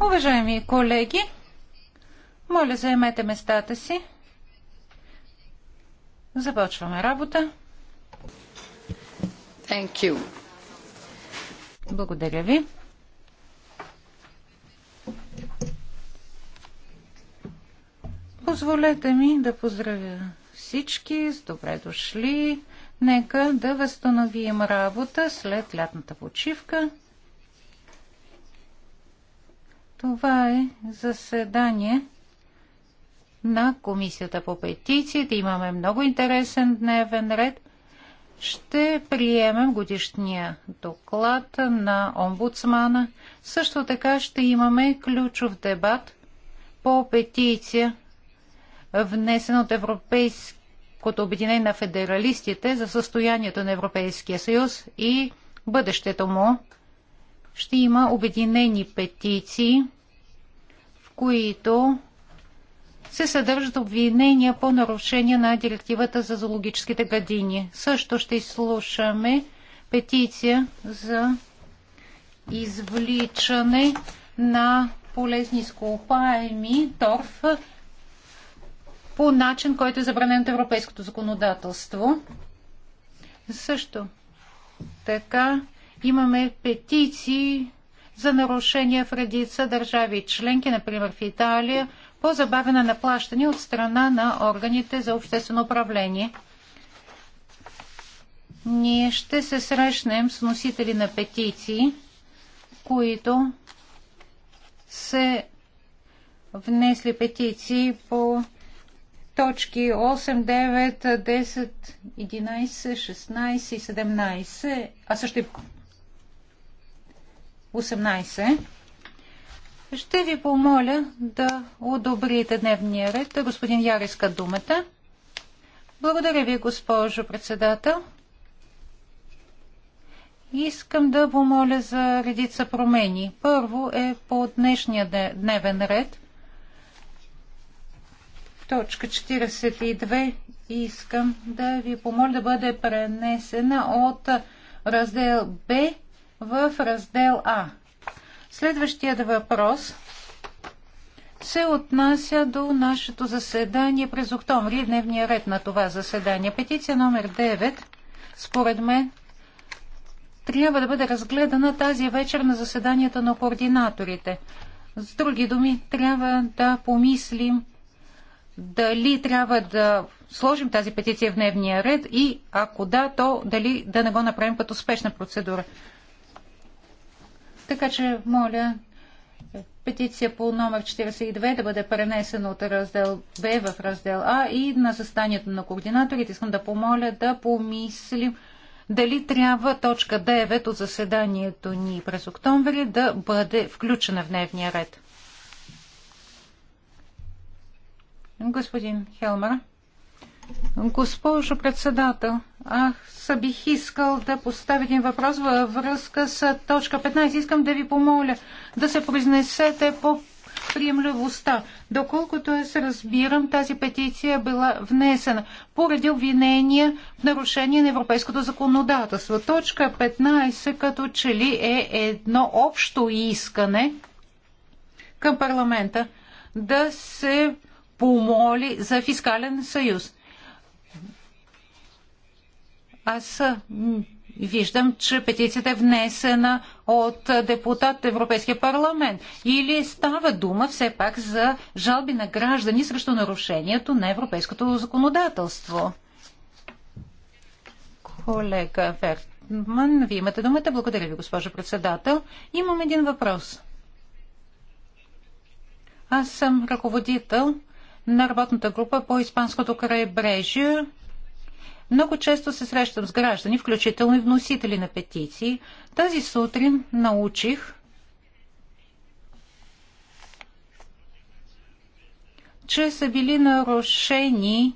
Уважаеми колеги, моля заемете местата си. Започваме работа. Благодаря ви. Позволете ми да поздравя всички с добре дошли. Нека да възстановим работа след лятната почивка. Това е заседание на Комисията по петициите. Имаме много интересен дневен ред. Ще приемем годишния доклад на омбудсмана. Също така ще имаме ключов дебат по петиция, внесен от Европейското обединение на федералистите за състоянието на Европейския съюз и бъдещето му ще има обединени петиции, в които се съдържат обвинения по нарушение на директивата за зоологическите градини. Също ще изслушаме петиция за извличане на полезни изкопаеми торф по начин, който е забранен от европейското законодателство. Също така Имаме петиции за нарушения в редица държави членки, например в Италия, по забавяне на плащане от страна на органите за обществено управление. Ние ще се срещнем с носители на петиции, които се внесли петиции по точки 8, 9, 10, 11, 16 и 17, а също и 18. Ще ви помоля да одобрите дневния ред. Господин Яр иска думата. Благодаря ви, госпожо председател. Искам да помоля за редица промени. Първо е по днешния дневен ред. Точка 42 искам да ви помоля да бъде пренесена от раздел Б в раздел А. Следващият въпрос се отнася до нашето заседание през октомври, дневния ред на това заседание. Петиция номер 9, според мен, трябва да бъде разгледана тази вечер на заседанията на координаторите. С други думи, трябва да помислим дали трябва да сложим тази петиция в дневния ред и ако да, то дали да не го направим като спешна процедура. Така че, моля, петиция по номер 42 да бъде пренесена от раздел Б в раздел А и на застанието на координаторите искам да помоля да помислим дали трябва точка 9 от заседанието ни през октомври да бъде включена в дневния ред. Господин Хелмер. Госпожо председател, аз бих искал да поставя един въпрос във връзка с точка 15. Искам да ви помоля да се произнесете по приемливостта. Доколкото аз разбирам, тази петиция била внесена поради обвинения в нарушение на европейското законодателство. Точка 15 като че ли е едно общо искане към парламента да се помоли за фискален съюз. Аз виждам, че петицията е внесена от депутат в Европейския парламент. Или става дума все пак за жалби на граждани срещу нарушението на европейското законодателство? Колега Вертман, вие имате думата. Благодаря ви, госпожо председател. Имам един въпрос. Аз съм ръководител на работната група по Испанското крайбрежие много често се срещам с граждани, включително и вносители на петиции. Тази сутрин научих, че са били нарушени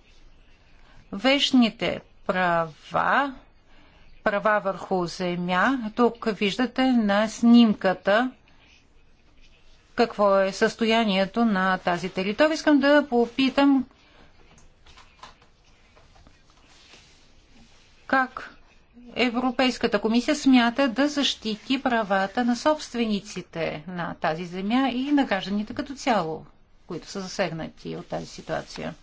вечните права, права върху земя. Тук виждате на снимката какво е състоянието на тази територия. Искам да попитам как Европейската комисия смята да защити правата на собствениците на тази земя и на гражданите като цяло, които са засегнати от тази ситуация.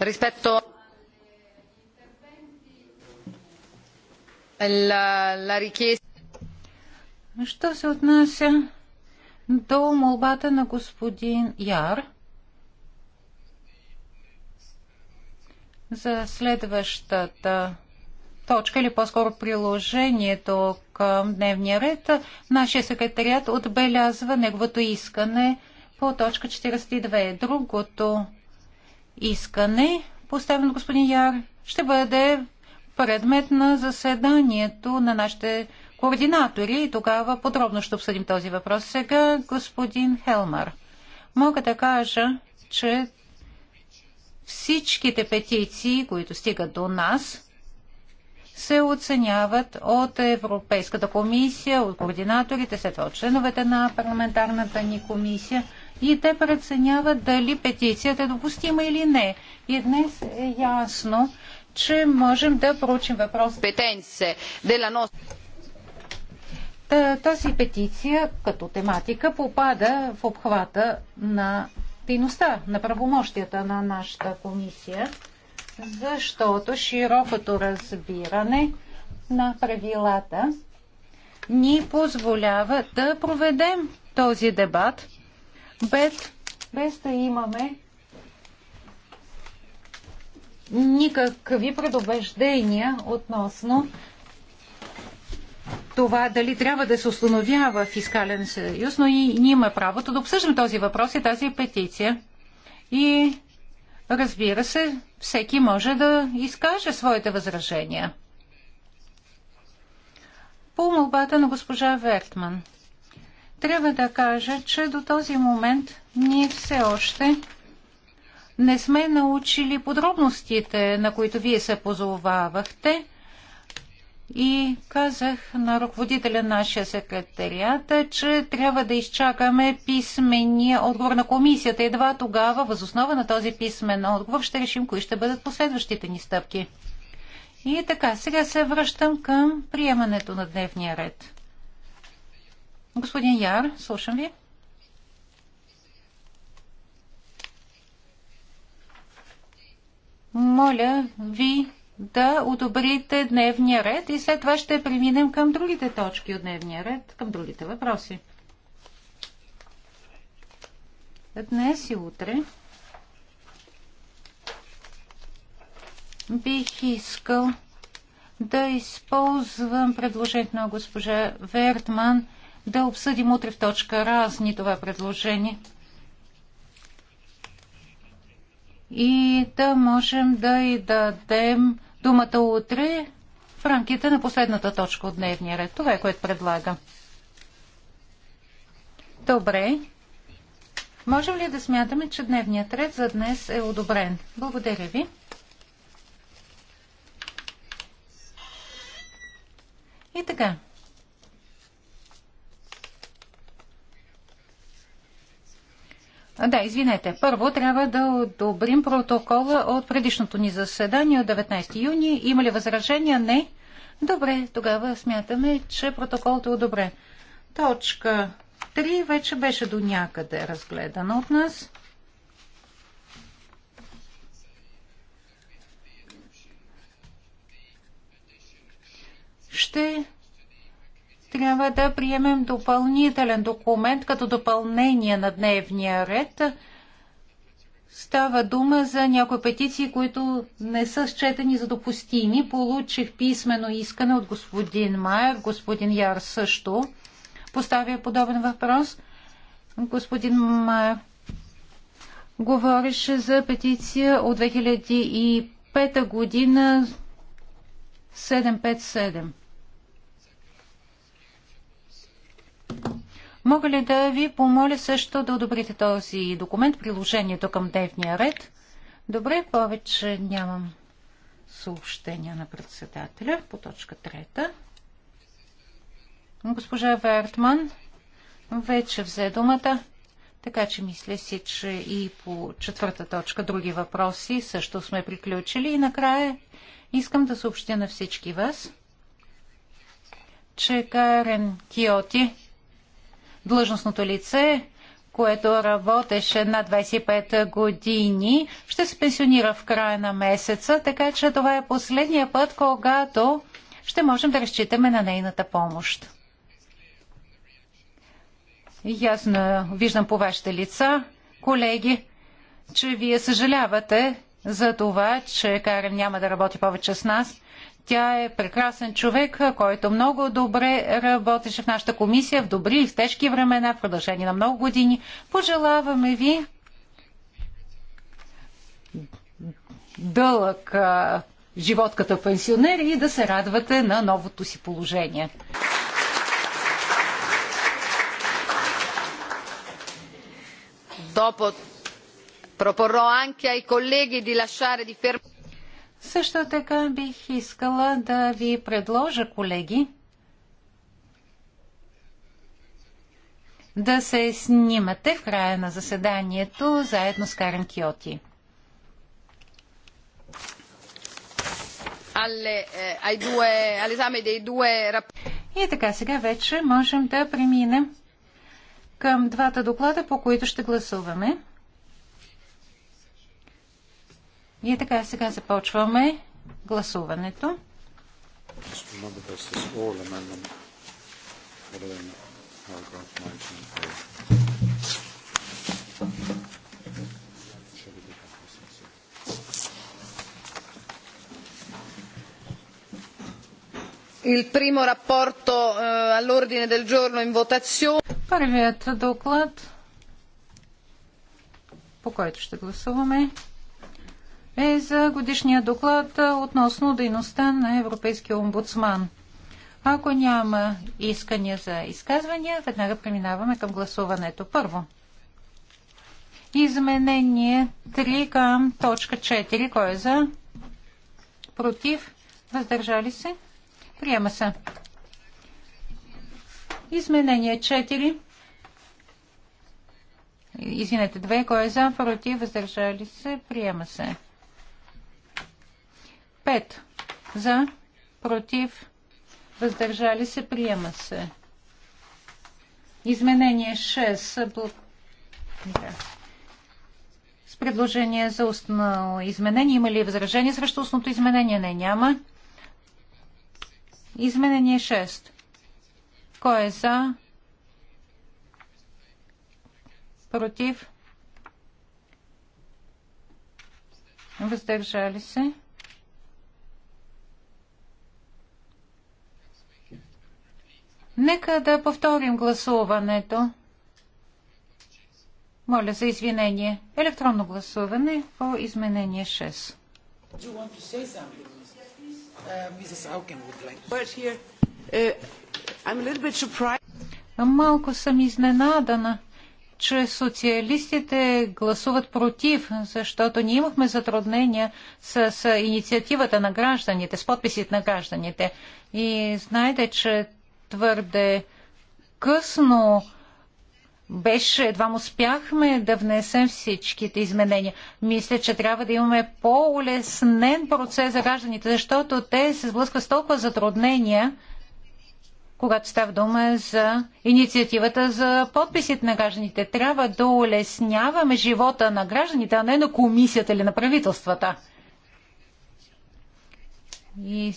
Rispetto alla richiesta. Що се отнася до молбата на господин Яр за следващата точка или по-скоро приложението към дневния ред. Нашия секретарият отбелязва неговото искане по точка 42. Другото искане, поставено господин Яр, ще бъде предмет на заседанието на нашите координатори и тогава подробно ще обсъдим този въпрос. Сега господин Хелмар. Мога да кажа, че всичките петиции, които стигат до нас, се оценяват от Европейската комисия, от координаторите, след това от членовете на парламентарната ни комисия и те преценяват дали петицията е допустима или не. И днес е ясно, че можем да проучим въпрос. Петенце, е, Тази петиция като тематика попада в обхвата на дейността, на правомощията на нашата комисия, защото широкото разбиране на правилата ни позволява да проведем този дебат без, без да имаме никакви предубеждения относно това дали трябва да се установява фискален съюз, но и ние имаме правото да обсъждаме този въпрос и тази петиция. И разбира се, всеки може да изкаже своите възражения. По молбата на госпожа Вертман. Трябва да кажа, че до този момент ние все още не сме научили подробностите, на които вие се позовавахте – и казах на ръководителя на нашия секретариат, че трябва да изчакаме писмения отговор на комисията. Едва тогава, възоснова на този писмен отговор, ще решим кои ще бъдат последващите ни стъпки. И така, сега се връщам към приемането на дневния ред. Господин Яр, слушам ви. Моля ви да одобрите дневния ред и след това ще преминем към другите точки от дневния ред, към другите въпроси. Днес и утре бих искал да използвам предложението на госпожа Вертман да обсъдим утре в точка разни това предложение и да можем да и дадем думата утре в рамките на последната точка от дневния ред. Това е което предлага. Добре. Можем ли да смятаме, че дневният ред за днес е одобрен? Благодаря ви. И така. Да, извинете. Първо трябва да одобрим протокола от предишното ни заседание от 19 юни. Има ли възражения? Не. Добре, тогава смятаме, че протоколът е одобрен. Точка 3 вече беше до някъде разгледана от нас. Ще трябва да приемем допълнителен документ като допълнение на дневния ред. Става дума за някои петиции, които не са счетени за допустими. Получих писмено искане от господин Майер, господин Яр също поставя подобен въпрос. Господин Майер говореше за петиция от 2005 година 757. Мога ли да ви помоля също да одобрите този документ, приложението към дневния ред? Добре, повече нямам съобщения на председателя по точка трета. Госпожа Вертман вече взе думата, така че мисля си, че и по четвърта точка други въпроси също сме приключили. И накрая искам да съобщя на всички вас, че Карен Киоти длъжностното лице, което работеше на 25 години, ще се пенсионира в края на месеца, така че това е последния път, когато ще можем да разчитаме на нейната помощ. Ясно виждам по вашите лица, колеги, че вие съжалявате за това, че Карен няма да работи повече с нас. Тя е прекрасен човек, който много добре работеше в нашата комисия в добри и в тежки времена, в продължение на много години. Пожелаваме ви дълъг а, живот като пенсионер и да се радвате на новото си положение. Dopo proporrò anche ai colleghi di lasciare di fermare също така бих искала да ви предложа, колеги, да се снимате в края на заседанието заедно с Карен Киоти. Eh, И така, сега вече можем да преминем към двата доклада, по които ще гласуваме. И така, сега започваме гласуването. Il primo rapporto uh, all'ordine del giorno in votazione. Първият доклад, по който ще гласуваме, е за годишния доклад относно дейността на Европейския омбудсман. Ако няма искания за изказвания, веднага преминаваме към гласуването. Първо. Изменение 3 към точка 4. Кой е за? Против? Въздържали се? Приема се. Изменение 4. Извинете, 2. Кой е за? Против? Въздържали се? Приема се. 5 за, против, въздържали се, приема се. Изменение 6. С предложение за устно изменение. Има ли възражение срещу устното изменение? Не, няма. Изменение 6. Кой е за? Против? Въздържали се? Нека да повторим гласуването. Моля за извинение. Електронно гласуване по изменение 6. Uh, uh, Малко съм изненадана, че социалистите гласуват против, защото ние имахме затруднения с, с инициативата на гражданите, с подписите на гражданите. И знаете, че твърде късно беше, едва успяхме да внесем всичките изменения. Мисля, че трябва да имаме по-улеснен процес за гражданите, защото те се сблъскват с толкова затруднения, когато става дума за инициативата за подписите на гражданите. Трябва да улесняваме живота на гражданите, а не на комисията или на правителствата. И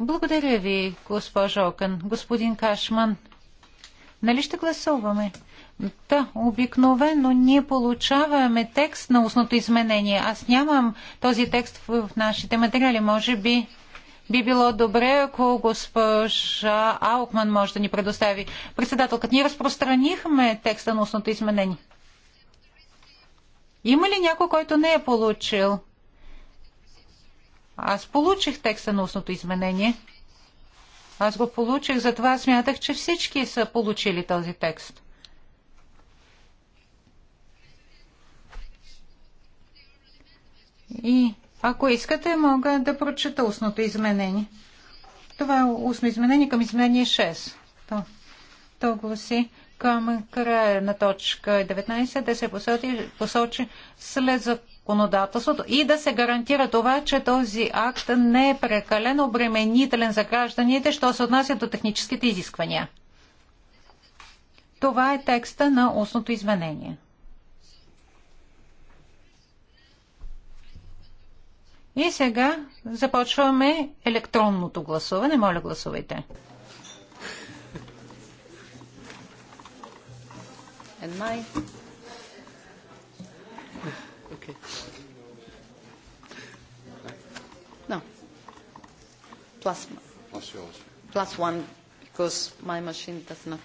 благодаря ви, госпожо Окън. Господин Кашман, нали ще гласуваме? Да, обикновено ние получаваме текст на устното изменение. Аз нямам този текст в нашите материали. Може би би било добре, ако госпожа Аукман може да ни предостави. Председателката, ние разпространихме текста на устното изменение. Има ли някой, който не е получил аз получих текста на устното изменение. Аз го получих, затова смятах, че всички са получили този текст. И ако искате, мога да прочета устното изменение. Това е устно изменение към изменение 6. То, то гласи към края на точка 19 да се посочи, посочи след за законодателството и да се гарантира това, че този акт не е прекалено обременителен за гражданите, що се отнася до техническите изисквания. Това е текста на устното изменение. И сега започваме електронното гласуване. Моля, гласувайте. And my Okay. No. Plus, plus yours. Plus one, because my machine does not.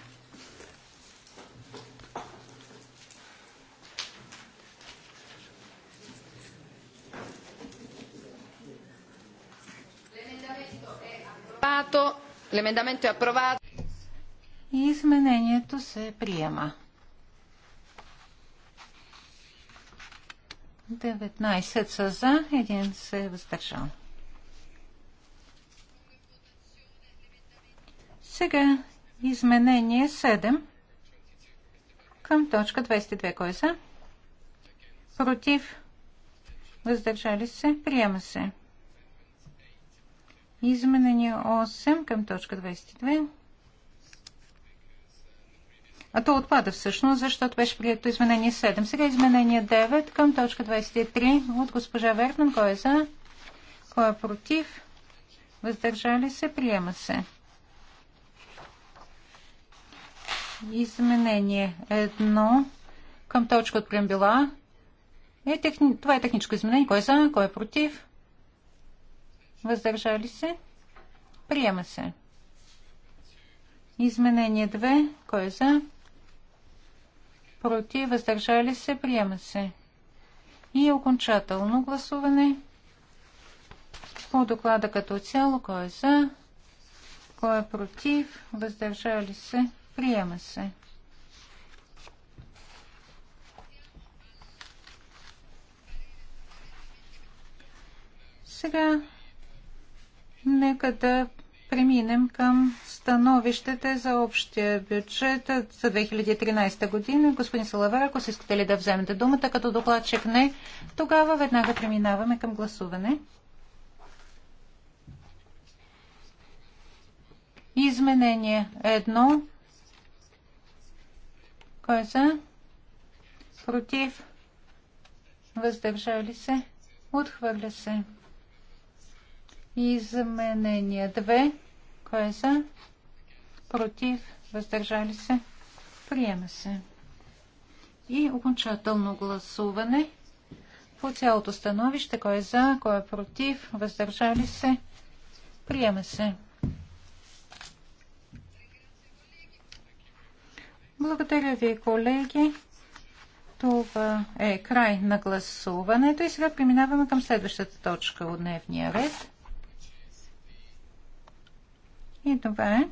L'emendamento è approvato. Изменението се приема. 19 са за, един се е въздържал. Сега изменение 7 към точка 22. Кой е за? Против? Въздържали се? Приема се. Изменение 8 към точка 22. А то отпада всъщност, защото беше прието изменение 7. Сега изменение 9 към точка 23 от госпожа Вертман. Кой е за? Кой е против? Въздържали се? Приема се. Изменение 1 към точка от преамбила. Е, техни... Това е техническо изменение. Кой е за? Кой е против? Въздържали се? Приема се. Изменение 2. Кой е за? против, въздържали се, приема се. И окончателно гласуване по доклада като цяло, кой е за, кой е против, въздържали се, приема се. Сега нека да преминем към становищете за общия бюджет за 2013 година. Господин Салавар, ако си искате ли да вземете думата като докладчик не, тогава веднага преминаваме към гласуване. Изменение едно. Кой е за? Против? Въздържали се? Отхвърля се. Изменение 2. Кой е за? Против? Въздържали се? Приема се. И окончателно гласуване по цялото становище. Кой е за? Кой е против? Въздържали се? Приема се. Благодаря ви, колеги. Това е край на гласуването и сега преминаваме към следващата точка от дневния ред. И това е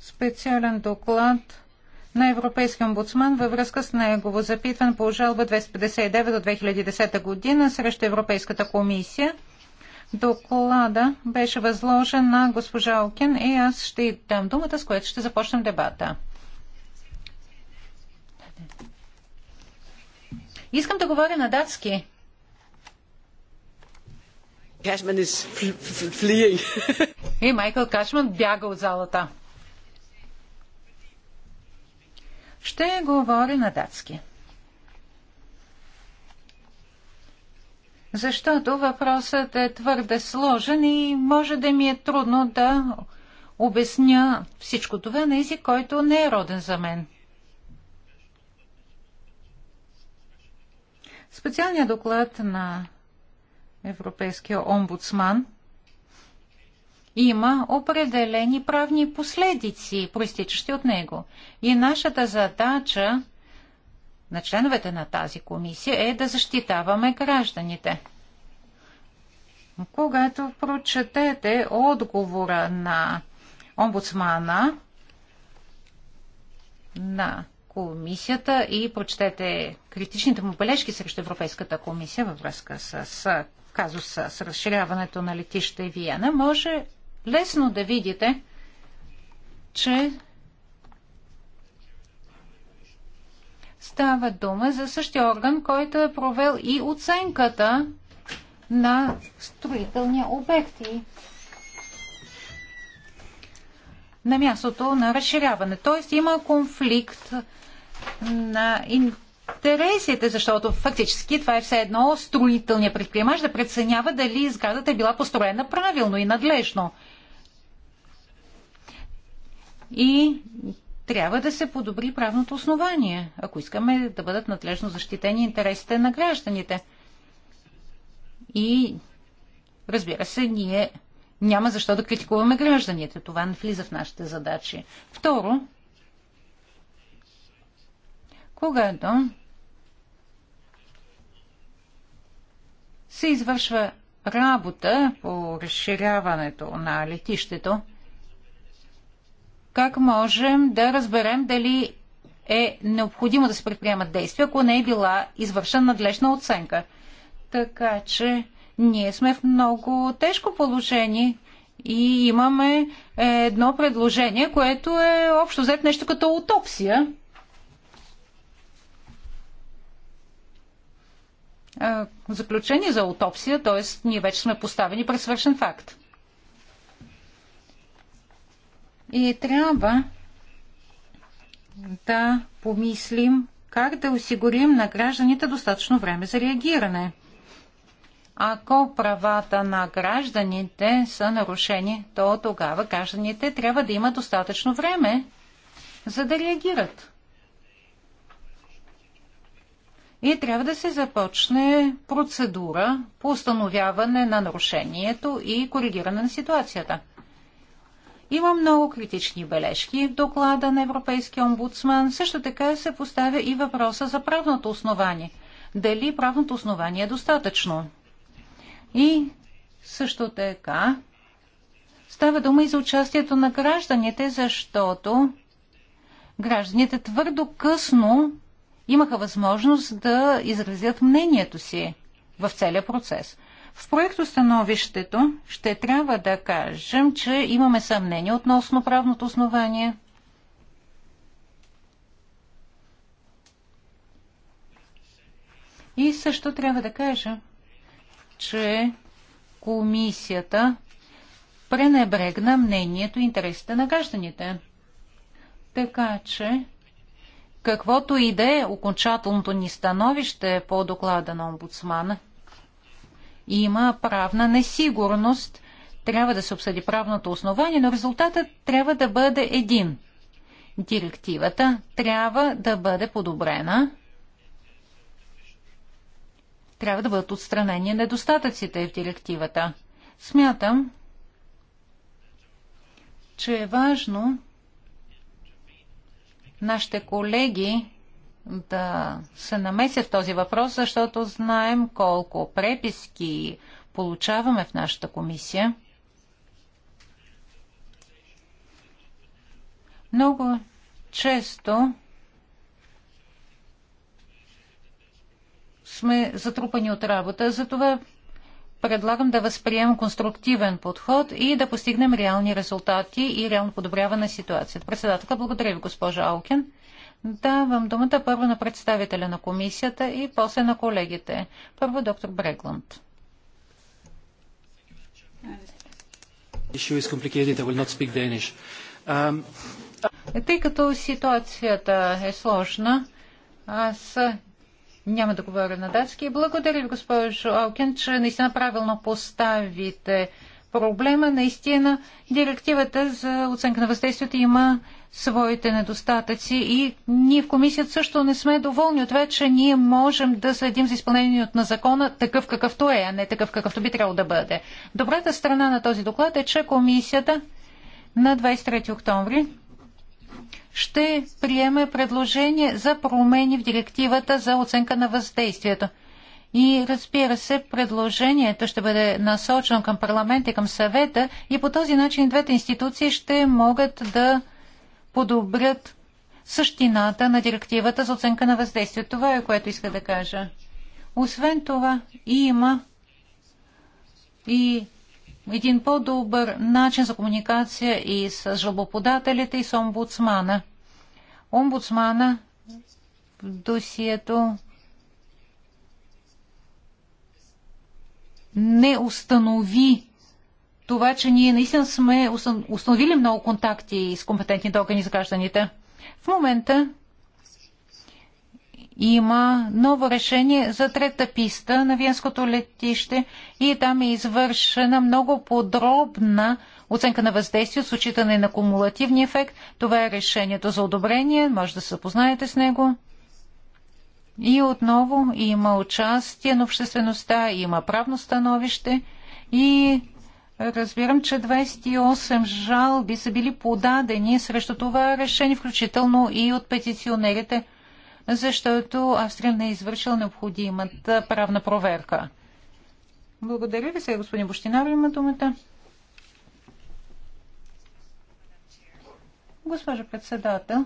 специален доклад на Европейския омбудсман във връзка с негово запитване по жалба 259 от 2010 година срещу Европейската комисия. Доклада беше възложен на госпожа Окен и аз ще дам думата, с което ще започнем дебата. Искам да говоря на датски, Кашман е флиен. И Майкъл Кашман бяга от залата. Ще говоря на датски. Защото въпросът е твърде сложен и може да ми е трудно да обясня всичко това на език, който не е роден за мен. Специалният доклад на Европейския омбудсман, има определени правни последици, проистичащи от него. И нашата задача на членовете на тази комисия е да защитаваме гражданите. Когато прочетете отговора на омбудсмана на комисията и прочетете критичните му бележки срещу Европейската комисия във връзка с казуса с разширяването на летище Виена, може лесно да видите, че става дума за същия орган, който е провел и оценката на строителния обект на мястото на разширяване. Тоест има конфликт на интересите, защото фактически това е все едно строителният предприемач да преценява дали сградата е била построена правилно и надлежно. И трябва да се подобри правното основание, ако искаме да бъдат надлежно защитени интересите на гражданите. И разбира се, ние няма защо да критикуваме гражданите. Това не влиза в нашите задачи. Второ, когато се извършва работа по разширяването на летището, как можем да разберем дали е необходимо да се предприемат действия, ако не е била извършена надлежна оценка. Така че ние сме в много тежко положение и имаме едно предложение, което е общо взето нещо като утопсия. заключение за аутопсия, т.е. ние вече сме поставени пред свършен факт. И трябва да помислим как да осигурим на гражданите достатъчно време за реагиране. Ако правата на гражданите са нарушени, то тогава гражданите трябва да имат достатъчно време, за да реагират. и трябва да се започне процедура по установяване на нарушението и коригиране на ситуацията. Има много критични бележки в доклада на Европейския омбудсман. Също така се поставя и въпроса за правното основание. Дали правното основание е достатъчно? И също така става дума и за участието на гражданите, защото гражданите твърдо късно имаха възможност да изразят мнението си в целия процес. В проектостановището ще трябва да кажем, че имаме съмнение относно правното основание. И също трябва да кажа, че комисията пренебрегна мнението и интересите на гражданите. Така че каквото и да е окончателното ни становище е по доклада на омбудсмана. Има правна несигурност, трябва да се обсъди правното основание, но резултатът трябва да бъде един. Директивата трябва да бъде подобрена. Трябва да бъдат отстранени недостатъците в директивата. Смятам, че е важно нашите колеги да се намесят в този въпрос, защото знаем колко преписки получаваме в нашата комисия. Много често сме затрупани от работа, затова предлагам да възприемем конструктивен подход и да постигнем реални резултати и реално подобряване на ситуацията. Председателка, благодаря ви, госпожа Алкин. Давам думата първо на представителя на комисията и после на колегите. Първо доктор Брегланд. Um, Тъй като ситуацията е сложна, аз няма да говоря на датски. Благодаря ви, госпожо Алкен, че наистина правилно поставите проблема. Наистина директивата за оценка на въздействието има своите недостатъци и ние в комисията също не сме доволни от това, че ние можем да следим за изпълнението на закона такъв какъвто е, а не такъв какъвто би трябвало да бъде. Добрата страна на този доклад е, че комисията на 23 октомври ще приеме предложение за промени в директивата за оценка на въздействието. И разбира се, предложението ще бъде насочено към парламента и към съвета и по този начин двете институции ще могат да подобрят същината на директивата за оценка на въздействие. Това е което иска да кажа. Освен това, има и един по-добър начин за комуникация и с жалбоподателите, и с омбудсмана. Омбудсмана в досието не установи това, че ние наистина сме установили много контакти с компетентните органи за гражданите. В момента има ново решение за трета писта на Венското летище и там е извършена много подробна оценка на въздействие с учитане на кумулативния ефект. Това е решението за одобрение, може да се запознаете с него. И отново има участие на обществеността, има правно становище и разбирам, че 28 жалби са били подадени срещу това решение, включително и от петиционерите – защото Австрия не е извършила необходимата правна проверка. Благодаря ви. се, господин Бощинар има думата. Госпожа председател,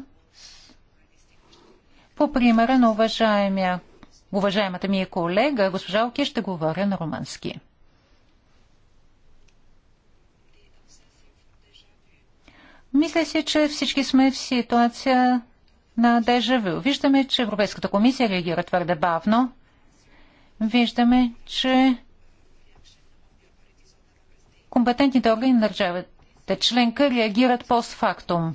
по примера на уважаемия, уважаемата ми колега, госпожа Оки, ще говоря на румънски. Мисля си, че всички сме в ситуация на дежавю. Виждаме, че Европейската комисия реагира твърде бавно. Виждаме, че компетентните органи на държавата членка реагират постфактум.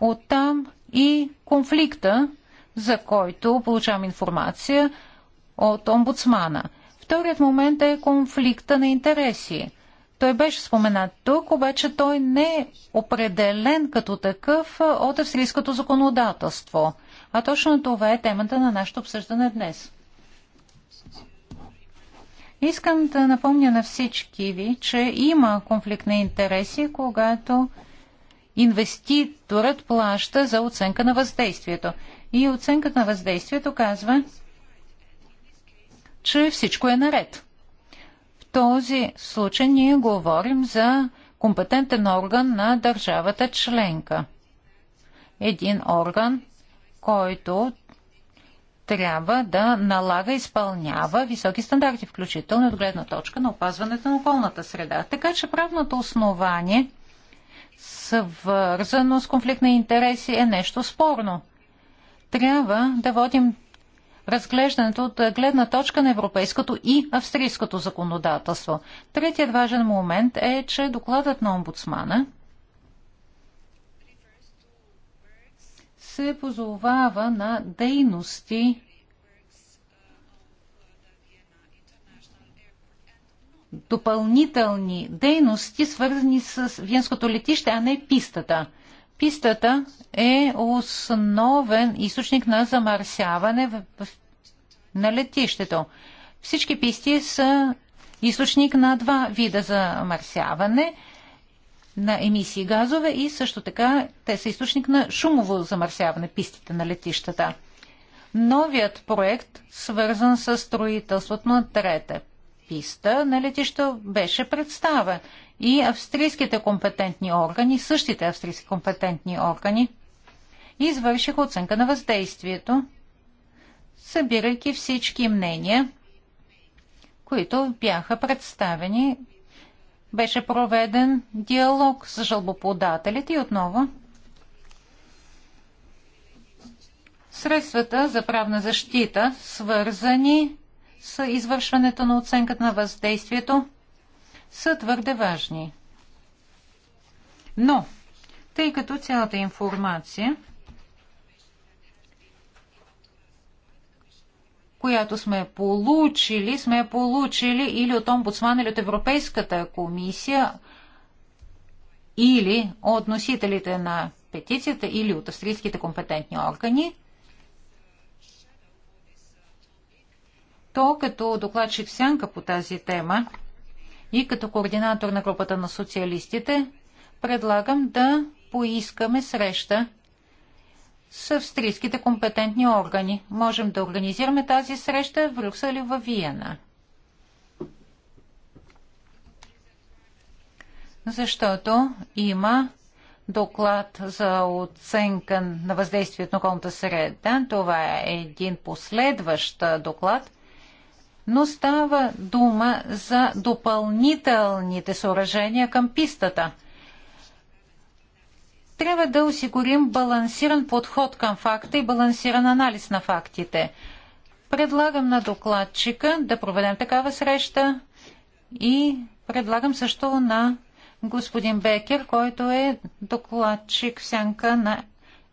Оттам и конфликта, за който получавам информация от омбудсмана. Вторият момент е конфликта на интереси. Той беше споменат тук, обаче той не е определен като такъв от австрийското законодателство. А точно това е темата на нашето обсъждане днес. Искам да напомня на всички ви, че има конфликт на интереси, когато инвеститорът плаща за оценка на въздействието. И оценката на въздействието казва, че всичко е наред този случай ние говорим за компетентен орган на държавата членка. Един орган, който трябва да налага, изпълнява високи стандарти, включително от гледна точка на опазването на околната среда. Така че правното основание, свързано с конфликт на интереси, е нещо спорно. Трябва да водим разглеждането от гледна точка на европейското и австрийското законодателство. Третият важен момент е, че докладът на омбудсмана се позовава на дейности допълнителни дейности, свързани с Венското летище, а не пистата. Пистата е основен източник на замърсяване в, в, на летището. Всички писти са източник на два вида замърсяване на емисии газове и също така те са източник на шумово замърсяване пистите на летищата. Новият проект, свързан с строителството на трета писта на летището, беше представен и австрийските компетентни органи, същите австрийски компетентни органи, извършиха оценка на въздействието, събирайки всички мнения, които бяха представени. Беше проведен диалог с жалбоподателите и отново средствата за правна защита, свързани с извършването на оценката на въздействието, са твърде важни. Но, тъй като цялата информация, която сме получили, сме получили или от омбудсман, или от Европейската комисия, или от носителите на петицията, или от австрийските компетентни органи, то като докладчик сянка по тази тема, и като координатор на групата на социалистите предлагам да поискаме среща с австрийските компетентни органи. Можем да организираме тази среща в Брюксел или в Виена. Защото има доклад за оценка на въздействието на околната среда. Това е един последващ доклад, но става дума за допълнителните съоръжения към пистата. Трябва да осигурим балансиран подход към факта и балансиран анализ на фактите. Предлагам на докладчика да проведем такава среща и предлагам също на господин Бекер, който е докладчик в сянка на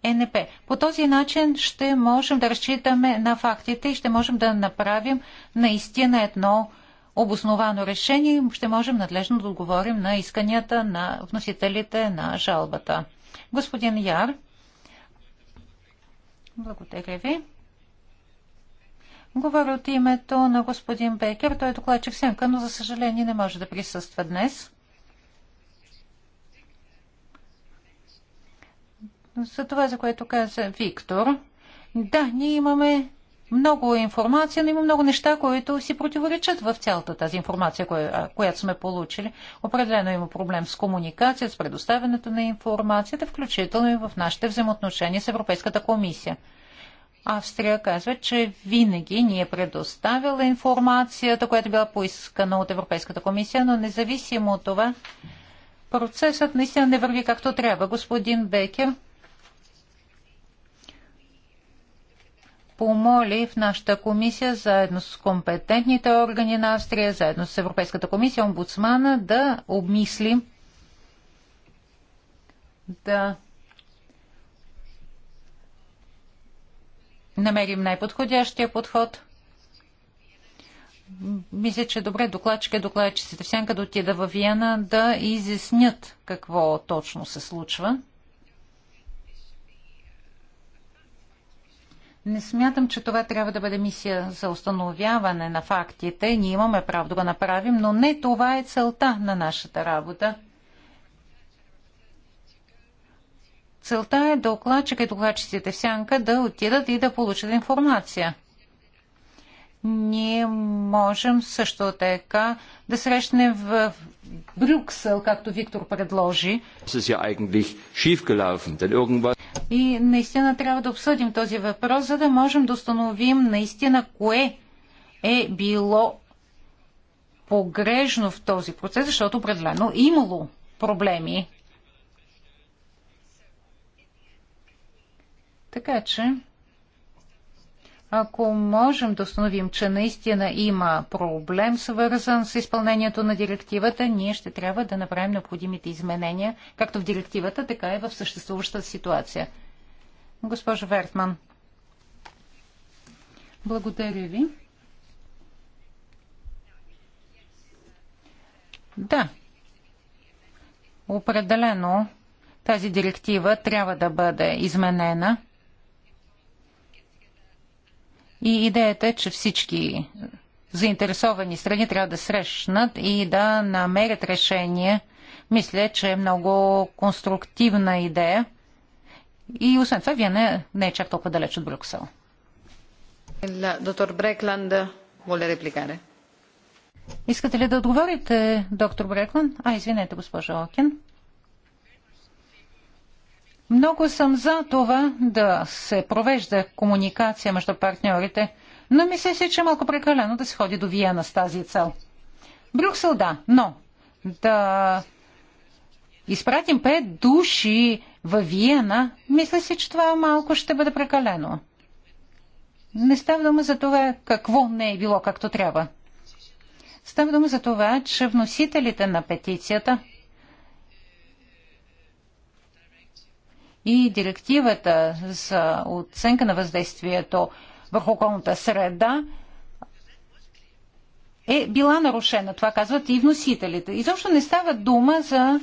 ЕНП. По този начин ще можем да разчитаме на фактите и ще можем да направим наистина едно обосновано решение и ще можем надлежно да отговорим на исканията на вносителите на жалбата. Господин Яр, благодаря ви. Говоря от името на господин Бекер. Той е докладчик Сенка, но за съжаление не може да присъства днес. за това, за което каза Виктор. Да, ние имаме много информация, но има много неща, които си противоречат в цялата тази информация, коя, която сме получили. Определено има проблем с комуникация, с предоставянето на информацията, включително и в нашите взаимоотношения с Европейската комисия. Австрия казва, че винаги ни е предоставила информацията, която е била поискана от Европейската комисия, но независимо от това, процесът наистина не върви както трябва. Господин Бекер, помоли в нашата комисия, заедно с компетентните органи на Австрия, заедно с Европейската комисия, омбудсмана, да обмисли да намерим най-подходящия подход. Мисля, че добре докладчика, докладчиците в да отида във Виена да изяснят какво точно се случва. Не смятам, че това трябва да бъде мисия за установяване на фактите. Ние имаме право да го направим, но не това е целта на нашата работа. Целта е докладчика и докладчиците в сянка да отидат и да получат информация – ние можем също така да срещнем в Брюксел, както Виктор предложи. И наистина трябва да обсъдим този въпрос, за да можем да установим наистина кое е било погрежно в този процес, защото определено имало проблеми. Така че ако можем да установим, че наистина има проблем, свързан с изпълнението на директивата, ние ще трябва да направим необходимите изменения, както в директивата, така и в съществуващата ситуация. Госпожо Вертман. Благодаря ви. Да. Определено тази директива трябва да бъде изменена – и идеята е, че всички заинтересовани страни трябва да срещнат и да намерят решение. Мисля, че е много конструктивна идея. И освен това, вие не, не е чак толкова далеч от Брюксел. Доктор Брекланд, моля репликане. Искате ли да отговорите, доктор Брекланд? А, извинете, госпожа Окин. Много съм за това да се провежда комуникация между партньорите, но мисля си, че е малко прекалено да се ходи до Виена с тази цел. Брюксел да, но да изпратим пет души във Виена, мисля си, че това малко ще бъде прекалено. Не става дума за това какво не е било както трябва. Става дума за това, че вносителите на петицията и директивата за оценка на въздействието върху околната среда е била нарушена. Това казват и вносителите. Изобщо не става дума за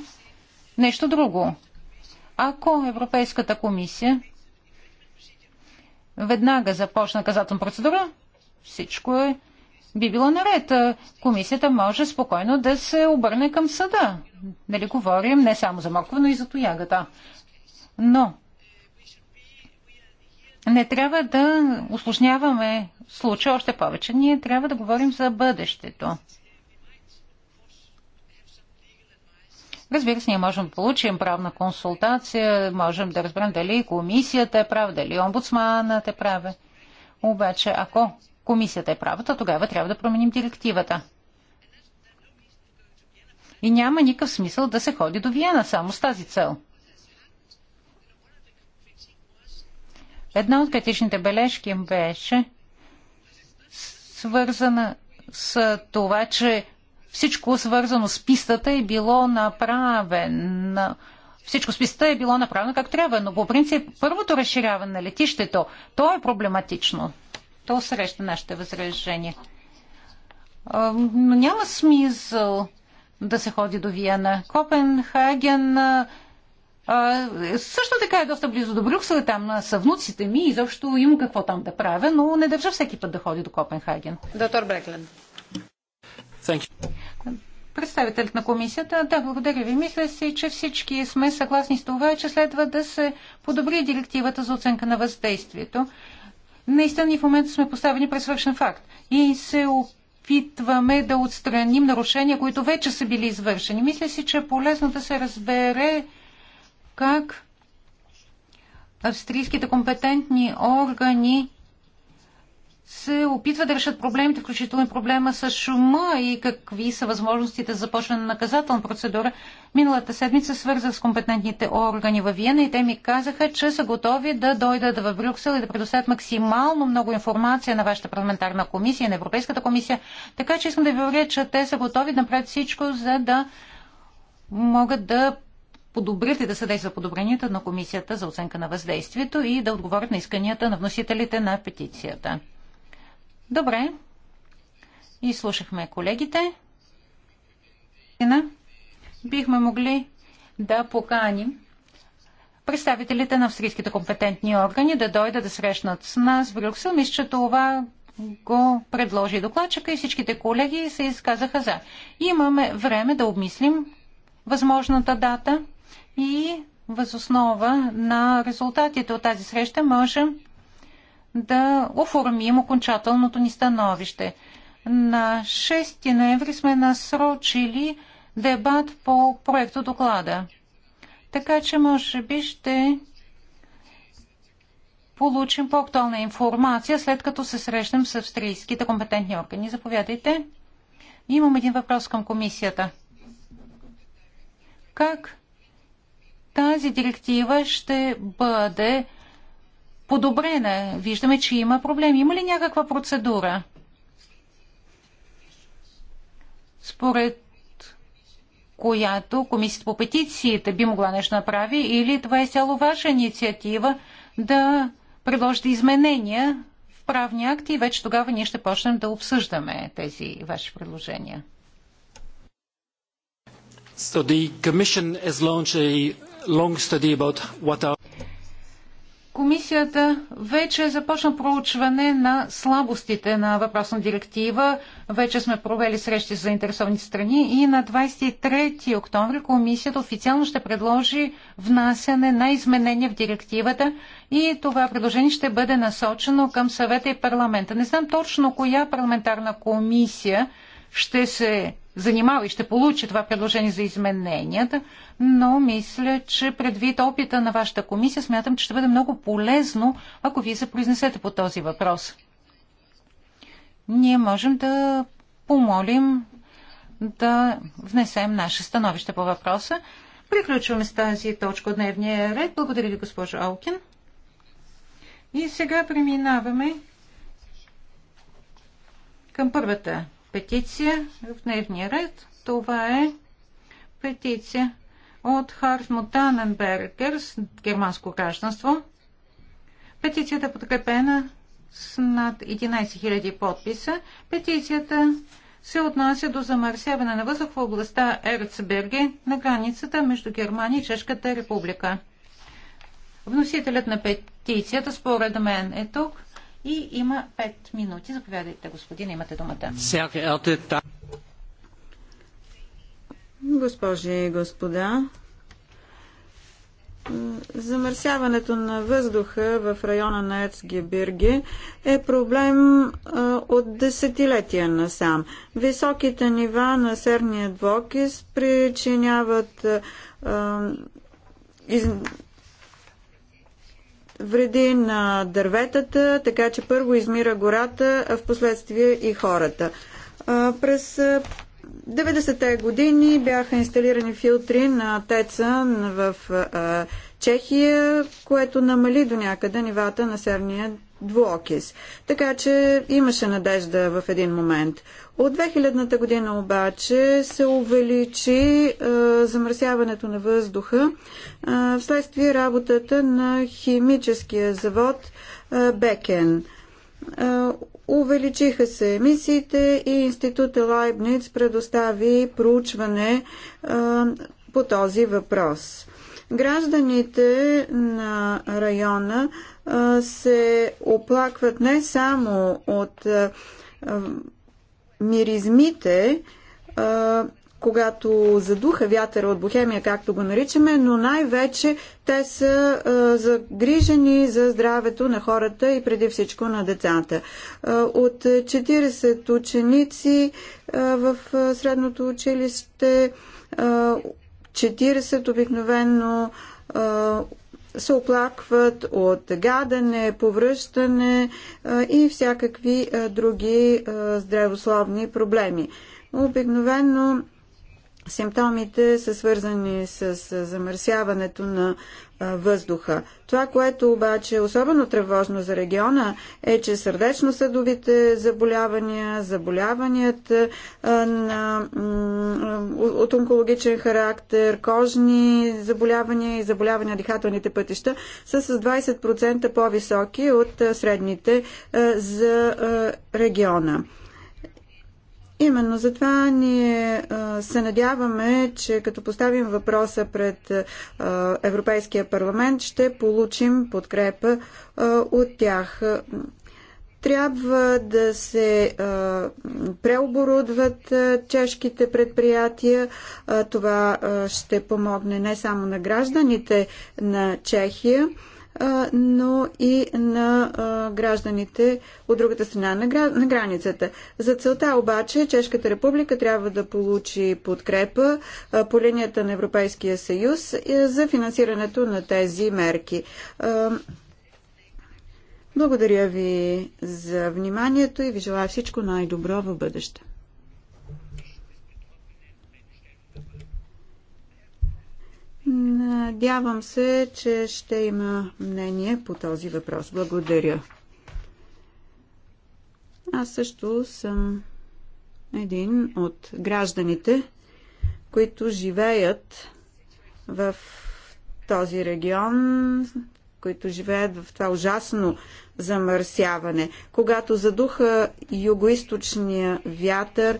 нещо друго. Ако Европейската комисия веднага започна казателна процедура, всичко е, би било наред. Комисията може спокойно да се обърне към съда. Нали говорим не само за морква, но и за тоягата. Но не трябва да усложняваме случая още повече. Ние трябва да говорим за бъдещето. Разбира се, ние можем да получим правна консултация, можем да разберем дали комисията е права, дали омбудсманът е права. Обаче, ако комисията е права, то тогава трябва да променим директивата. И няма никакъв смисъл да се ходи до Виена само с тази цел – Една от критичните бележки беше свързана с това, че всичко свързано с пистата е било направено. Всичко с пистата е било направено как трябва, но по принцип първото разширяване на летището, то е проблематично. То среща нашите възражения. Но няма смисъл да се ходи до Виена. Копенхаген също така е доста близо до Брюксел, е там са внуците ми, изобщо има какво там да правя, но не държа всеки път да ходи до Копенхаген. Доктор Бреклен. Представителят на комисията, да, благодаря ви. Мисля си, че всички сме съгласни с това, че следва да се подобри директивата за оценка на въздействието. Наистина и в момента сме поставени през свършен факт и се опитваме да отстраним нарушения, които вече са били извършени. Мисля си, че е полезно да се разбере как австрийските компетентни органи се опитват да решат проблемите, включително и проблема с шума и какви са възможностите за започване на наказателна процедура. Миналата седмица свързах с компетентните органи във Виена и те ми казаха, че са готови да дойдат в Брюксел и да предоставят максимално много информация на вашата парламентарна комисия, на Европейската комисия. Така че искам да ви уверя, че те са готови да направят всичко, за да могат да подобрят и да съдействат подобренията на Комисията за оценка на въздействието и да отговорят на исканията на вносителите на петицията. Добре. И слушахме колегите. Бихме могли да поканим представителите на австрийските компетентни органи да дойдат да срещнат с нас в Брюксел. Мисля, че това го предложи докладчика и всичките колеги се изказаха за. Имаме време да обмислим възможната дата и възоснова на резултатите от тази среща можем да оформим окончателното ни становище. На 6 ноември сме насрочили дебат по проекто доклада. Така че може би ще получим по-актуална информация, след като се срещнем с австрийските компетентни органи. Заповядайте. Имам един въпрос към комисията. Как тази директива ще бъде подобрена? Виждаме, че има проблеми. Има ли някаква процедура? Според която комисията по петициите би могла нещо направи или това е цяло ваша инициатива да предложите изменения в правни акти и вече тогава ние ще почнем да обсъждаме тези ваши предложения. So the Commission has launched a long study about what are Комисията вече започна проучване на слабостите на въпросна директива. Вече сме провели срещи с заинтересовани страни и на 23 октомври комисията официално ще предложи внасяне на изменения в директивата и това предложение ще бъде насочено към съвета и парламента. Не знам точно коя парламентарна комисия ще се занимава и ще получи това предложение за измененията, но мисля, че предвид опита на вашата комисия, смятам, че ще бъде много полезно, ако вие се произнесете по този въпрос. Ние можем да помолим да внесем наше становище по въпроса. Приключваме с тази точка от дневния ред. Благодаря ви, госпожо Алкин. И сега преминаваме към първата петиция в дневния ред. Това е петиция от Хартмут Таненбергерс, германско гражданство. Петицията е подкрепена с над 11 000 подписа. Петицията се отнася до замърсяване на въздух в областта Ерцберге на границата между Германия и Чешката република. Вносителят на петицията, според мен, е тук и има 5 минути. Заповядайте, господин, имате думата. Госпожи и господа, Замърсяването на въздуха в района на Ецгебирге е проблем от десетилетия насам. Високите нива на серния двокис причиняват вреди на дърветата, така че първо измира гората, а в последствие и хората. През 90-те години бяха инсталирани филтри на теца в Чехия, което намали до някъде нивата на серния двуокис. Така че имаше надежда в един момент. От 2000-та година обаче се увеличи е, замърсяването на въздуха е, вследствие работата на химическия завод е, Бекен. Е, увеличиха се емисиите и института Лайбниц предостави проучване е, по този въпрос. Гражданите на района се оплакват не само от миризмите, когато задуха вятъра от Бохемия, както го наричаме, но най-вече те са загрижени за здравето на хората и преди всичко на децата. от 40 ученици в средното училище, 40 обикновено се оплакват от гадане, повръщане и всякакви други здравословни проблеми. Обикновено симптомите са свързани с замърсяването на въздуха. Това, което обаче е особено тревожно за региона, е, че сърдечно-съдовите заболявания, заболяванията на, от онкологичен характер, кожни заболявания и заболявания на дихателните пътища са с 20% по-високи от средните за региона. Именно затова ние се надяваме, че като поставим въпроса пред Европейския парламент, ще получим подкрепа от тях трябва да се а, преоборудват а, чешките предприятия. А, това а, ще помогне не само на гражданите на Чехия, но и на гражданите от другата страна на границата. За целта обаче Чешката република трябва да получи подкрепа по линията на Европейския съюз е, за финансирането на тези мерки. Благодаря ви за вниманието и ви желая всичко най-добро в бъдеще. Надявам се, че ще има мнение по този въпрос. Благодаря. Аз също съм един от гражданите, които живеят в този регион, които живеят в това ужасно замърсяване. Когато задуха югоисточния вятър,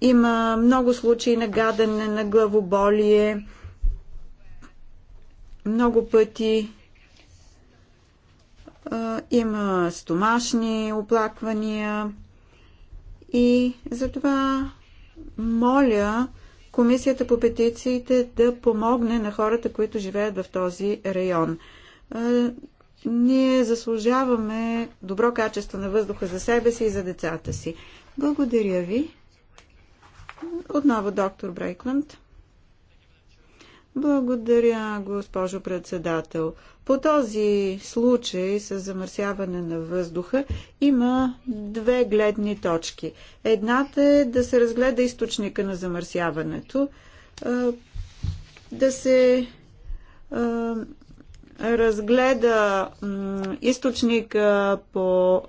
има много случаи на гадане, на главоболие, много пъти има стомашни оплаквания и затова моля Комисията по петициите да помогне на хората, които живеят в този район. Ние заслужаваме добро качество на въздуха за себе си и за децата си. Благодаря ви. Отново доктор Брейкланд. Благодаря, госпожо председател. По този случай с замърсяване на въздуха има две гледни точки. Едната е да се разгледа източника на замърсяването, да се разгледа източника по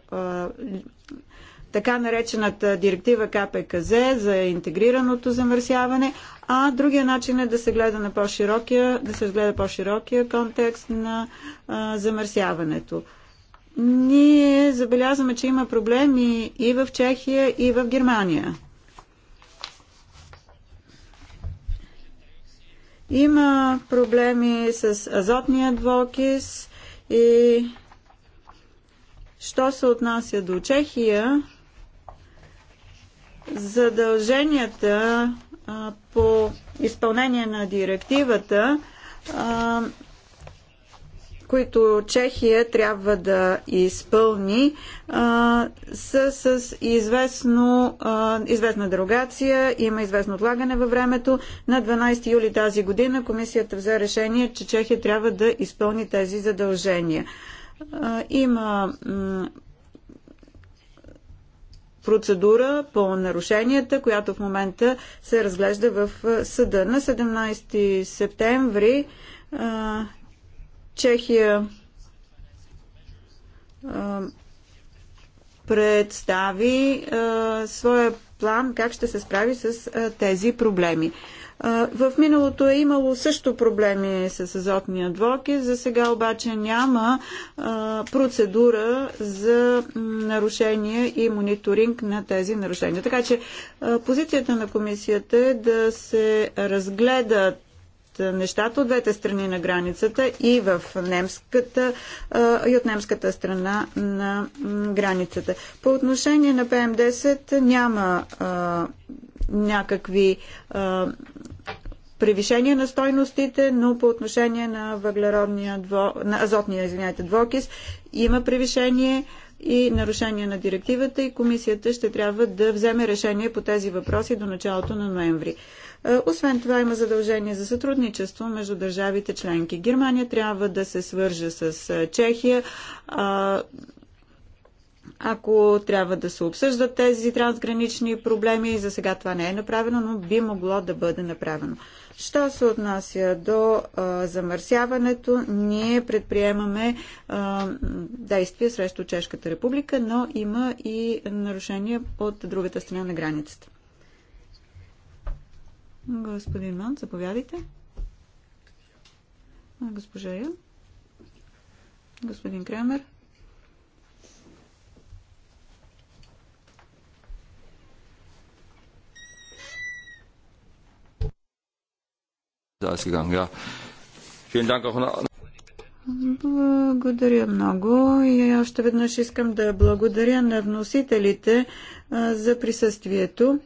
така наречената директива КПКЗ за интегрираното замърсяване, а другия начин е да се гледа на по-широкия, да се гледа по-широкия контекст на а, замърсяването. Ние забелязваме, че има проблеми и в Чехия, и в Германия. Има проблеми с азотния двокис и що се отнася до Чехия, задълженията а, по изпълнение на директивата, а, които Чехия трябва да изпълни, а, са с известно, а, известна дерогация, има известно отлагане във времето. На 12 юли тази година комисията взе решение, че Чехия трябва да изпълни тези задължения. Има процедура по нарушенията, която в момента се разглежда в съда. На 17 септември Чехия представи своя план как ще се справи с тези проблеми. В миналото е имало също проблеми с азотния двокис, за сега обаче няма процедура за нарушение и мониторинг на тези нарушения. Така че позицията на комисията е да се разгледат е, нещата от двете страни на границата и, в немската, е, и от немската страна на границата. По отношение на ПМ-10 няма а, е, някакви а, превишения на стойностите, но по отношение на въглеродния дво, на азотния, извиняйте, двокис има превишение и нарушение на директивата и комисията ще трябва да вземе решение по тези въпроси до началото на ноември. Е, освен това има задължение за сътрудничество между държавите членки. Германия трябва да се свърже с е, Чехия. Ако трябва да се обсъждат тези трансгранични проблеми, за сега това не е направено, но би могло да бъде направено. Що се отнася до а, е, замърсяването, ние предприемаме а, действия срещу Чешката република, но има и нарушения от другата страна на границата. Господин Ман, заповядайте. Госпожа Я. Господин Кремер. Благодаря много и още веднъж искам да благодаря на вносителите за присъствието.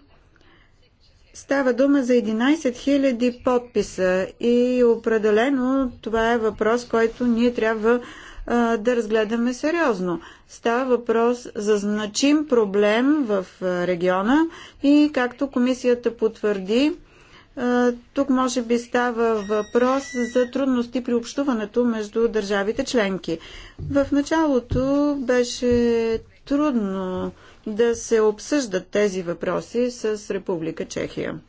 Става дума за 11 000 подписа и определено това е въпрос, който ние трябва а, да разгледаме сериозно. Става въпрос за значим проблем в региона и както комисията потвърди, а, тук може би става въпрос за трудности при общуването между държавите членки. В началото беше трудно да се обсъждат тези въпроси с Република Чехия.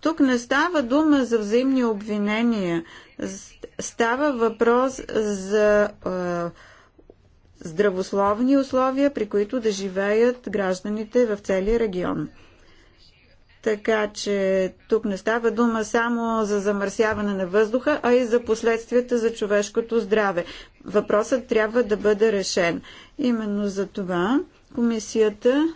Тук не става дума за взаимни обвинения. Става въпрос за е, здравословни условия, при които да живеят гражданите в целия регион. Така че тук не става дума само за замърсяване на въздуха, а и за последствията за човешкото здраве. Въпросът трябва да бъде решен. Именно за това комисията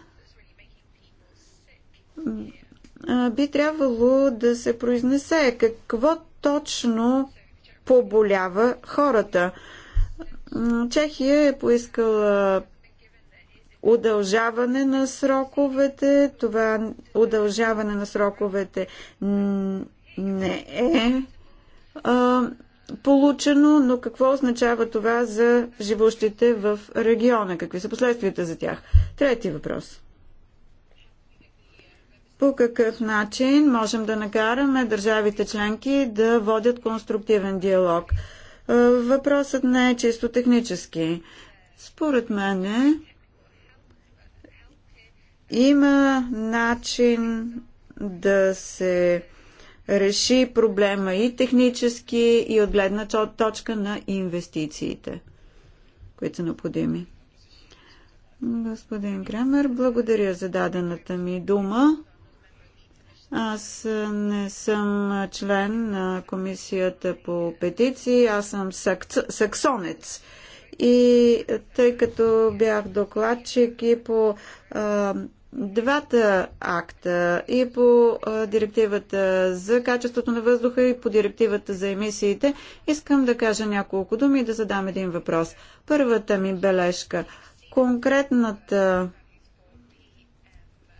би трябвало да се произнесе какво точно поболява хората. Чехия е поискала удължаване на сроковете. Това удължаване на сроковете не е а, получено, но какво означава това за живущите в региона? Какви са последствията за тях? Трети въпрос. По какъв начин можем да накараме държавите членки да водят конструктивен диалог? Въпросът не е чисто технически. Според мен е, има начин да се реши проблема и технически, и от гледна точка на инвестициите, които са необходими. Господин Кремер, благодаря за дадената ми дума. Аз не съм член на комисията по петиции, аз съм сакц... саксонец. И тъй като бях докладчик и по а, двата акта и по директивата за качеството на въздуха и по директивата за емисиите, искам да кажа няколко думи и да задам един въпрос. Първата ми бележка. Конкретната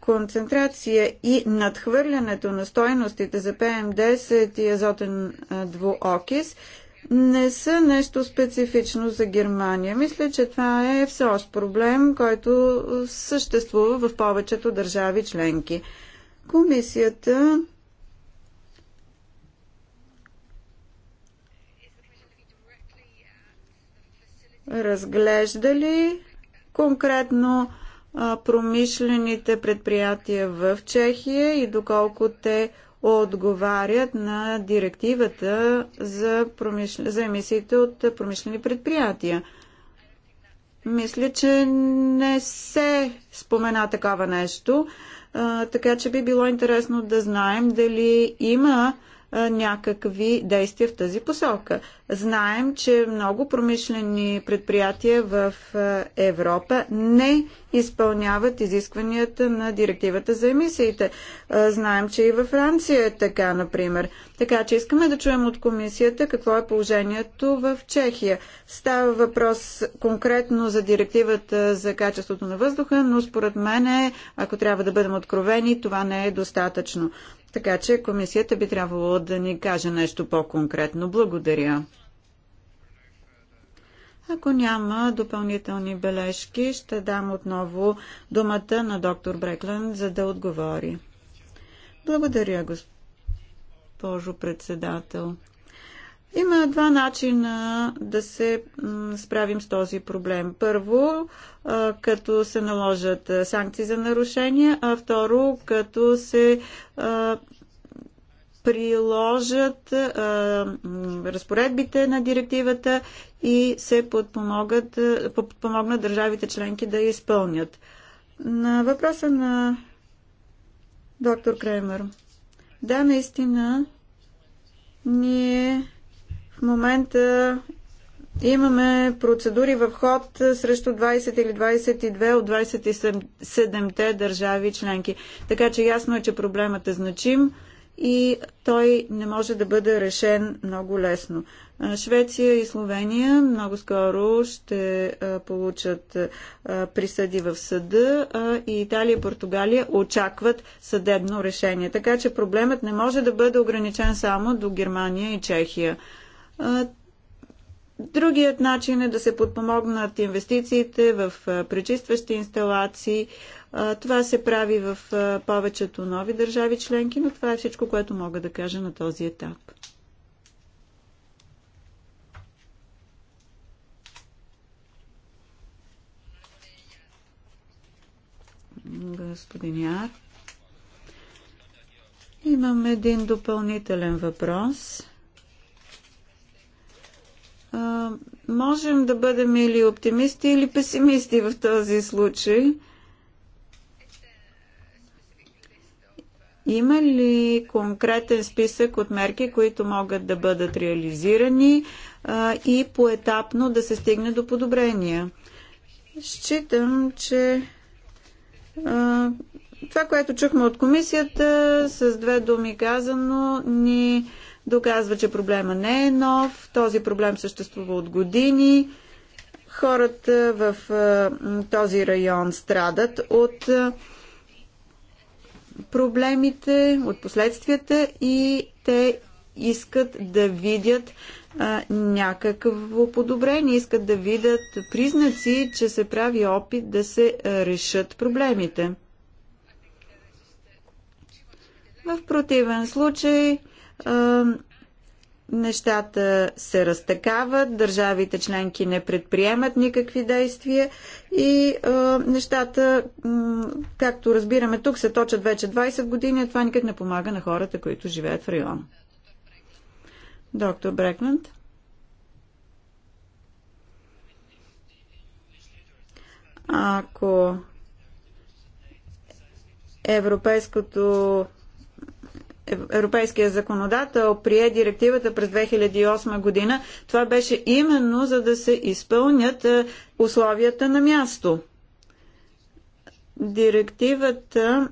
концентрация и надхвърлянето на стойностите за ПМ10 и азотен двуокис не са нещо специфично за Германия. Мисля, че това е все още проблем, който съществува в повечето държави членки. Комисията разглежда ли конкретно промишлените предприятия в Чехия и доколко те отговарят на директивата за, промишл... за емисиите от промишлени предприятия. Мисля, че не се спомена такова нещо, така че би било интересно да знаем дали има някакви действия в тази посока. Знаем, че много промишлени предприятия в Европа не изпълняват изискванията на директивата за емисиите. Знаем, че и във Франция е така, например. Така че искаме да чуем от комисията какво е положението в Чехия. Става въпрос конкретно за директивата за качеството на въздуха, но според мен, ако трябва да бъдем откровени, това не е достатъчно. Така че комисията би трябвало да ни каже нещо по-конкретно. Благодаря. Ако няма допълнителни бележки, ще дам отново думата на доктор Бреклен, за да отговори. Благодаря, госпожо председател. Има два начина да се справим с този проблем. Първо, като се наложат санкции за нарушения, а второ, като се приложат разпоредбите на директивата и се подпомогнат държавите членки да изпълнят. На въпроса на доктор Креймер. Да, наистина, ние в момента имаме процедури в ход срещу 20 или 22 от 27-те държави членки. Така че ясно е, че проблемът е значим и той не може да бъде решен много лесно. Швеция и Словения много скоро ще получат присъди в съда и Италия и Португалия очакват съдебно решение. Така че проблемът не може да бъде ограничен само до Германия и Чехия. Другият начин е да се подпомогнат инвестициите в пречистващи инсталации. Това се прави в повечето нови държави членки, но това е всичко, което мога да кажа на този етап. Господин Яр. Имам един допълнителен въпрос можем да бъдем или оптимисти, или песимисти в този случай. Има ли конкретен списък от мерки, които могат да бъдат реализирани а, и поетапно да се стигне до подобрения? Считам, че а, това, което чухме от комисията, с две думи казано, ни доказва, че проблема не е нов, този проблем съществува от години. Хората в този район страдат от проблемите, от последствията и те искат да видят а, някакво подобрение, искат да видят признаци, че се прави опит да се решат проблемите. В противен случай е, нещата се разтакават, държавите членки не предприемат никакви действия и е, нещата, както разбираме тук, се точат вече 20 години, а това никак не помага на хората, които живеят в района. Доктор Брекнант. Ако европейското европейския законодател прие директивата през 2008 година, това беше именно за да се изпълнят е, условията на място. Директивата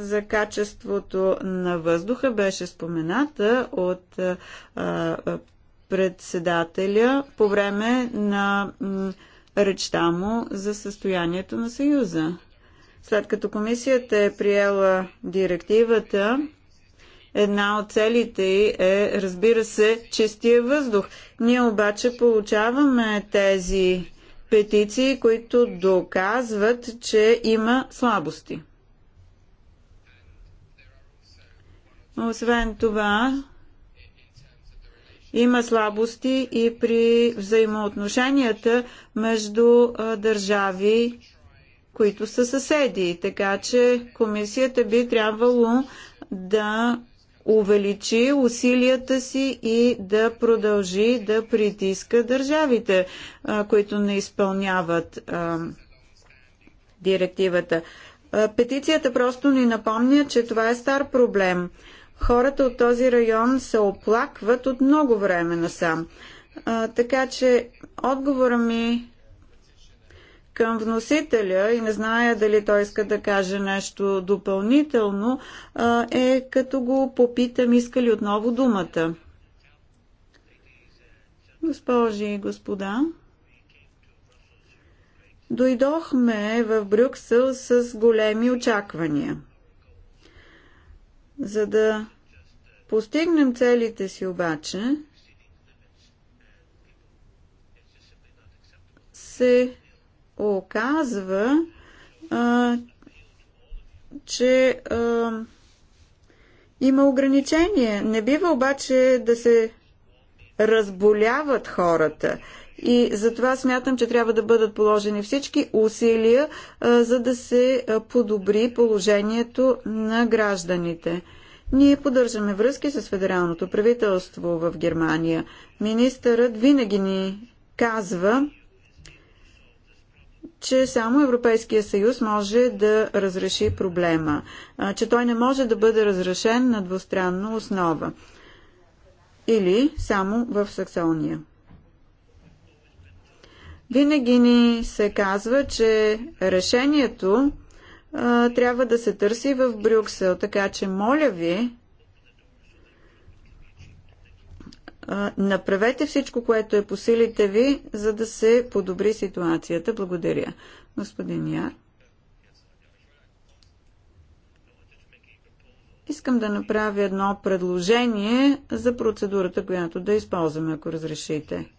за качеството на въздуха беше спомената от е, е, председателя по време на речта му за състоянието на Съюза. След като комисията е приела директивата, Една от целите е, разбира се, чистия въздух. Ние обаче получаваме тези петиции, които доказват, че има слабости. Освен това, има слабости и при взаимоотношенията между държави, които са съседи. Така че комисията би трябвало да увеличи усилията си и да продължи да притиска държавите, които не изпълняват директивата. Петицията просто ни напомня, че това е стар проблем. Хората от този район се оплакват от много време насам. Така че отговора ми към вносителя и не зная дали той иска да каже нещо допълнително, е като го попитам иска ли отново думата. Госпожи и господа, дойдохме в Брюксел с големи очаквания. За да постигнем целите си обаче, се оказва, а, че а, има ограничения. Не бива обаче да се разболяват хората. И затова смятам, че трябва да бъдат положени всички усилия, а, за да се подобри положението на гражданите. Ние поддържаме връзки с федералното правителство в Германия. Министърът винаги ни казва, че само Европейския съюз може да разреши проблема, че той не може да бъде разрешен на двустранна основа или само в Саксония. Винаги ни се казва, че решението а, трябва да се търси в Брюксел, така че моля ви направете всичко, което е по силите ви, за да се подобри ситуацията. Благодаря. Господин Яр. Искам да направя едно предложение за процедурата, която да използваме, ако разрешите.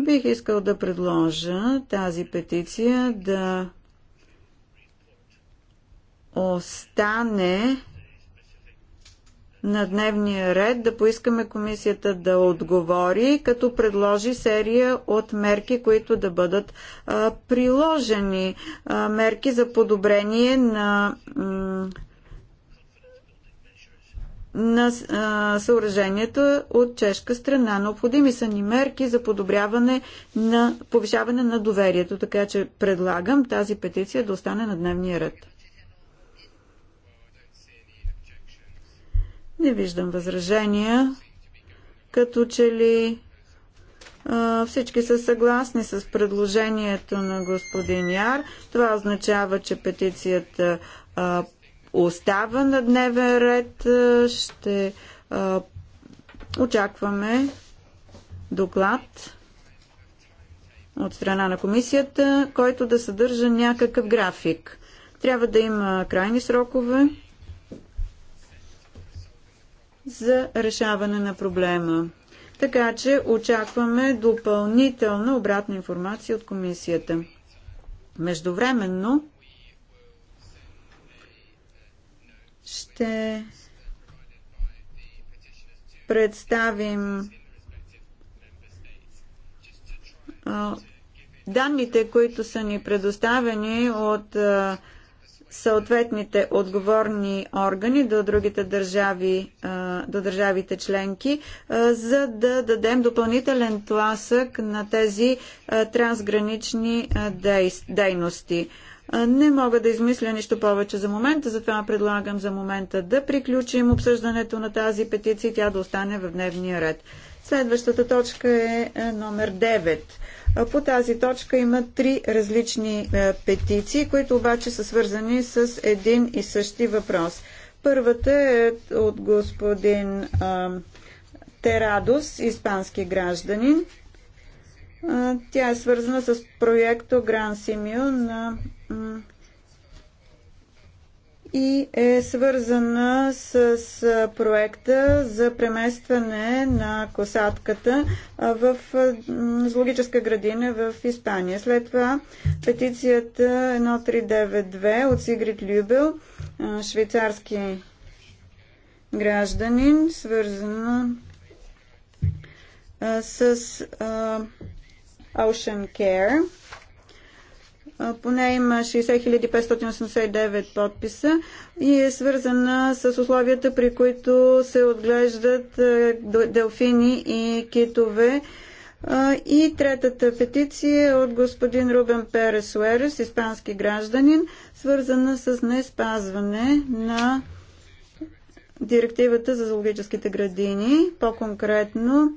Бих искал да предложа тази петиция да остане на дневния ред да поискаме комисията да отговори, като предложи серия от мерки, които да бъдат а, приложени. А, мерки за подобрение на на а, съоръженията от чешка страна. Необходими са ни мерки за подобряване на повишаване на доверието, така че предлагам тази петиция да остане на дневния ред. Не виждам възражения. Като че ли всички са съгласни с предложението на господин Яр. Това означава, че петицията остава на дневен ред. Ще очакваме доклад от страна на комисията, който да съдържа някакъв график. Трябва да има крайни срокове за решаване на проблема. Така че очакваме допълнителна обратна информация от комисията. Междувременно ще представим данните, които са ни предоставени от съответните отговорни органи до другите държави, до държавите членки, за да дадем допълнителен тласък на тези трансгранични дейности. Не мога да измисля нищо повече за момента, затова предлагам за момента да приключим обсъждането на тази петиция и тя да остане в дневния ред. Следващата точка е, е номер 9. По тази точка има три различни е, петиции, които обаче са свързани с един и същи въпрос. Първата е от господин е, Терадос, испански гражданин. Е, тя е свързана с проекто Гран Симио на и е свързана с проекта за преместване на косатката в зоологическа градина в Испания. След това петицията 1392 от Сигрид Любел, швейцарски гражданин, свързана с Ocean Care поне има 60 589 подписа и е свързана с условията, при които се отглеждат делфини и китове. И третата петиция е от господин Рубен Перес Уерес, испански гражданин, свързана с неспазване на директивата за зоологическите градини, по-конкретно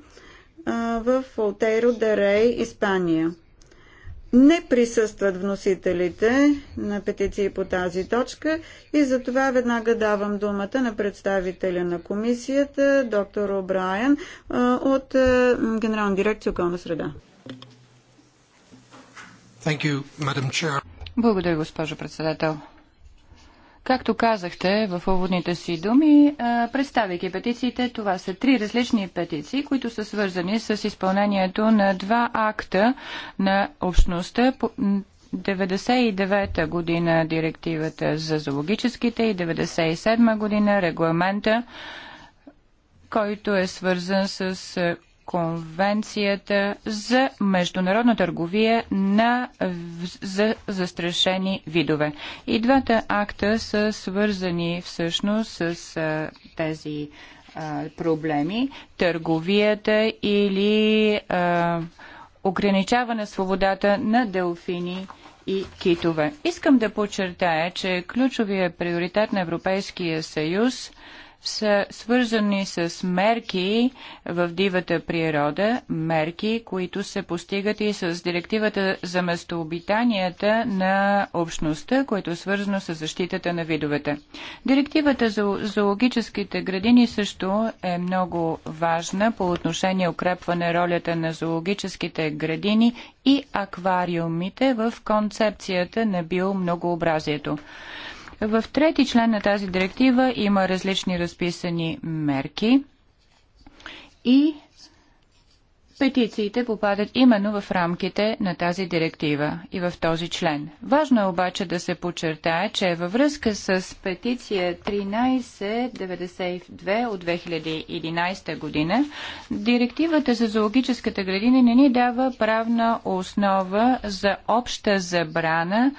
в Олтейро Дерей, Испания не присъстват вносителите на петиции по тази точка и затова веднага давам думата на представителя на комисията, доктор О'Брайен от Генерална дирекция околна среда. You, Благодаря, госпожо председател. Както казахте в уводните си думи, е, представяйки петициите, това са три различни петиции, които са свързани с изпълнението на два акта на общността 99-та година директивата за зоологическите и 97-та година регламента, който е свързан с е, Конвенцията за международна търговия на за застрашени видове. И двата акта са свързани всъщност с а, тези а, проблеми. Търговията или а, ограничаване свободата на делфини и китове. Искам да подчертая, че ключовия приоритет на Европейския съюз – са свързани с мерки в дивата природа, мерки, които се постигат и с директивата за местообитанията на общността, което е свързано с защитата на видовете. Директивата за зоологическите градини също е много важна по отношение укрепване ролята на зоологическите градини и аквариумите в концепцията на биомногообразието. В трети член на тази директива има различни разписани мерки и Петициите попадат именно в рамките на тази директива и в този член. Важно е обаче да се подчертае, че във връзка с петиция 1392 от 2011 година, директивата за зоологическата градина не ни дава правна основа за обща забрана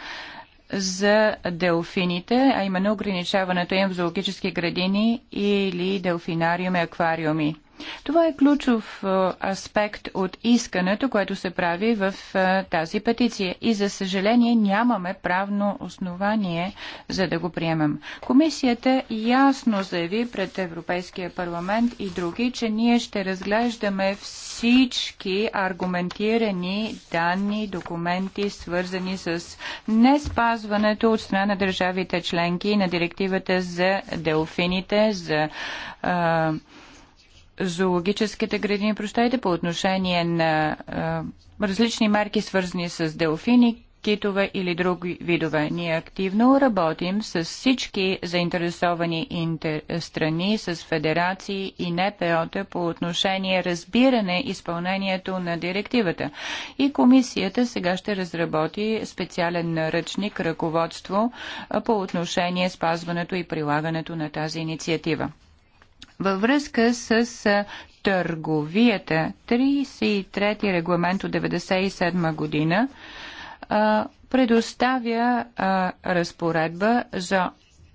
за делфините, а именно ограничаването им в зоологически градини или делфинариуми, аквариуми. Това е ключов аспект от искането, което се прави в тази петиция. И за съжаление нямаме правно основание за да го приемем. Комисията ясно заяви пред Европейския парламент и други, че ние ще разглеждаме всички аргументирани данни, документи, свързани с не спазването от страна на държавите членки на директивата за делфините, за а, зоологическите градини, прощайте, по отношение на а, различни марки, свързани с делфини, китове или други видове. Ние активно работим с всички заинтересовани интер... страни, с федерации и НПО-та по отношение разбиране изпълнението на директивата. И комисията сега ще разработи специален наръчник, ръководство по отношение спазването и прилагането на тази инициатива. Във връзка с търговията, 33-ти регламент от 1997 година предоставя разпоредба за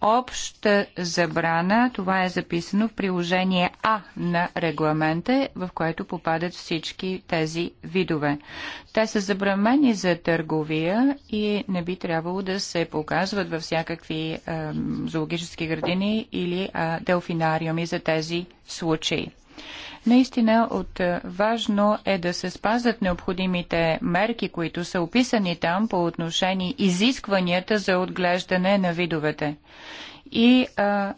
обща забрана, това е записано в приложение А на регламента, в което попадат всички тези видове. Те са забранени за търговия и не би трябвало да се показват във всякакви е, зоологически градини или е, делфинариуми за тези случаи. Наистина от е, важно е да се спазят необходимите мерки, които са описани там по отношение изискванията за отглеждане на видовете. И а,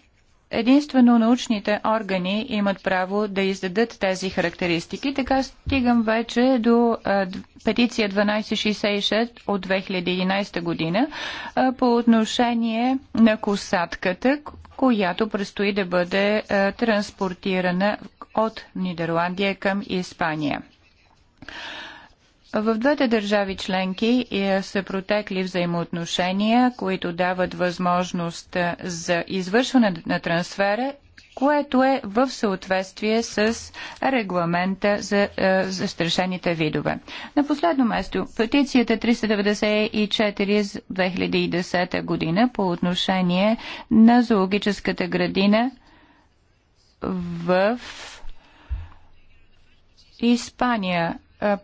единствено научните органи имат право да издадат тези характеристики. Така стигам вече до а, петиция 1266 от 2011 година а, по отношение на косатката, която предстои да бъде е, транспортирана от Нидерландия към Испания. В двете държави членки е, са протекли взаимоотношения, които дават възможност е, за извършване на трансфера което е в съответствие с регламента за е, застрашените видове. На последно место, петицията 394 2010 година по отношение на зоологическата градина в Испания. Е,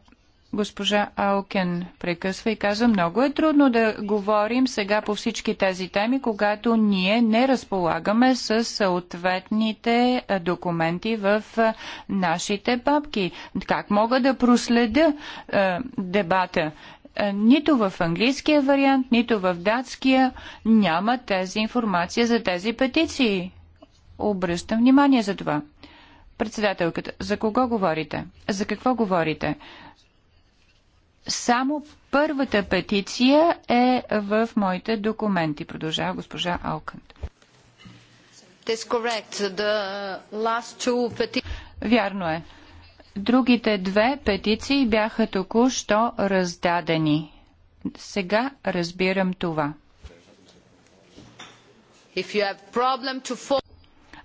Госпожа Аукен прекъсва и казва, много е трудно да говорим сега по всички тези теми, когато ние не разполагаме с съответните документи в нашите папки. Как мога да проследя е, дебата? нито в английския вариант, нито в датския няма тези информация за тези петиции. Обръщам внимание за това. Председателката, за кого говорите? За какво говорите? Само първата петиция е в моите документи, продължава госпожа Алкант. Вярно е. Другите две петиции бяха току-що раздадени. Сега разбирам това.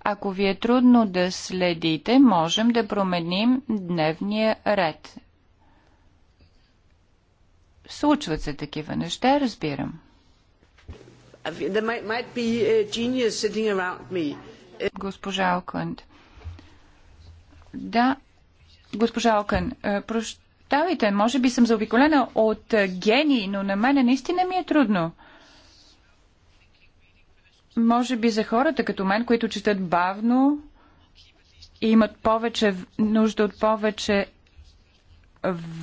Ако ви е трудно да следите, можем да променим дневния ред. Случват се такива неща, разбирам. Uh, госпожа Окленд. Да, госпожа Окън, е, прощавайте, може би съм заобиколена от е, гении, но на мене наистина ми е трудно може би за хората като мен, които четат бавно и имат повече нужда от повече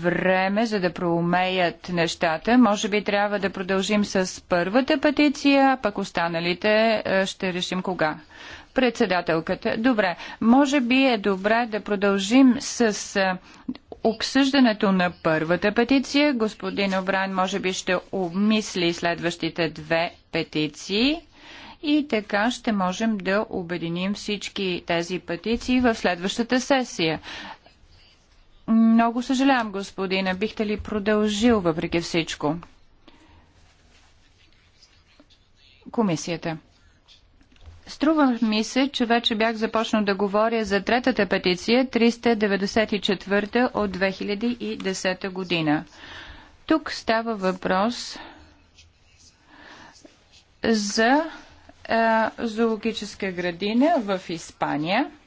време, за да проумеят нещата. Може би трябва да продължим с първата петиция, а пък останалите е, ще решим кога. Председателката. Добре. Може би е добре да продължим с е, обсъждането на първата петиция. Господин Обран може би ще обмисли следващите две петиции и така ще можем да обединим всички тези петиции в следващата сесия. Много съжалявам, господина. Бихте ли продължил въпреки всичко? Комисията. Струва ми се, че вече бях започнал да говоря за третата петиция, 394 от 2010 година. Тук става въпрос за е, зоологическа градина в Испания –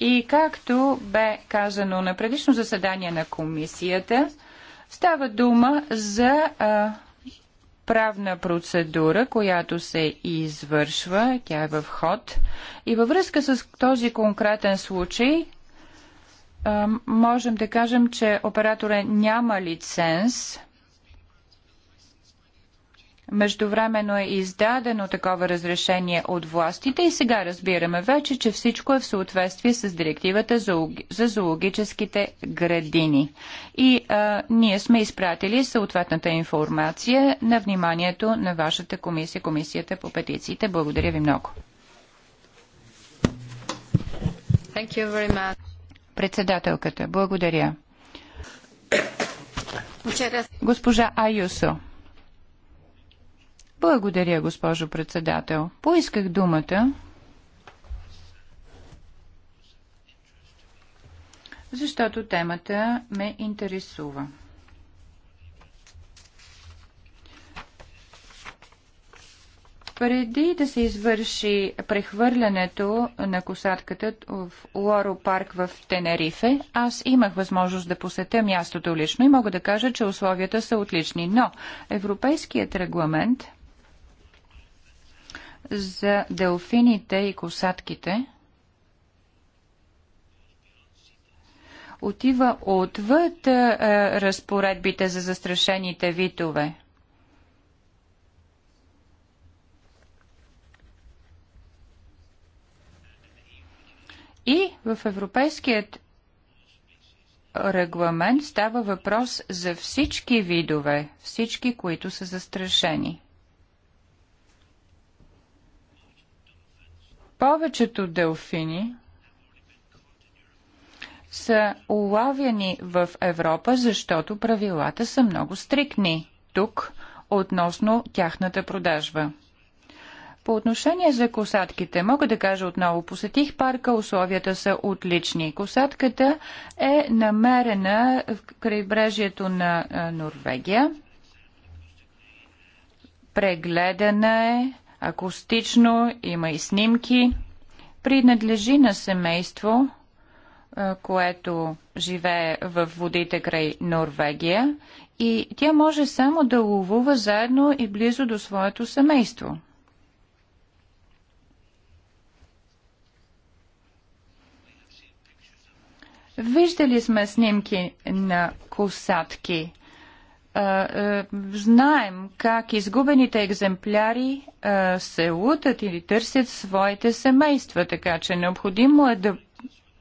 и както бе казано на предишно заседание на комисията, става дума за а, правна процедура, която се извършва, тя е в ход. И във връзка с този конкретен случай, а, можем да кажем, че оператора няма лиценз Междувременно е издадено такова разрешение от властите и сега разбираме вече, че всичко е в съответствие с директивата за зоологическите градини. И а, ние сме изпратили съответната информация на вниманието на вашата комисия, комисията по петициите. Благодаря ви много. Thank you very much. Председателката, благодаря. Госпожа Аюсо. Благодаря, госпожо председател. Поисках думата, защото темата ме интересува. Преди да се извърши прехвърлянето на косатката в Лоро парк в Тенерифе, аз имах възможност да посетя мястото лично и мога да кажа, че условията са отлични. Но Европейският регламент за делфините и косатките отива отвъд е, разпоредбите за застрашените витове. И в Европейският регламент става въпрос за всички видове, всички, които са застрашени. Повечето делфини са улавяни в Европа, защото правилата са много стрикни тук относно тяхната продажба. По отношение за косатките, мога да кажа отново, посетих парка, условията са отлични. Косатката е намерена в крайбрежието на Норвегия. Прегледана е акустично, има и снимки. Принадлежи на семейство, което живее в водите край Норвегия и тя може само да ловува заедно и близо до своето семейство. Виждали сме снимки на косатки – знаем как изгубените екземпляри се лутат или търсят своите семейства, така че необходимо е да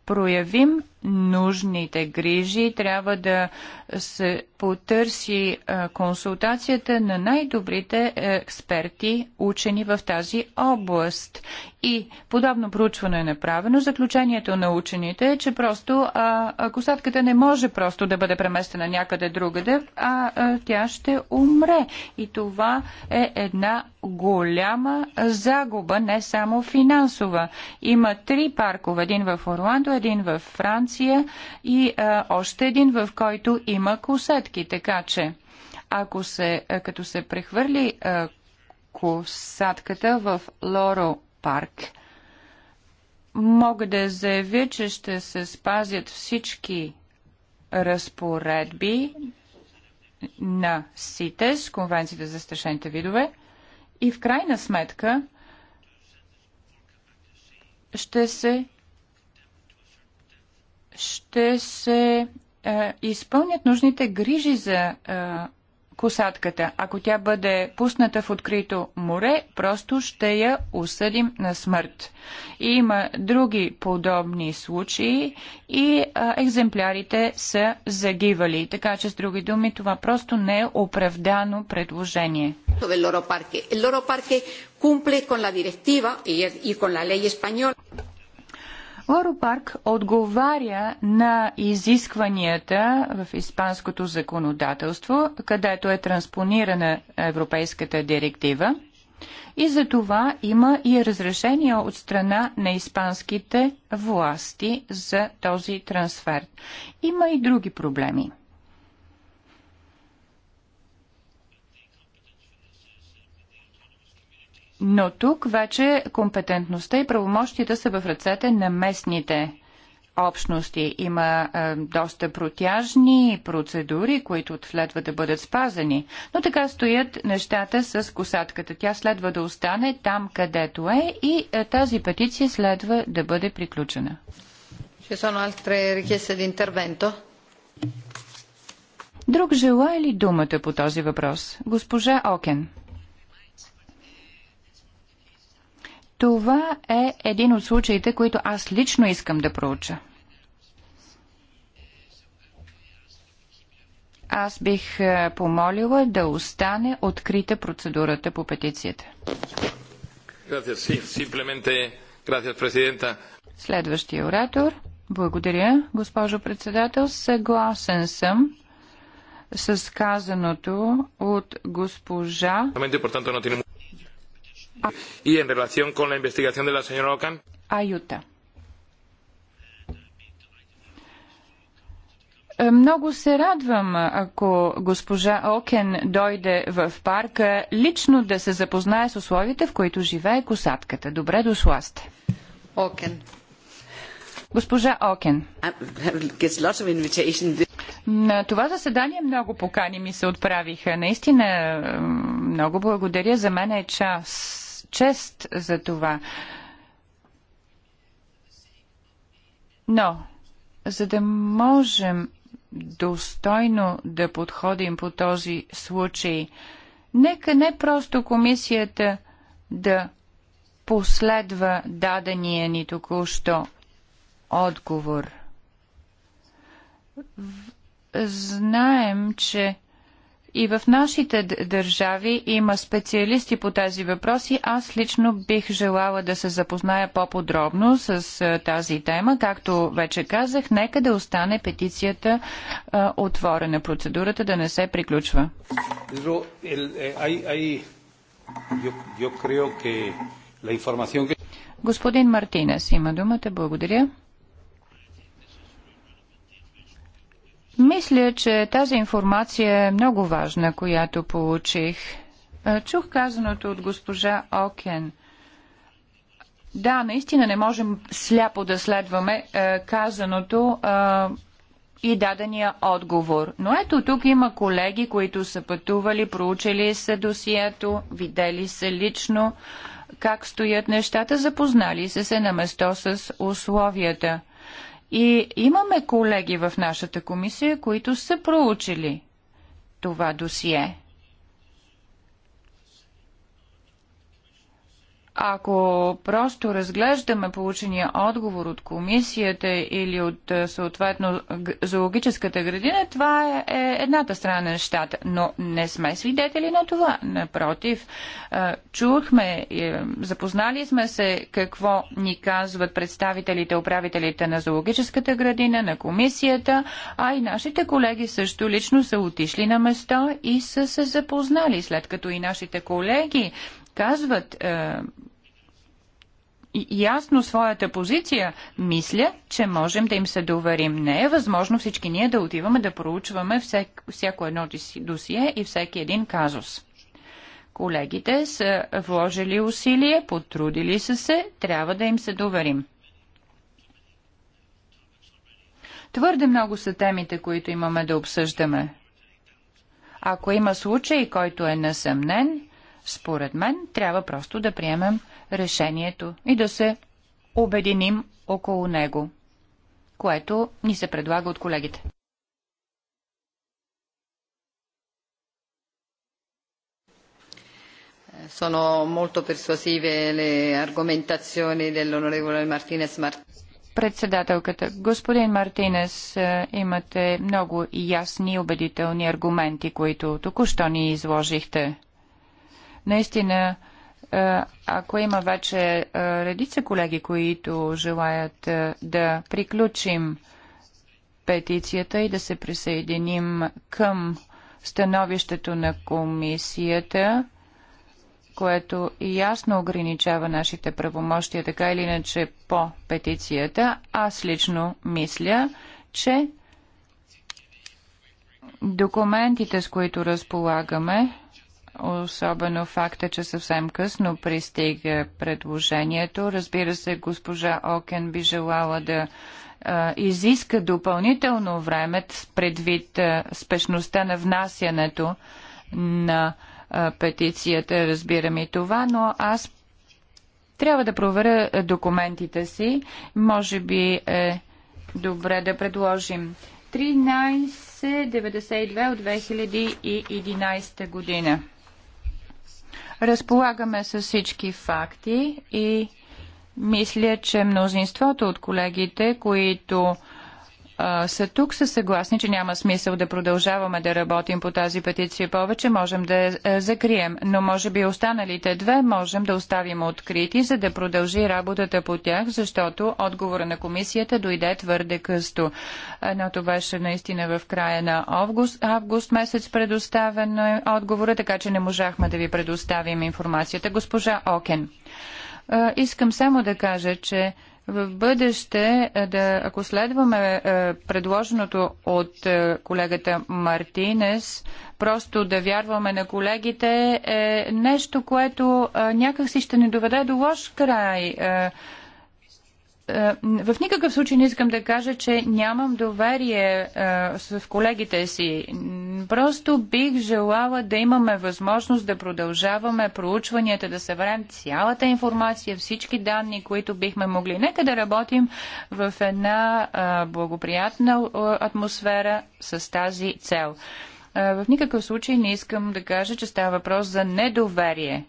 проявим нужните грижи, трябва да се потърси консултацията на най-добрите е, експерти, учени в тази област. И подобно проучване е направено. Заключението на учените е, че просто а, косатката не може просто да бъде преместена някъде другаде, а, а тя ще умре. И това е една голяма загуба, не само финансова. Има три паркове, един в Орландо, един в Франция, Франция и а, още един, в който има косетки. Така че, ако се, а, като се прехвърли а, косатката в Лоро парк, мога да заявя, че ще се спазят всички разпоредби на СИТЕС, Конвенцията за страшените видове, и в крайна сметка ще се ще се е, изпълнят нужните грижи за е, косатката. Ако тя бъде пусната в открито море, просто ще я осъдим на смърт. И има други подобни случаи и а, е, екземплярите са загивали. Така че, с други думи, това просто не е оправдано предложение. Лоропарк отговаря на изискванията в испанското законодателство, където е транспонирана Европейската директива и за това има и разрешение от страна на испанските власти за този трансфер. Има и други проблеми. Но тук вече компетентността и правомощията са в ръцете на местните общности. Има е, доста протяжни процедури, които следва да бъдат спазени. Но така стоят нещата с косатката. Тя следва да остане там, където е и е, тази петиция следва да бъде приключена. Ci sono altre richieste di intervento? Друг желая ли думата по този въпрос? Госпожа Окен. Това е един от случаите, които аз лично искам да проуча. Аз бих е, помолила да остане открита процедурата по петицията. Следващия оратор. Благодаря, госпожо председател. Съгласен съм с казаното от госпожа. Y en relación con la investigación de la señora Ocan. Ayuta. Е, много се радвам, ако госпожа Окен дойде в парка лично да се запознае с условията, в които живее косатката. Добре дошла сте. Окен. Госпожа Окен. На това заседание много покани ми се отправиха. Наистина, много благодаря. За мен е час чест за това. Но, за да можем достойно да подходим по този случай, нека не просто комисията да последва дадения ни току-що отговор. Знаем, че и в нашите държави има специалисти по тези въпроси. Аз лично бих желала да се запозная по-подробно с тази тема. Както вече казах, нека да остане петицията а, отворена. Процедурата да не се приключва. Eh, Господин Мартинес има думата. Благодаря. Мисля, че тази информация е много важна, която получих. Е, чух казаното от госпожа Окен. Да, наистина не можем сляпо да следваме е, казаното е, и дадения отговор. Но ето тук има колеги, които са пътували, проучили са досието, видели са лично как стоят нещата, запознали са се на место с условията – и имаме колеги в нашата комисия, които са проучили това досие. Ако просто разглеждаме получения отговор от комисията или от е, съответно зоологическата градина, това е, е едната страна на нещата. Но не сме свидетели на това. Напротив, е, чухме, запознали сме се какво ни казват представителите, управителите на зоологическата градина, на комисията, а и нашите колеги също лично са отишли на места и са се запознали, след като и нашите колеги казват е, ясно своята позиция, мисля, че можем да им се доверим. Не е възможно всички ние да отиваме да проучваме всек, всяко едно досие и всеки един казус. Колегите са вложили усилие, потрудили са се, трябва да им се доверим. Твърде много са темите, които имаме да обсъждаме. Ако има случай, който е несъмнен, според мен трябва просто да приемем решението и да се обединим около него, което ни се предлага от колегите. sono molto persuasive le argomentazioni dell'onorevole Martinez Martinez. Председателката, господин Мартинес, е, имате много ясни и убедителни аргументи, които току-що ни изложихте. Наистина, е, ако има вече е, редица колеги, които желаят е, да приключим петицията и да се присъединим към становището на комисията, което ясно ограничава нашите правомощия, така или иначе по петицията, аз лично мисля, че документите, с които разполагаме, особено факта, че съвсем късно пристига предложението. Разбира се, госпожа Окен би желала да изиска допълнително време предвид спешността на внасянето на петицията. Разбирам и това, но аз трябва да проверя документите си. Може би е добре да предложим 1392 от 2011 година. Разполагаме с всички факти и мисля, че мнозинството от колегите, които са тук, са съгласни, че няма смисъл да продължаваме да работим по тази петиция повече, можем да я е, закрием, но може би останалите две можем да оставим открити, за да продължи работата по тях, защото отговора на комисията дойде твърде късто. Едното беше наистина в края на август, август месец предоставен е отговора, така че не можахме да ви предоставим информацията. Госпожа Окен, искам само да кажа, че в бъдеще, е, да, ако следваме е, предложеното от е, колегата Мартинес, просто да вярваме на колегите е нещо, което е, някакси ще ни доведе до лош край. Е, е, в никакъв случай не искам да кажа, че нямам доверие е, с колегите си. Просто бих желала да имаме възможност да продължаваме проучванията, да съберем цялата информация, всички данни, които бихме могли. Нека да работим в една е, благоприятна атмосфера с тази цел. В никакъв случай не искам да кажа, че става въпрос за недоверие.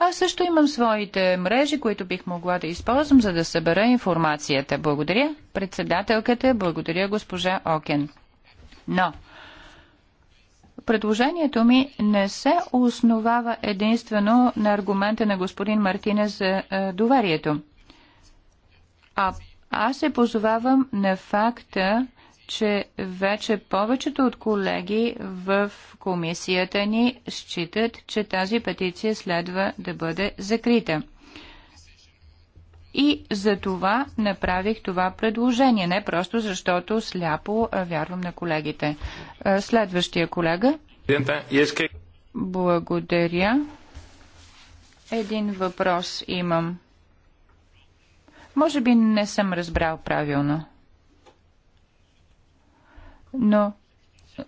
Аз също имам своите мрежи, които бих могла да използвам, за да събера информацията. Благодаря председателката, благодаря госпожа Окен. Но, предложението ми не се основава единствено на аргумента на господин Мартинес за е, доверието. А аз се позовавам на факта, че вече повечето от колеги в комисията ни считат, че тази петиция следва да бъде закрита. И за това направих това предложение, не просто защото сляпо вярвам на колегите. Е, следващия колега. Благодаря. Един въпрос имам. Може би не съм разбрал правилно но,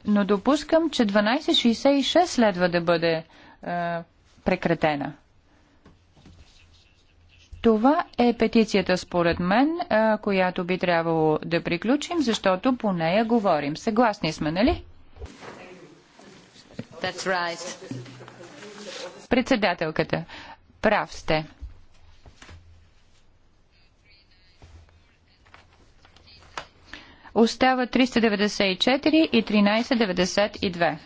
но допускам, че 1266 следва да бъде е, прекратена. Това е петицията според мен, е, която би трябвало да приключим, защото по нея говорим. Съгласни сме, нали? That's right. Председателката, прав сте. остава 394 и 1392.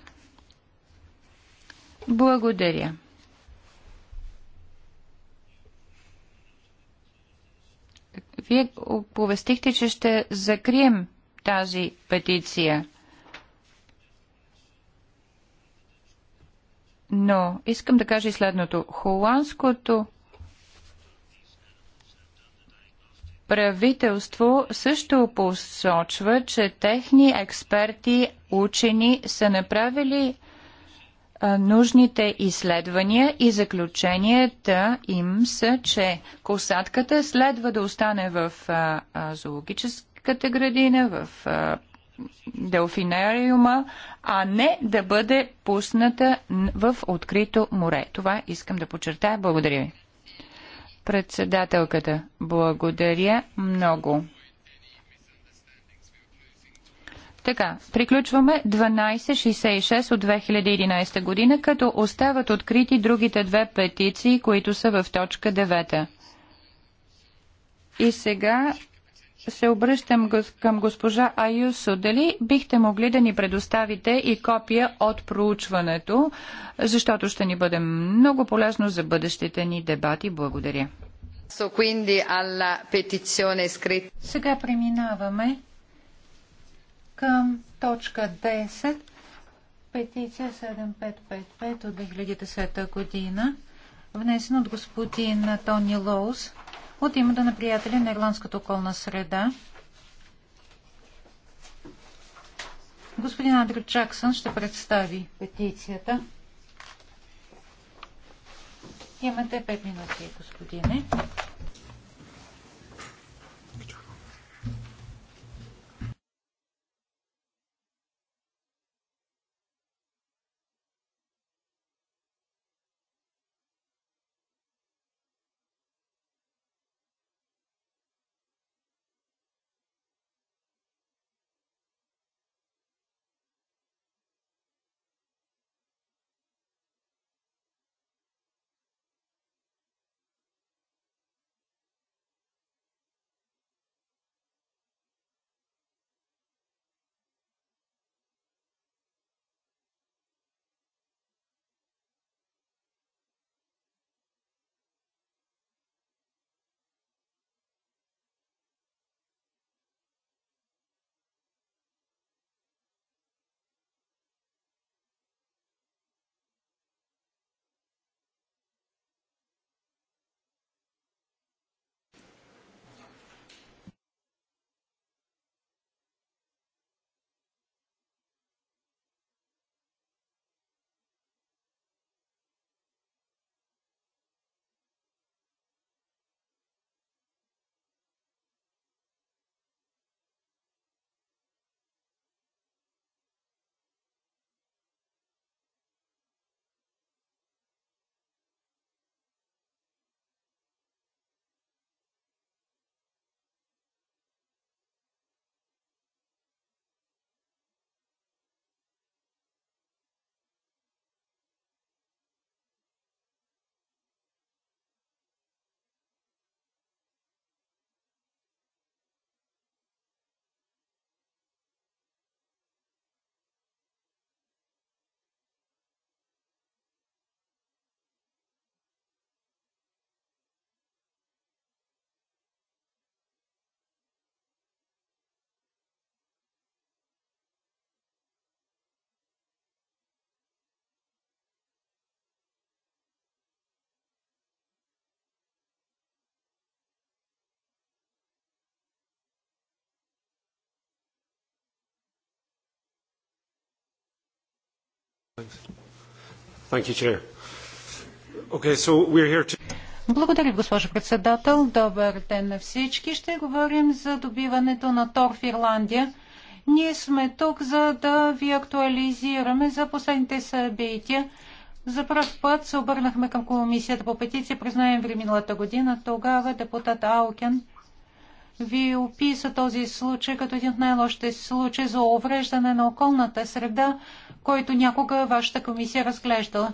Благодаря. Вие оповестихте, че ще закрием тази петиция. Но искам да кажа и следното. Холандското правителство също посочва, че техни експерти, учени са направили нужните изследвания и заключенията им са, че косатката следва да остане в зоологическата градина, в делфинариума, а не да бъде пусната в открито море. Това искам да подчертая. Благодаря ви. Председателката, благодаря много. Така, приключваме 1266 от 2011 година, като остават открити другите две петиции, които са в точка 9. И сега се обръщам към госпожа Аюсо. Дали бихте могли да ни предоставите и копия от проучването, защото ще ни бъде много полезно за бъдещите ни дебати. Благодаря. Сега преминаваме към точка 10, петиция 7555 от 2010 година, внесена от господин Тони Лоус от името на приятели на Ирландската околна среда. Господин Андрю Джаксън ще представи петицията. Имате 5 минути, господине. Благодаря, госпожо председател. Добър ден на всички. Ще говорим за добиването на тор в Ирландия. Ние сме тук, за да ви актуализираме за последните събития. За първ път се обърнахме към комисията по петиция през ноември миналата година. Тогава депутат Аукен ви описа този случай като един от най-лошите случаи за увреждане на околната среда, който някога вашата комисия разглеждала.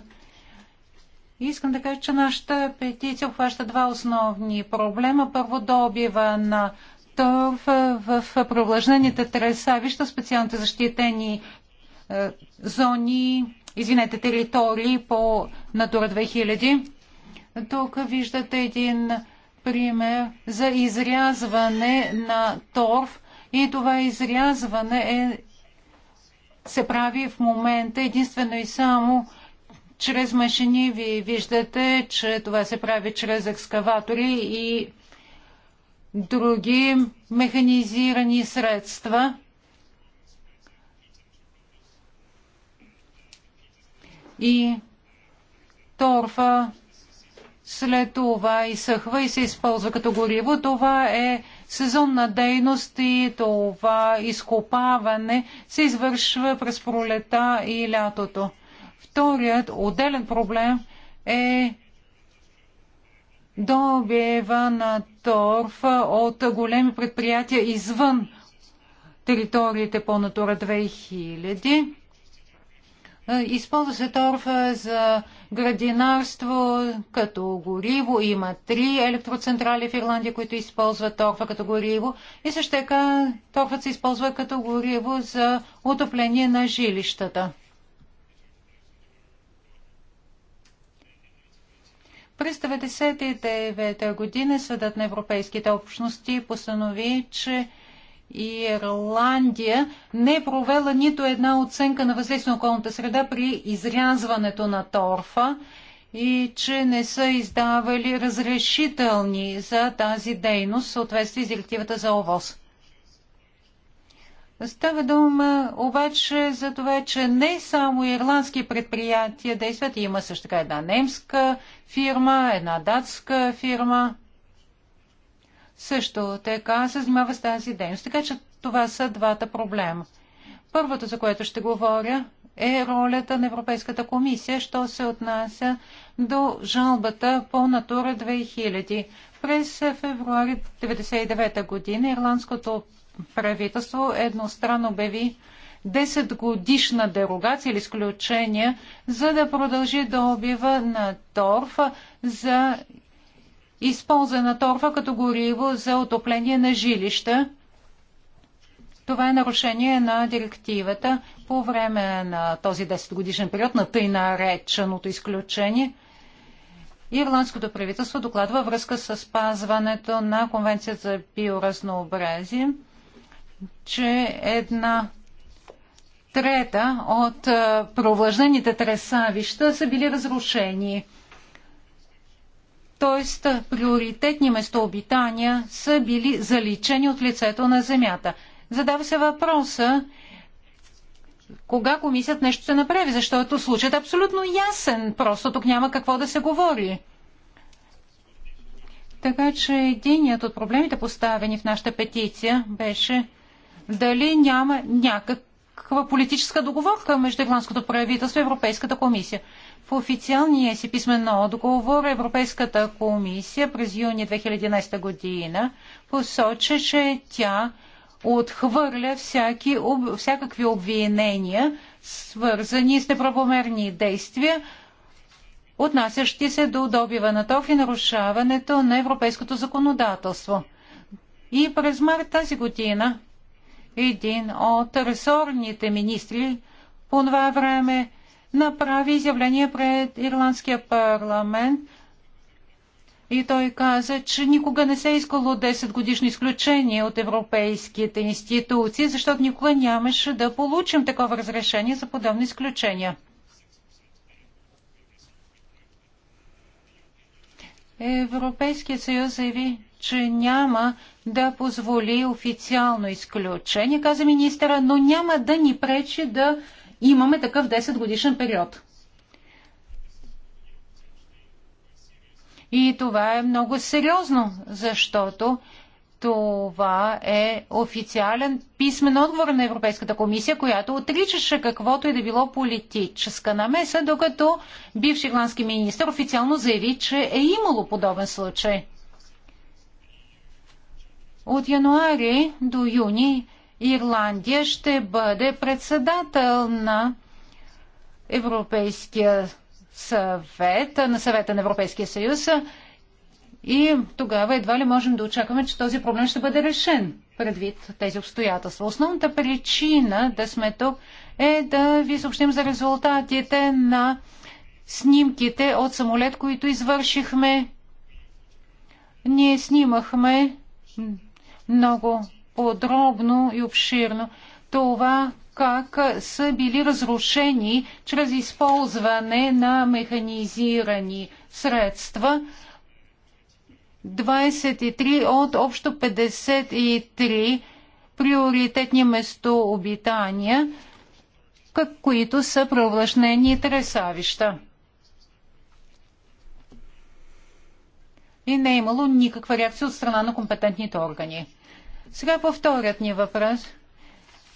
Искам да кажа, че нашата петиция обхваща два основни проблема. Първо, добива на търв в провлажнените тресавища, специалните защитени е, зони, извинете, територии по Натура 2000. Тук виждате един пример за изрязване на торф и това изрязване е, се прави в момента единствено и само чрез машини. Вие виждате, че това се прави чрез екскаватори и други механизирани средства. И торфа след това изсъхва и се използва като гориво. Това е сезонна дейност и това изкопаване се извършва през пролета и лятото. Вторият отделен проблем е добива на торф от големи предприятия извън териториите по Натура 2000. Е, използва се торфа за градинарство като гориво. Има три електроцентрали в Ирландия, които използват торфа като гориво. И също така торфът се използва като гориво за отопление на жилищата. През 1999 година Съдът на европейските общности постанови, че Ирландия не е провела нито една оценка на въздействие на околната среда при изрязването на торфа и че не са издавали разрешителни за тази дейност в съответствие с директивата за ОВОз. Става дума обаче за това, че не само ирландски предприятия действат. Има също така една немска фирма, една датска фирма също така се занимава с тази дейност. Така че това са двата проблема. Първото, за което ще говоря, е ролята на Европейската комисия, що се отнася до жалбата по Натура 2000. През февруари 1999 година ирландското правителство едностранно обяви 10 годишна дерогация или изключение, за да продължи добива на торф за използвана торфа като гориво за отопление на жилища. Това е нарушение на директивата по време на този 10-годишен период на тъй нареченото изключение. Ирландското правителство докладва връзка с спазването на Конвенцията за биоразнообразие, че една трета от провлажнените тресавища са били разрушени – Тоест, приоритетни местообитания са били заличени от лицето на Земята. Задава се въпроса, кога комисият нещо се направи, защото случаят е абсолютно ясен, просто тук няма какво да се говори. Така че единият от проблемите, поставени в нашата петиция, беше дали няма някак някаква политическа договорка между ирландското правителство и Европейската комисия. В официалния си писмен договор, Европейската комисия през юни 2011 година посочи, че тя отхвърля всяки, об, всякакви обвинения, свързани с неправомерни действия, отнасящи се до добива на ток и нарушаването на европейското законодателство. И през март тази година един от ресорните министри по това време направи изявление пред Ирландския парламент и той каза, че никога не се е искало 10 годишно изключение от европейските институции, защото никога нямаше да получим такова разрешение за подобни изключения. Европейският съюз заяви, че няма да позволи официално изключение, каза министъра, но няма да ни пречи да имаме такъв 10 годишен период. И това е много сериозно, защото това е официален писмен отговор на Европейската комисия, която отричаше каквото и да било политическа намеса, докато бивши ирландски министр официално заяви, че е имало подобен случай. От януари до юни Ирландия ще бъде председател на Европейския съвет, на съвета на Европейския съюз и тогава едва ли можем да очакваме, че този проблем ще бъде решен предвид тези обстоятелства. Основната причина да сме тук е да ви съобщим за резултатите на снимките от самолет, които извършихме. Ние снимахме много подробно и обширно това как са били разрушени чрез използване на механизирани средства 23 от общо 53 приоритетни местообитания, които са превръщнени тресавища. И не е имало никаква реакция от страна на компетентните органи. Сега повторят ни въпрос –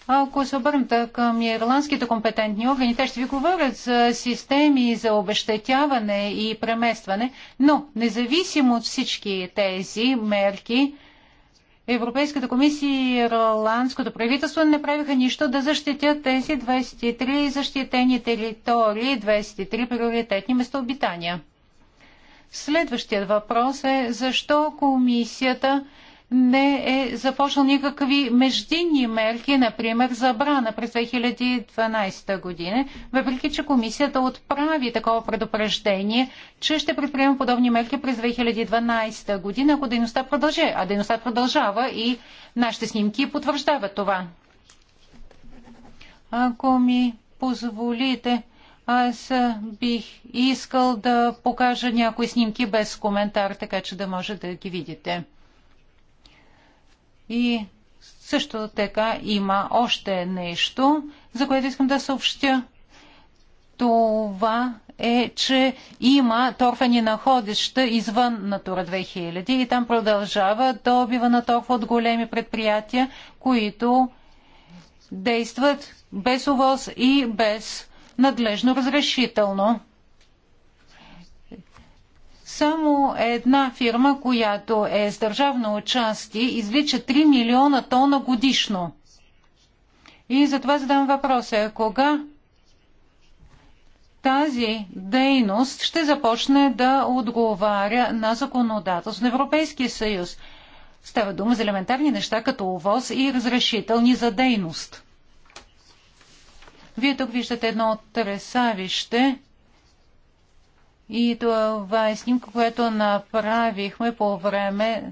ако се обърнем към ирландските компетентни органи, те ще ви говорят за системи за обещетяване и преместване, но независимо от всички тези мерки, Европейската комисия и ирландското правителство не правиха нищо да защитят тези 23 защитени територии, 23 приоритетни местообитания. Следващият въпрос е защо комисията не е започнал никакви междинни мерки, например забрана през 2012 година, въпреки че комисията отправи такова предупреждение, че ще предприема подобни мерки през 2012 година, ако дейността продължи. А дейността продължава и нашите снимки потвърждават това. Ако ми позволите, аз бих искал да покажа някои снимки без коментар, така че да може да ги видите. И също така има още нещо, за което искам да съобщя. Това е, че има торфени находища извън Натура 2000 и там продължава добива на торф от големи предприятия, които действат без увоз и без надлежно разрешително. Само една фирма, която е с държавно участие, извлича 3 милиона тона годишно. И затова задам въпроса. Кога тази дейност ще започне да отговаря на законодателство на Европейския съюз? Става дума за елементарни неща, като увоз и разрешителни за дейност. Вие тук виждате едно тресавище, и това е снимка, която направихме по време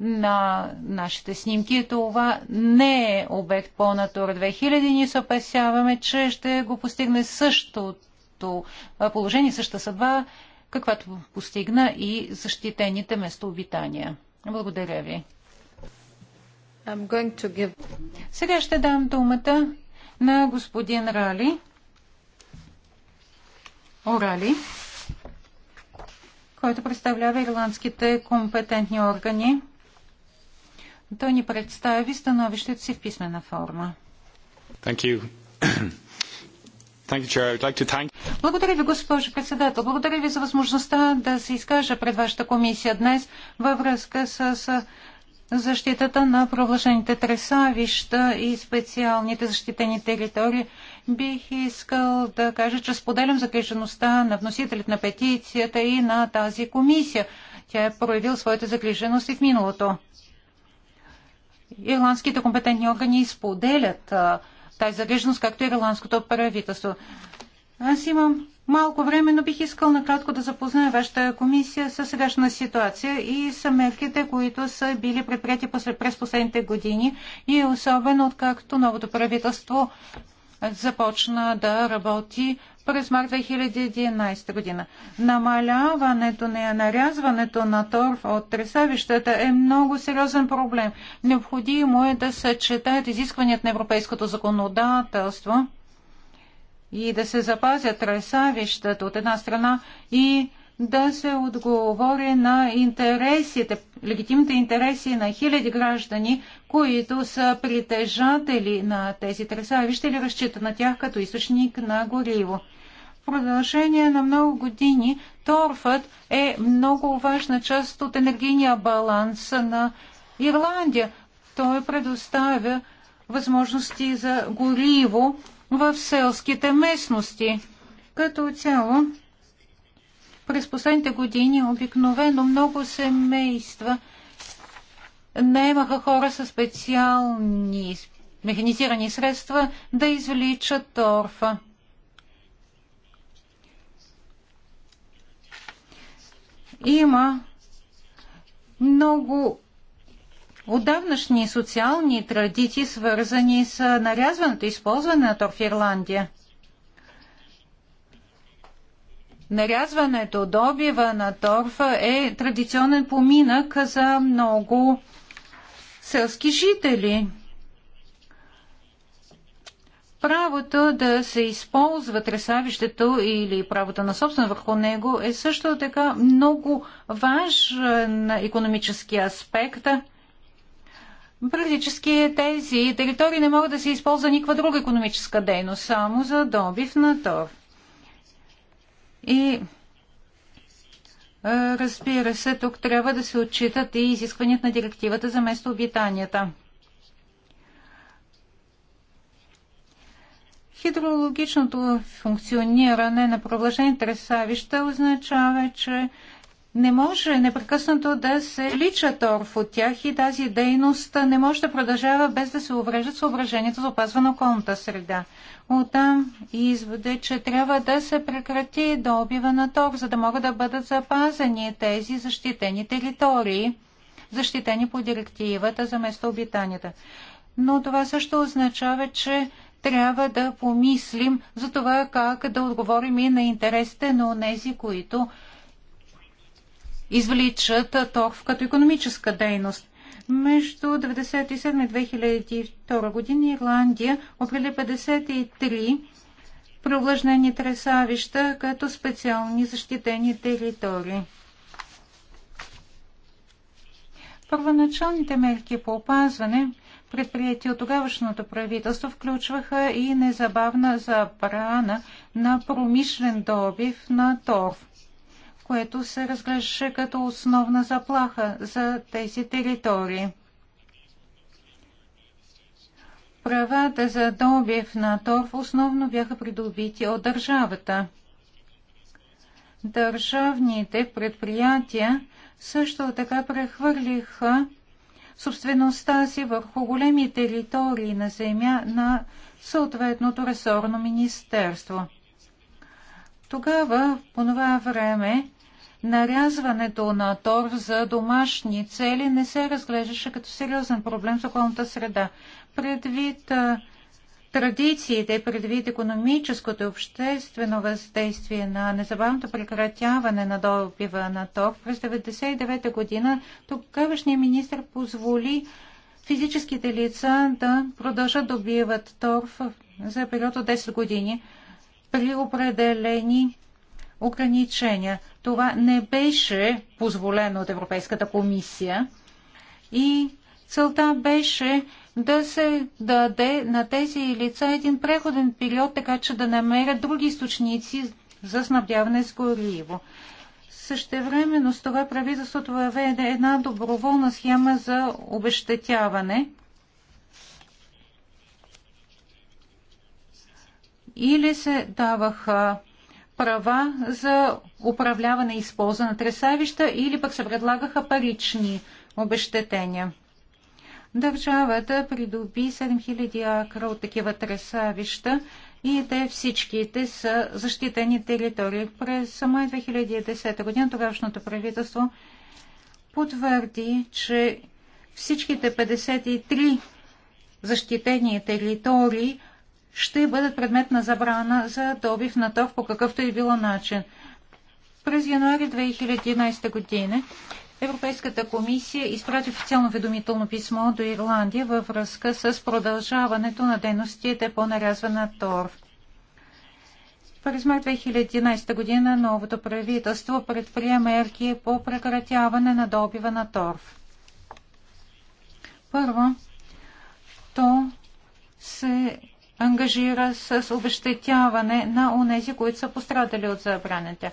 на нашите снимки. Това не е обект по Натура 2000. Ние се опасяваме, че ще го постигне същото положение, същата съдба, каквато постигна и защитените местообитания. Благодаря ви. Give... Сега ще дам думата на господин Рали. Орали който представлява ирландските компетентни органи. Той ни представи становището си в писмена форма. Thank you. Благодаря ви, госпожо председател. Благодаря ви за възможността да се изкажа пред вашата комисия днес във връзка с защитата на проглашените тресавища и специалните защитени територии. Бих искал да кажа, че споделям загрижеността на вносителят на петицията и на тази комисия. Тя е проявил своята загриженост и в миналото. Ирландските компетентни органи споделят тази загриженост, както и ирландското правителство. Аз имам малко време, но бих искал накратко да запозная вашата комисия с сегашна ситуация и са мерките, които са били предприяти през последните години и особено откакто новото правителство започна да работи през март 2011 година. Намаляването на нарязването на торф от тресавищата е много сериозен проблем. Необходимо е да се четат изискванията на европейското законодателство и да се запазят тресавищата от една страна и да се отговори на интересите, легитимните интереси на хиляди граждани, които са притежатели на тези треса. Вижте ли разчита на тях като източник на гориво? В продължение на много години торфът е много важна част от енергийния баланс на Ирландия. Той предоставя възможности за гориво в селските местности. Като цяло през последните години обикновено много семейства наемаха хора с специални механизирани средства да извличат торфа. Има много отдавнашни социални традиции, свързани с нарязването и използване на торф в Ирландия. нарязването, добива на торфа е традиционен поминък за много селски жители. Правото да се използва тресавището или правото на собствен върху него е също така много важен економически аспект. Практически тези територии не могат да се използва никаква друга економическа дейност, само за добив на торф. И е, разбира се, тук трябва да се отчитат и изискванията на директивата за местообитанията. Хидрологичното функциониране на провлажените тресавища означава, че не може непрекъснато да се лича торф от тях и тази дейност не може да продължава без да се увреждат съображението за опазване на околната среда. Оттам извода, че трябва да се прекрати добива на ток, за да могат да бъдат запазени тези защитени територии, защитени по директивата за местообитанията. Но това също означава, че трябва да помислим за това как да отговорим и на интересите на тези, които извличат ток като економическа дейност. Между 1997 и 2002 години Ирландия определи 53 провлажнени тресавища като специални защитени територии. Първоначалните мерки по опазване, предприяти от тогавашното правителство, включваха и незабавна забрана на промишлен добив на торф което се разглеждаше като основна заплаха за тези територии. Правата за добив на торф основно бяха придобити от държавата. Държавните предприятия също така прехвърлиха собствеността си върху големи територии на земя на съответното ресорно министерство. Тогава, по това време, нарязването на тор за домашни цели не се разглеждаше като сериозен проблем в околната среда. Предвид традициите, предвид економическото и обществено въздействие на незабавното прекратяване на добива на тор, през 1999 година тогавашният министр позволи физическите лица да продължат добиват торф за период от 10 години при определени ограничения. Това не беше позволено от Европейската комисия и целта беше да се даде на тези лица един преходен период, така че да намерят други източници за снабдяване с гориво. Същевременно с това правителството въведе една доброволна схема за обещетяване или се даваха права за управляване и използване на тресавища или пък се предлагаха парични обещетения. Държавата придоби 7000 акра от такива тресавища и те всичките са защитени територии. През май 2010 година тогавашното правителство потвърди, че всичките 53 защитени територии ще бъдат предмет на забрана за добив на тов по какъвто и било начин. През януари 2011 година Европейската комисия изпрати официално ведомително писмо до Ирландия във връзка с продължаването на дейностите по нарязване на торф. През март 2011 година новото правителство предприе мерки по прекратяване на добива на торф. Първо, то се ангажира с обещетяване на онези, които са пострадали от забраната.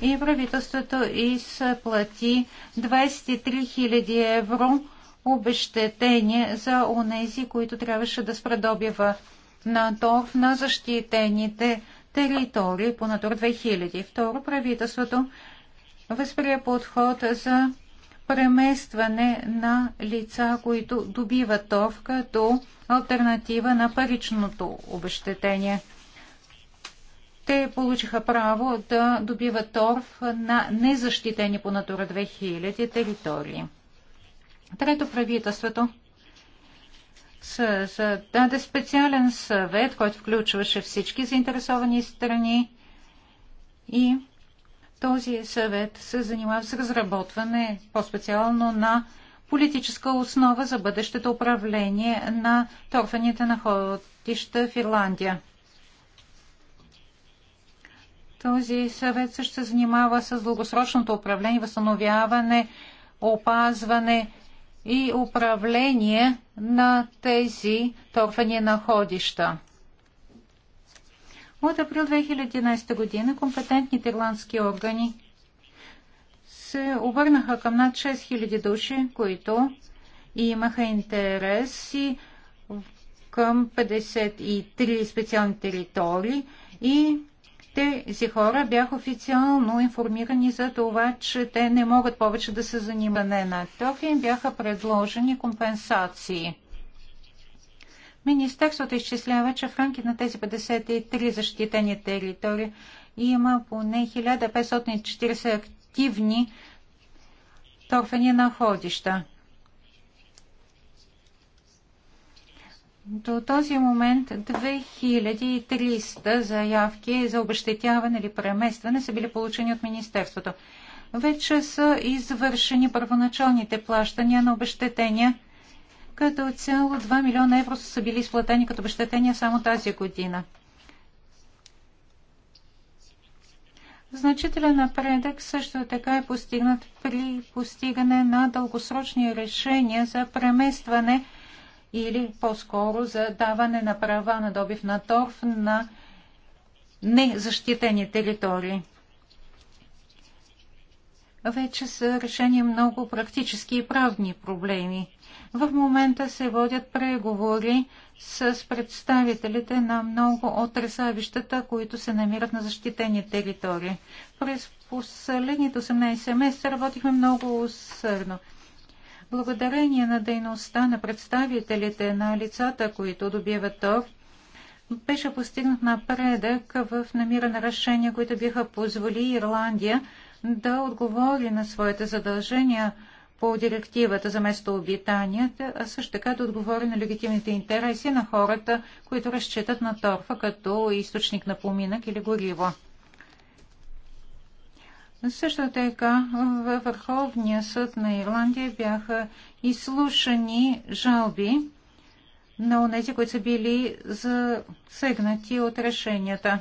И правителството изплати 23 000 евро обещетение за онези, които трябваше да спредобива на ТОВ на защитените територии по Натур 2000. Второ, правителството възприе подход за преместване на лица, които добиват тов като альтернатива на паричното обещетение. Те получиха право да добиват ТОВ на незащитени по Натура 2000 територии. Трето правителството даде специален съвет, който включваше всички заинтересовани страни и този съвет се занимава с разработване по-специално на политическа основа за бъдещето управление на торфаните находища в Ирландия. Този съвет също се занимава с дългосрочното управление, възстановяване, опазване и управление на тези торфани находища. От април 2011 година компетентните ирландски органи се обърнаха към над 6000 души, които имаха интерес и към 53 специални територии и тези хора бяха официално информирани за това, че те не могат повече да се занимават на тях и им бяха предложени компенсации. Министерството изчислява, че в рамките на тези 53 защитени територии има поне 1540 активни торфени находища. До този момент 2300 заявки за обещетяване или преместване са били получени от Министерството. Вече са извършени първоначалните плащания на обещетения – като цяло 2 милиона евро са били изплатени като обещетения само тази година. Значителен напредък също така е постигнат при постигане на дългосрочни решения за преместване или по-скоро за даване на права на добив на торф на незащитени територии вече са решени много практически и правни проблеми. В момента се водят преговори с представителите на много от ресавищата, които се намират на защитени територии. През последните 18 месеца работихме много усърдно. Благодарение на дейността на представителите на лицата, които добиват тор, беше постигнат напредък в намиране решения, които биха позволи Ирландия да отговори на своите задължения по директивата за местообитанията, а също така да отговори на легитимните интереси на хората, които разчитат на торфа като източник на поминък или гориво. Също така във Върховния съд на Ирландия бяха изслушани жалби на онези, които са били засегнати от решенията.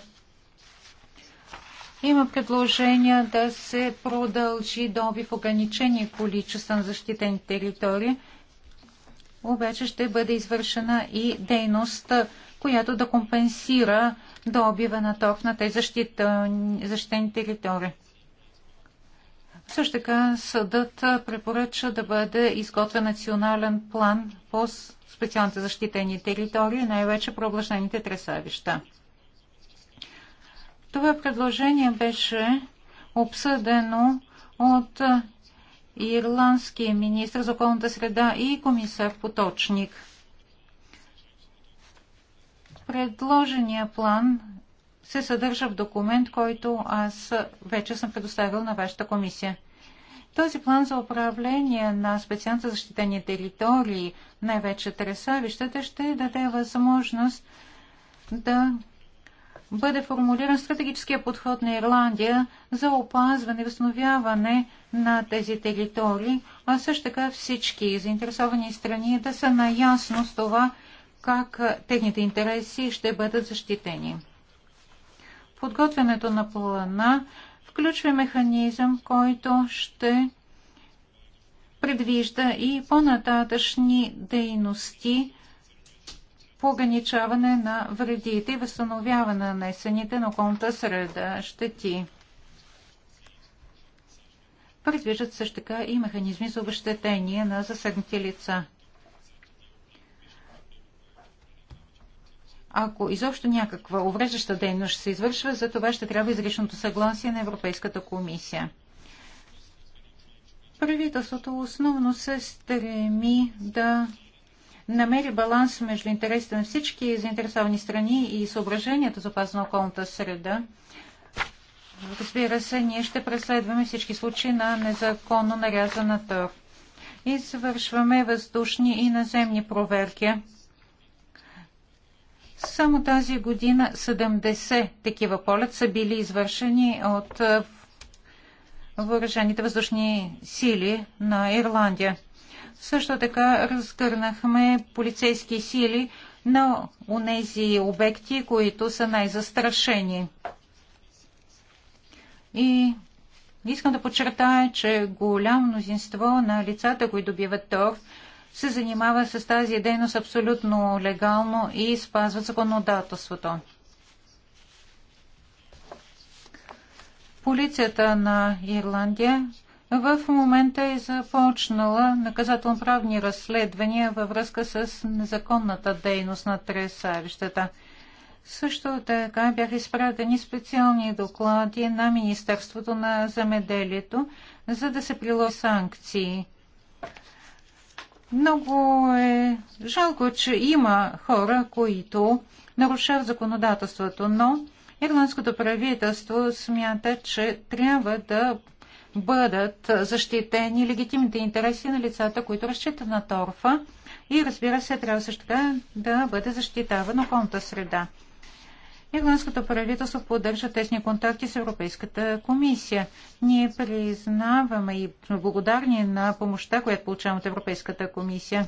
Има предложение да се продължи доби в ограничени количества на защитени територии, обаче ще бъде извършена и дейност, която да компенсира добива на ток на тези защитени територии. Също така съдът препоръча да бъде изготвен национален план по специалните защитени територии, най-вече проблъжнените тресавища. Това предложение беше обсъдено от ирландския министр за околната среда и комисар Поточник. Предложения план се съдържа в документ, който аз вече съм предоставил на вашата комисия. Този план за управление на специално защитени територии, най-вече тресавищата, ще даде възможност да бъде формулиран стратегическия подход на Ирландия за опазване и възстановяване на тези територии, а също така всички заинтересовани страни да са наясно с това как техните интереси ще бъдат защитени. Подготвянето на плана включва механизъм, който ще предвижда и по-нататъчни дейности по ограничаване на вредите и възстановяване на нанесените на околната среда щети. Предвиждат също така и механизми за обещетение на засегнати лица. Ако изобщо някаква увреждаща дейност се извършва, за това ще трябва изричното съгласие на Европейската комисия. Правителството основно се стреми да намери баланс между интересите на всички заинтересовани страни и съображенията за опазване на околната среда. Разбира се, ние ще преследваме всички случаи на незаконно нарязана тор. Извършваме въздушни и наземни проверки. Само тази година 70 такива полет са били извършени от въоръжените въздушни сили на Ирландия. Също така разгърнахме полицейски сили на онези обекти, които са най-застрашени. И искам да подчертая, че голямо мнозинство на лицата, които добиват тор, се занимава с тази дейност абсолютно легално и спазват законодателството. Полицията на Ирландия в момента е започнала наказателно-правни разследвания във връзка с незаконната дейност на тресарищата. Също така бяха изпратени специални доклади на Министерството на земеделието, за да се приложат санкции. Много е жалко, че има хора, които нарушават законодателството, но ирландското правителство смята, че трябва да бъдат защитени легитимните интереси на лицата, които разчитат на торфа и разбира се, трябва също така да бъде защитавана околната среда. Ирландското правителство поддържа тесни контакти с Европейската комисия. Ние признаваме и благодарни на помощта, която получаваме от Европейската комисия.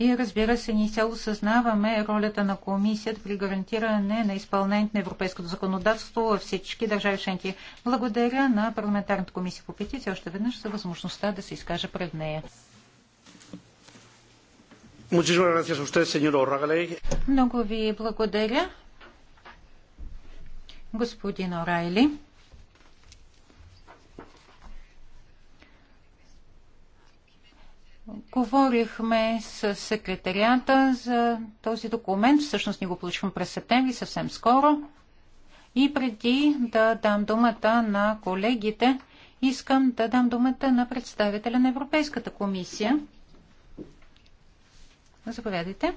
И разбира се, ние цяло съзнаваме ролята на комисията при гарантиране на изпълнението на европейското законодателство във всички държави членки. Благодаря на парламентарната комисия по петиция още веднъж за възможността да се изкаже пред нея. Много ви благодаря, господин Орайли. Говорихме с секретарията за този документ. Всъщност ни го получихме през септември, съвсем скоро. И преди да дам думата на колегите, искам да дам думата на представителя на Европейската комисия. Заповядайте.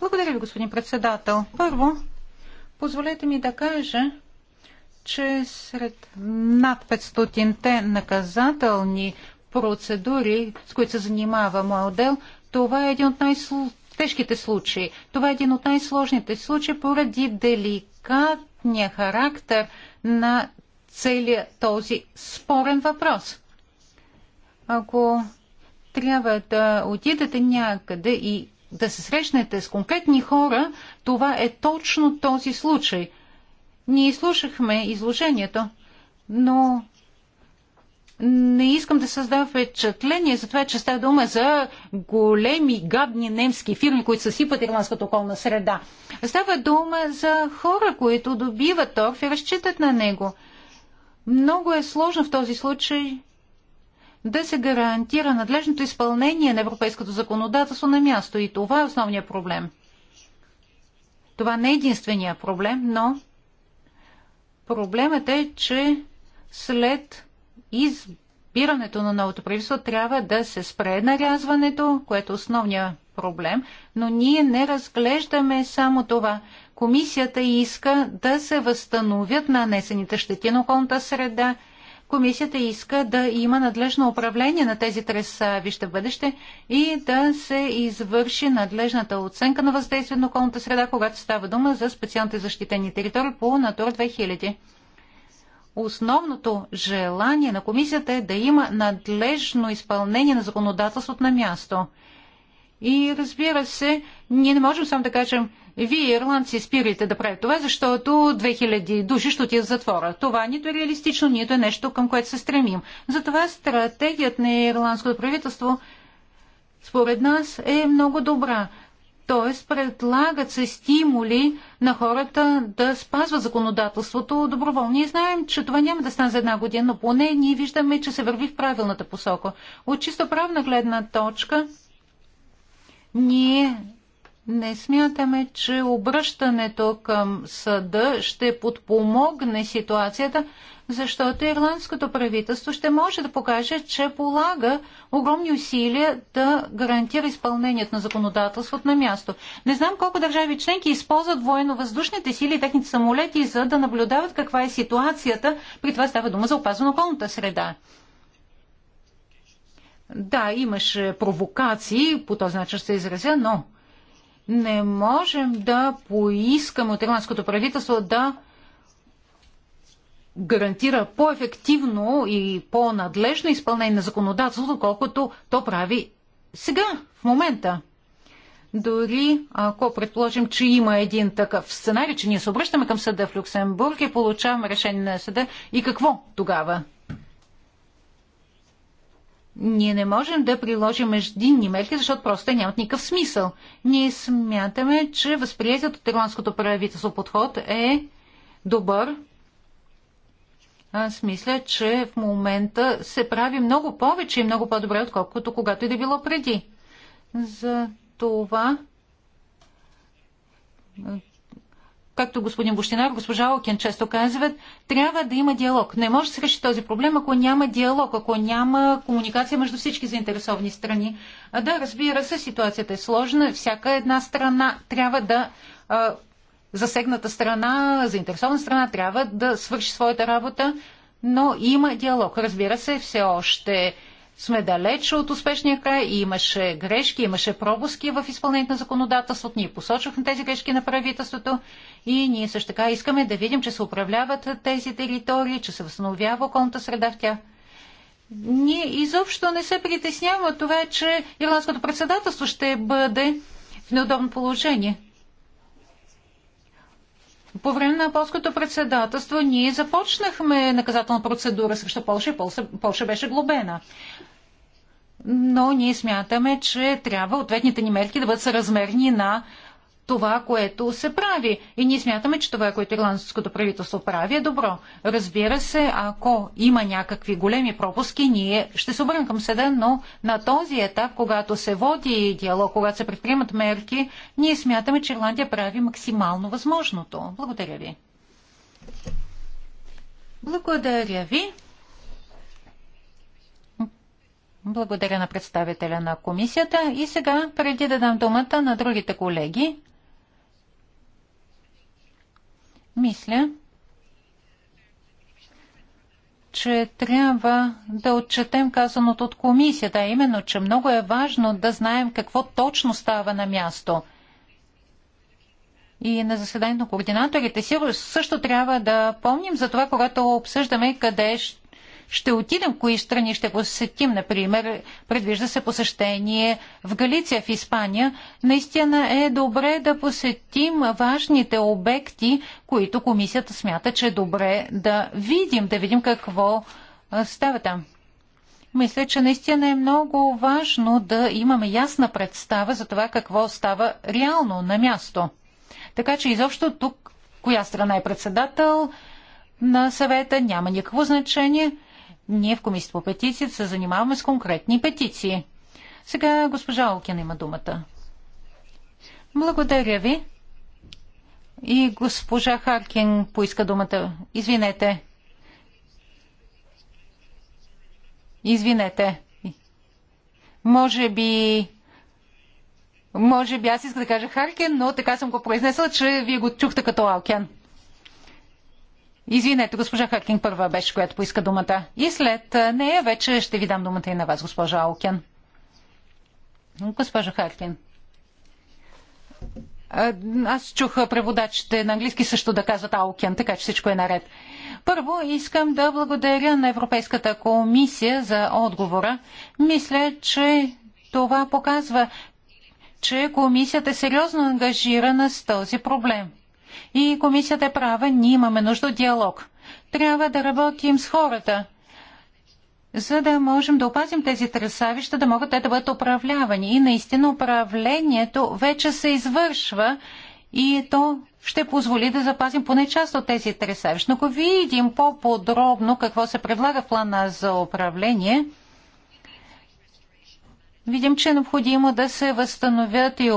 Благодаря ви, господин председател. Първо, позволете ми да кажа, че сред над 500-те наказателни процедури, с които се занимава моя отдел, това е един от най-тежките случаи. Това е един от най-сложните случаи поради деликатния характер на целият този спорен въпрос. Ако трябва да отидете някъде и да се срещнете с конкретни хора, това е точно този случай. Ние слушахме изложението, но не искам да създам впечатление за това, че става дума за големи, гадни немски фирми, които съсипат ирландската околна среда. Става дума за хора, които добиват торф и разчитат на него. Много е сложно в този случай да се гарантира надлежното изпълнение на европейското законодателство на място. И това е основният проблем. Това не е единствения проблем, но проблемът е, че след избирането на новото правителство трябва да се спре нарязването, което е основният проблем, но ние не разглеждаме само това. Комисията иска да се възстановят нанесените щети на околната среда. Комисията иска да има надлежно управление на тези тресавища в бъдеще и да се извърши надлежната оценка на въздействие на околната среда, когато става дума за специалните защитени територии по Натура 2000 основното желание на комисията е да има надлежно изпълнение на законодателството на място. И разбира се, ние не можем само да кажем, вие, ирландци, спирайте да правите това, защото 2000 души ще отидат в затвора. Това нито е реалистично, нито е нещо, към което се стремим. Затова стратегията на ирландското правителство според нас е много добра. Т.е. предлагат се стимули на хората да спазват законодателството доброволно. Ние знаем, че това няма да стане за една година, но поне ние виждаме, че се върви в правилната посока. От чисто правна гледна точка, ние не смятаме, че обръщането към съда ще подпомогне ситуацията, защото ирландското правителство ще може да покаже, че полага огромни усилия да гарантира изпълнението на законодателството на място. Не знам колко държави членки използват военно-въздушните сили и техните самолети, за да наблюдават каква е ситуацията. При това става дума за опазване на околната среда. Да, имаше провокации, по този начин ще се изразя, но не можем да поискаме от ирландското правителство да гарантира по-ефективно и по-надлежно изпълнение на законодателството, колкото то прави сега, в момента. Дори ако предположим, че има един такъв сценарий, че ние се обръщаме към съда в Люксембург и получаваме решение на съда, и какво тогава? Ние не можем да приложим междинни мерки, защото просто те нямат никакъв смисъл. Ние смятаме, че възприятието от ирландското правителство подход е добър, аз мисля, че в момента се прави много повече и много по-добре, отколкото когато и да било преди. За това, както господин Бощинар, госпожа Окен често казват, трябва да има диалог. Не може да се реши този проблем, ако няма диалог, ако няма комуникация между всички заинтересовани страни. А да, разбира се, ситуацията е сложна. Всяка една страна трябва да засегната страна, заинтересована страна трябва да свърши своята работа, но има диалог. Разбира се, все още сме далеч от успешния край. Имаше грешки, имаше пропуски в изпълнението на законодателството. Ние посочвахме тези грешки на правителството и ние също така искаме да видим, че се управляват тези територии, че се възстановява околната среда в тях. Ние изобщо не се притесняваме от това, че ирландското председателство ще бъде в неудобно положение. По време на полското председателство ние започнахме наказателна процедура срещу Польша и Полша, беше глобена. Но ние смятаме, че трябва ответните ни мерки да бъдат съразмерни на това, което се прави. И ние смятаме, че това, което ирландското правителство прави, е добро. Разбира се, ако има някакви големи пропуски, ние ще се обърнем към съда, но на този етап, когато се води диалог, когато се предприемат мерки, ние смятаме, че Ирландия прави максимално възможното. Благодаря ви. Благодаря ви. Благодаря на представителя на комисията. И сега, преди да дам думата на другите колеги, мисля, че трябва да отчетем казаното от комисията, именно, че много е важно да знаем какво точно става на място. И на заседанието на координаторите също трябва да помним за това, когато обсъждаме къде ще ще отидем, в кои страни ще посетим, например, предвижда се посещение в Галиция, в Испания, наистина е добре да посетим важните обекти, които комисията смята, че е добре да видим, да видим какво става там. Мисля, че наистина е много важно да имаме ясна представа за това какво става реално на място. Така че изобщо тук коя страна е председател на съвета няма никакво значение. Ние в Комисията по петициите се занимаваме с конкретни петиции. Сега госпожа Олкина има думата. Благодаря ви. И госпожа Харкин поиска думата. Извинете. Извинете. Може би... Може би аз иска да кажа Харкин, но така съм го произнесла, че вие го чухте като Алкен. Извинете, госпожа Хакин първа беше, която поиска думата. И след нея вече ще ви дам думата и на вас, госпожа Алкен. Госпожа Хакин. Аз чух преводачите на английски също да казват Аукен, така че всичко е наред. Първо искам да благодаря на Европейската комисия за отговора. Мисля, че това показва, че комисията е сериозно ангажирана с този проблем. И комисията е права, ние имаме нужда от диалог. Трябва да работим с хората, за да можем да опазим тези тресавища, да могат те да бъдат управлявани. И наистина управлението вече се извършва и то ще позволи да запазим поне част от тези тресавища. Но ако видим по-подробно какво се предлага в плана за управление, видим, че е необходимо да се възстановят и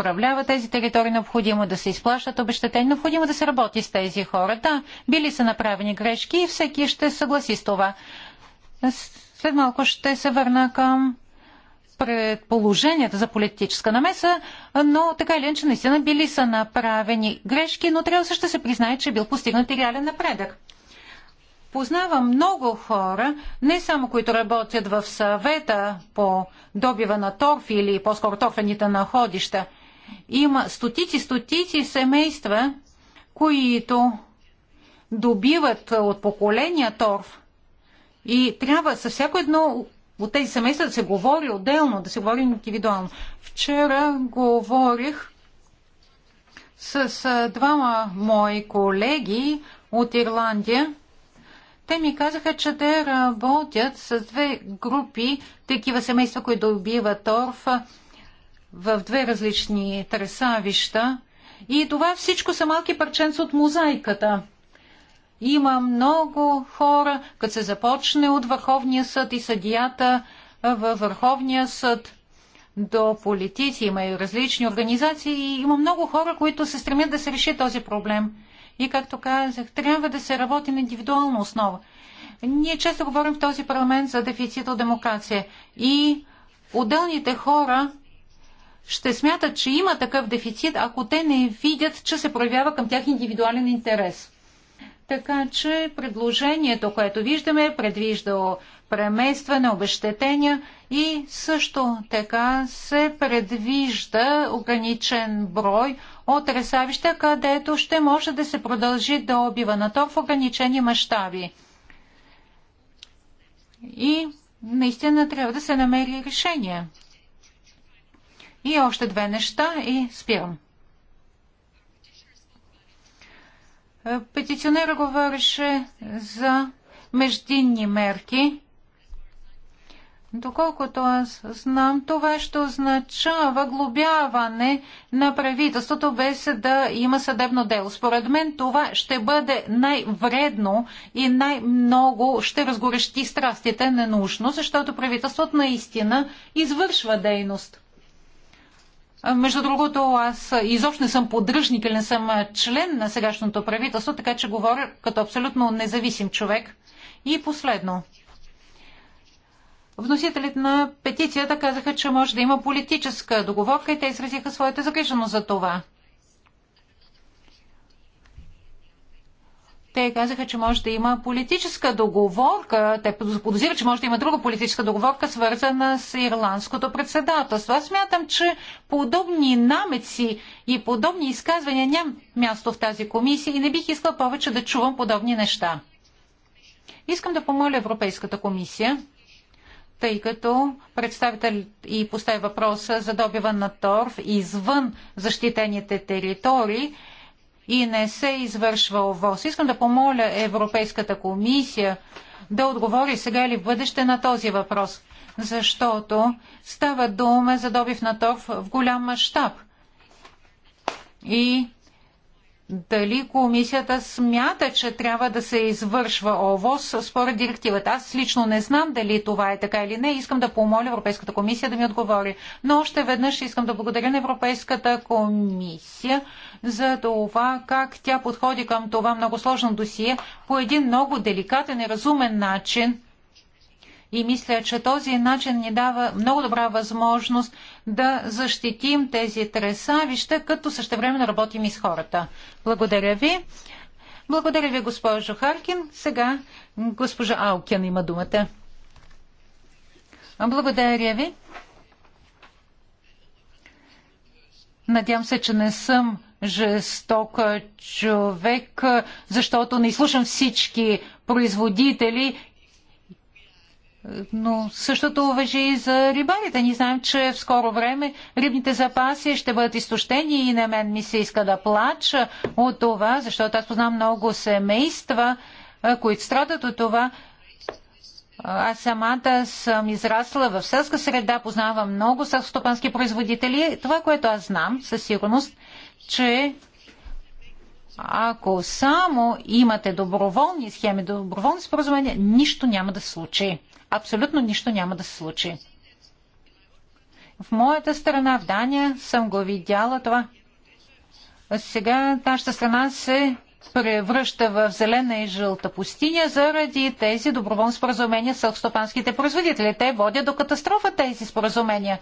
управлява тези територии, необходимо да се изплащат обещатения, необходимо да се работи с тези хора. Да, били са направени грешки и всеки ще съгласи с това. След малко ще се върна към предположенията за политическа намеса, но така или иначе наистина били са направени грешки, но трябва също да се признае, че е бил постигнат и реален напредък. Познавам много хора, не само които работят в съвета по добива на торф или по-скоро торфените находища – има стотици, стотици семейства, които добиват от поколения торф. И трябва със всяко едно от тези семейства да се говори отделно, да се говори индивидуално. Вчера говорих с двама мои колеги от Ирландия. Те ми казаха, че те работят с две групи такива семейства, които добиват торф в две различни тресавища, И това всичко са малки парченца от мозайката. Има много хора, като се започне от Върховния съд и съдията във Върховния съд до политици, има и различни организации и има много хора, които се стремят да се реши този проблем. И както казах, трябва да се работи на индивидуална основа. Ние често говорим в този парламент за дефицит от демокрация и отделните хора ще смятат, че има такъв дефицит, ако те не видят, че се проявява към тях индивидуален интерес. Така че предложението, което виждаме, е предвижда преместване, обещетения и също така се предвижда ограничен брой от ресавища, където ще може да се продължи да обива на то в ограничени мащаби. И наистина трябва да се намери решение. И още две неща и спирам. Е, петиционера говореше за междинни мерки. Доколкото аз знам, това ще означава глобяване на правителството без да има съдебно дело. Според мен това ще бъде най-вредно и най-много ще разгорещи страстите ненужно, защото правителството наистина извършва дейност. Между другото, аз изобщо не съм поддръжник или не съм член на сегашното правителство, така че говоря като абсолютно независим човек. И последно. Вносителите на петицията казаха, че може да има политическа договорка и те изразиха своята загриженост за това. те казаха, че може да има политическа договорка. Те подозират, че може да има друга политическа договорка, свързана с ирландското председателство. Аз смятам, че подобни намеци и подобни изказвания няма място в тази комисия и не бих искал повече да чувам подобни неща. Искам да помоля Европейската комисия, тъй като представител и постави въпроса за добива на торф извън защитените територии, и не се извършва ОВОС. Искам да помоля Европейската комисия да отговори сега или в бъдеще на този въпрос, защото става дума за добив на торф в голям мащаб. И дали комисията смята, че трябва да се извършва ОВОС според директивата. Аз лично не знам дали това е така или не. Искам да помоля Европейската комисия да ми отговори. Но още веднъж искам да благодаря на Европейската комисия за това как тя подходи към това много сложно досие по един много деликатен и разумен начин – и мисля, че този начин ни дава много добра възможност да защитим тези тресавища, като същевременно работим и с хората. Благодаря ви. Благодаря ви, госпожо Харкин. Сега госпожа Алкин има думата. Благодаря ви. Надявам се, че не съм жесток човек, защото не слушам всички производители но същото въжи и за рибарите. Ние знаем, че в скоро време рибните запаси ще бъдат изтощени и на мен ми се иска да плача от това, защото аз познавам много семейства, които страдат от това. Аз самата съм израсла в селска среда, познавам много селскостопански производители. Това, което аз знам със сигурност, че ако само имате доброволни схеми, доброволни споразумения, нищо няма да се случи абсолютно нищо няма да се случи. В моята страна, в Дания, съм го видяла това. Сега нашата страна се превръща в зелена и жълта пустиня заради тези доброволни споразумения с стопанските производители. Те водят до катастрофа тези споразумения.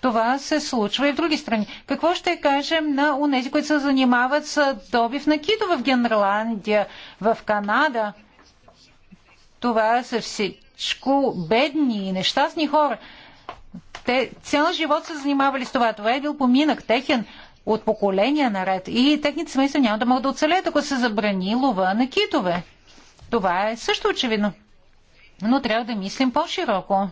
Това се случва и в други страни. Какво ще кажем на унези, които се занимават с добив на кито в Генерландия, в Канада? Това са все тежко бедни и нещастни хора. Те цял живот са занимавали с това. Това е бил поминък техен от поколения наред. И техните смисъл няма да могат да оцелеят, ако се забрани лова на китове. Това е също очевидно. Но трябва да мислим по-широко.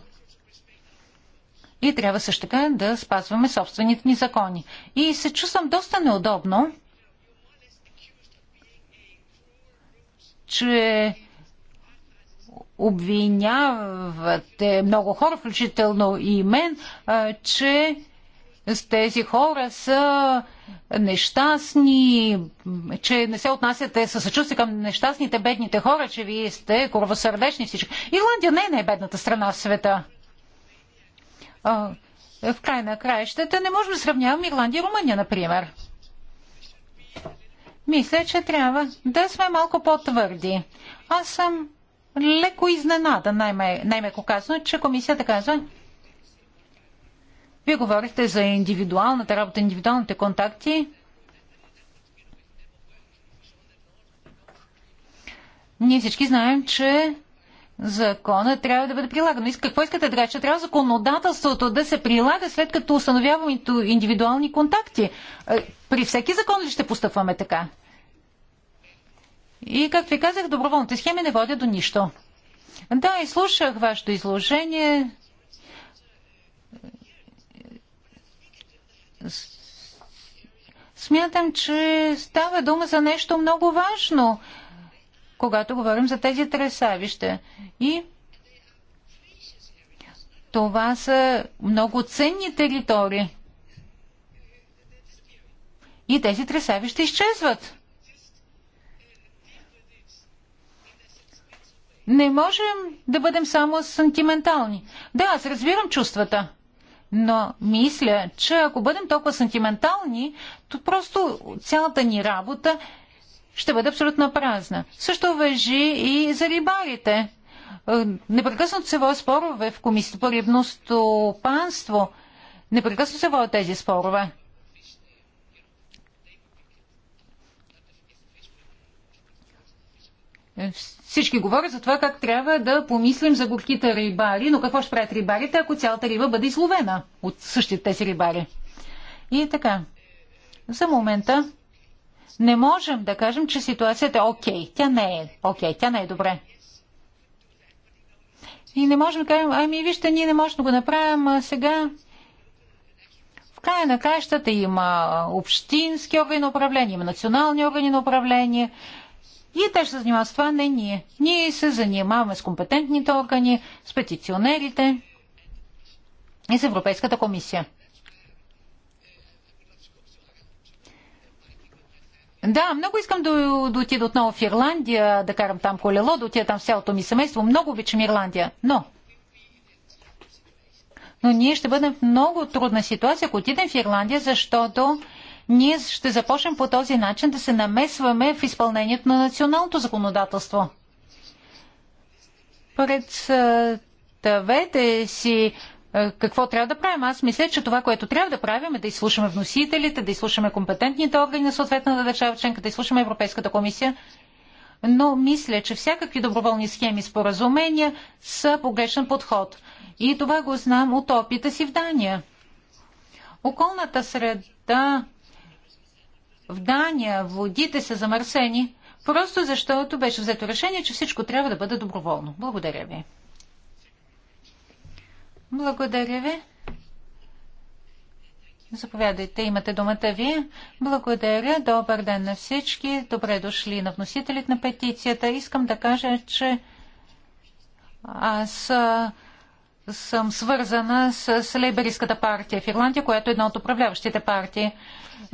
И трябва също така да спазваме собствените ни закони. И се чувствам доста неудобно, че обвинявате много хора, включително и мен, че с тези хора са нещастни, че не се отнасяте със съчувствие към нещастните, бедните хора, че вие сте коровосърдечни всички. Ирландия не е най-бедната страна в света. В край на краищата не можем да сравняваме Ирландия и Румъния, например. Мисля, че трябва да сме малко по-твърди. Аз съм леко изненада, най-меко казано, че комисията казва, вие говорихте за индивидуалната работа, индивидуалните контакти. Ние всички знаем, че закона трябва да бъде прилаган. Какво искате да кажа? Трябва законодателството да се прилага след като установяваме индивидуални контакти. Е, при всеки закон ли ще постъпваме така? И, както ви казах, доброволните схеми не водят до нищо. Да, и слушах вашето изложение. Смятам, че става дума за нещо много важно, когато говорим за тези тресавища. И това са много ценни територии. И тези тресавища изчезват. Не можем да бъдем само сантиментални. Да, аз разбирам чувствата. Но мисля, че ако бъдем толкова сантиментални, то просто цялата ни работа ще бъде абсолютно празна. Също въжи и за рибарите. Е, непрекъснато се водят спорове в комисията по рибно Непрекъснато се водят тези спорове. Е, всички говорят за това как трябва да помислим за горките рибари, но какво ще правят рибарите, ако цялата риба бъде изловена от същите тези рибари? И така, за момента не можем да кажем, че ситуацията е окей. Okay. Тя не е окей, okay. тя не е добре. И не можем да кажем, ами вижте, ние не можем да го направим а сега. В края на краищата има общински органи на управление, има национални органи на управление, ние те ще се занимават с това, не ние. Ние се занимаваме с компетентните органи, с петиционерите и с Европейската комисия. Да, много искам да, да отида отново в Ирландия, да карам там колело, да отида там с цялото ми семейство. Много обичам Ирландия. Но но ние ще бъдем в много трудна ситуация, ако отидем в Ирландия, защото ние ще започнем по този начин да се намесваме в изпълнението на националното законодателство. Представете си е, какво трябва да правим. Аз мисля, че това, което трябва да правим е да изслушаме вносителите, да изслушаме компетентните органи на съответната държава членка, да изслушаме Европейската комисия. Но мисля, че всякакви доброволни схеми и споразумения са погрешен подход. И това го знам от опита си в Дания. Околната среда в Дания водите са замърсени, просто защото беше взето решение, че всичко трябва да бъде доброволно. Благодаря ви. Благодаря ви. Заповядайте, имате думата вие. Благодаря, добър ден на всички. Добре дошли на вносителите на петицията. Искам да кажа, че аз съм свързана с лейбористската партия в Ирландия, която е една от управляващите партии.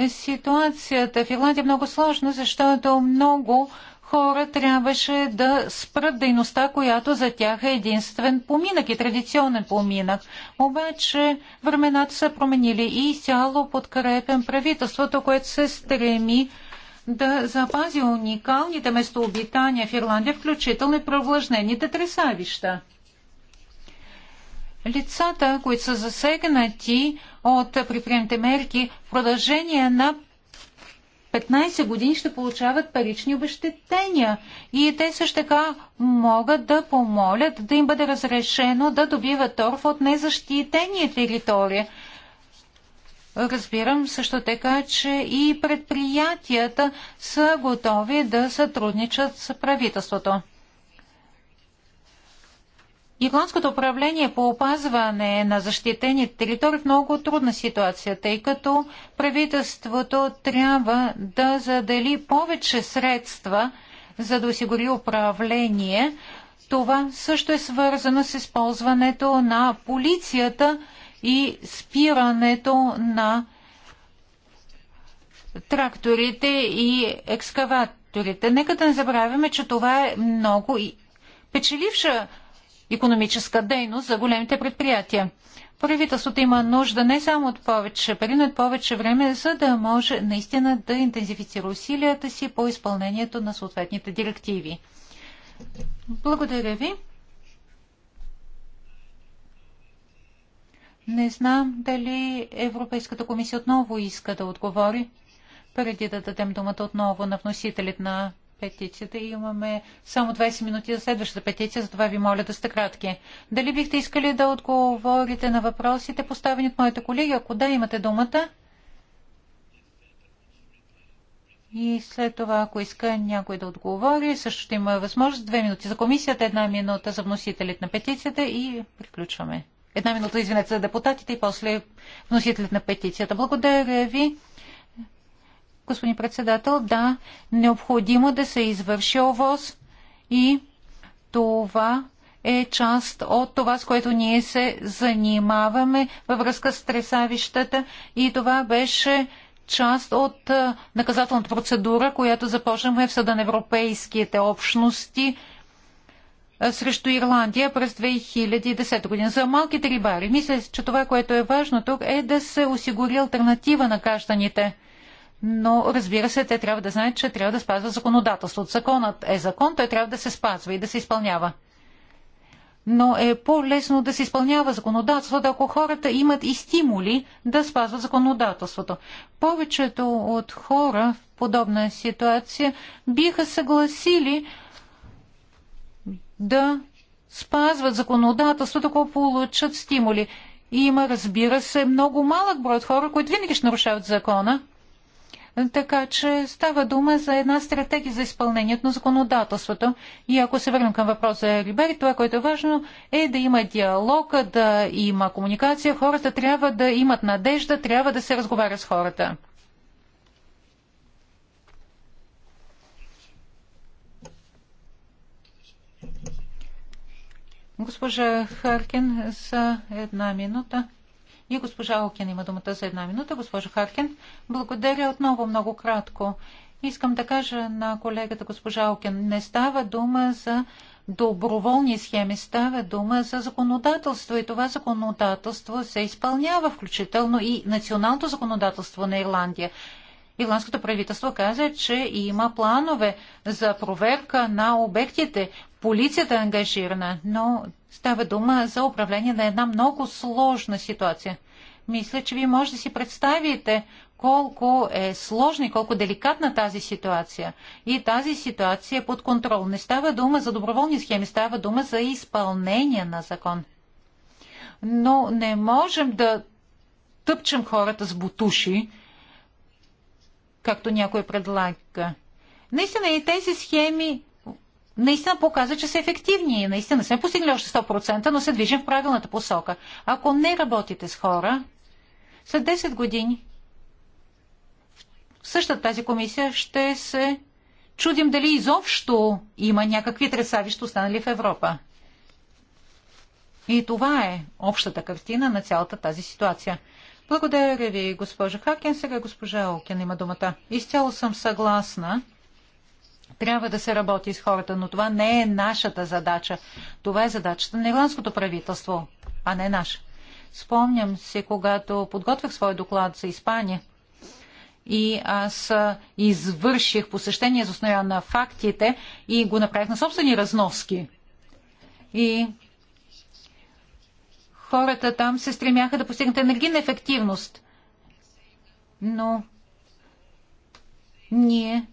Ситуацията в Ирландия е много сложна, защото много хора трябваше да спрат дейността, която за тях е единствен поминък и традиционен поминък. Обаче времената са променили и изцяло подкрепен правителството, което се стреми да запази уникалните местообитания в Ирландия, включително и провлажнените тресавища лицата, които са засегнати от предприемните мерки в продължение на 15 години ще получават парични обещетения и те също така могат да помолят да им бъде разрешено да добиват торф от незащитени територии. Разбирам също така, че и предприятията са готови да сътрудничат с правителството. Ирландското управление по опазване на защитените територии в много трудна ситуация, тъй като правителството трябва да задели повече средства, за да осигури управление. Това също е свързано с използването на полицията и спирането на тракторите и екскаваторите. Нека да не забравяме, че това е много печеливша економическа дейност за големите предприятия. Правителството има нужда не само от повече пари, но от повече време, за да може наистина да интензифицира усилията си по изпълнението на съответните директиви. Благодаря ви. Не знам дали Европейската комисия отново иска да отговори, преди да дадем думата отново на вносителите на петицията и имаме само 20 минути за следващата петиция, затова ви моля да сте кратки. Дали бихте искали да отговорите на въпросите, поставени от моите колеги? Ако да, имате думата. И след това, ако иска някой да отговори, също ще има възможност. Две минути за комисията, една минута за вносителите на петицията и приключваме. Една минута, извинете, за депутатите и после вносителите на петицията. Благодаря ви господин председател. Да, необходимо да се извърши ОВОз и това е част от това, с което ние се занимаваме във връзка с тресавищата и това беше част от наказателната процедура, която започнахме в Съда на Европейските общности срещу Ирландия през 2010 година. За малките рибари, мисля, че това, което е важно тук, е да се осигури альтернатива на гражданите – но разбира се, те трябва да знаят, че трябва да спазват законодателството. Законът е закон, той трябва да се спазва и да се изпълнява. Но е по-лесно да се изпълнява законодателството, ако хората имат и стимули да спазват законодателството. Повечето от хора в подобна ситуация биха съгласили да спазват законодателството, ако получат стимули. И има, разбира се, много малък брой от хора, които винаги ще нарушават закона – така че става дума за една стратегия за изпълнението на законодателството. И ако се върнем към въпроса за Рибери, това, което е важно, е да има диалог, да има комуникация. Хората трябва да имат надежда, трябва да се разговаря с хората. Госпожа Харкин, за една минута. И госпожа Окен има думата за една минута. Госпожо Харкен, благодаря отново много кратко. Искам да кажа на колегата госпожа Окен, не става дума за доброволни схеми, става дума за законодателство и това законодателство се изпълнява, включително и националното законодателство на Ирландия. Ирландското правителство каза, че има планове за проверка на обектите. Полицията е ангажирана, но Става дума за управление на една много сложна ситуация. Мисля, че ви може да си представите колко е сложна и колко деликатна тази ситуация. И тази ситуация е под контрол. Не става дума за доброволни схеми, става дума за изпълнение на закон. Но не можем да тъпчем хората с бутуши, както някой предлага. Наистина и тези схеми наистина показва, че са ефективни. Наистина сме постигнали още 100%, но се движим в правилната посока. Ако не работите с хора, след 10 години в същата тази комисия ще се чудим дали изобщо има някакви тресавища останали в Европа. И това е общата картина на цялата тази ситуация. Благодаря ви, госпожа Хакен. Сега госпожа Окен има думата. Изцяло съм съгласна трябва да се работи с хората, но това не е нашата задача. Това е задачата на ирландското правителство, а не наша. Спомням се, когато подготвях своя доклад за Испания и аз извърших посещение за основа на фактите и го направих на собствени разноски. И хората там се стремяха да постигнат енергийна ефективност. Но ние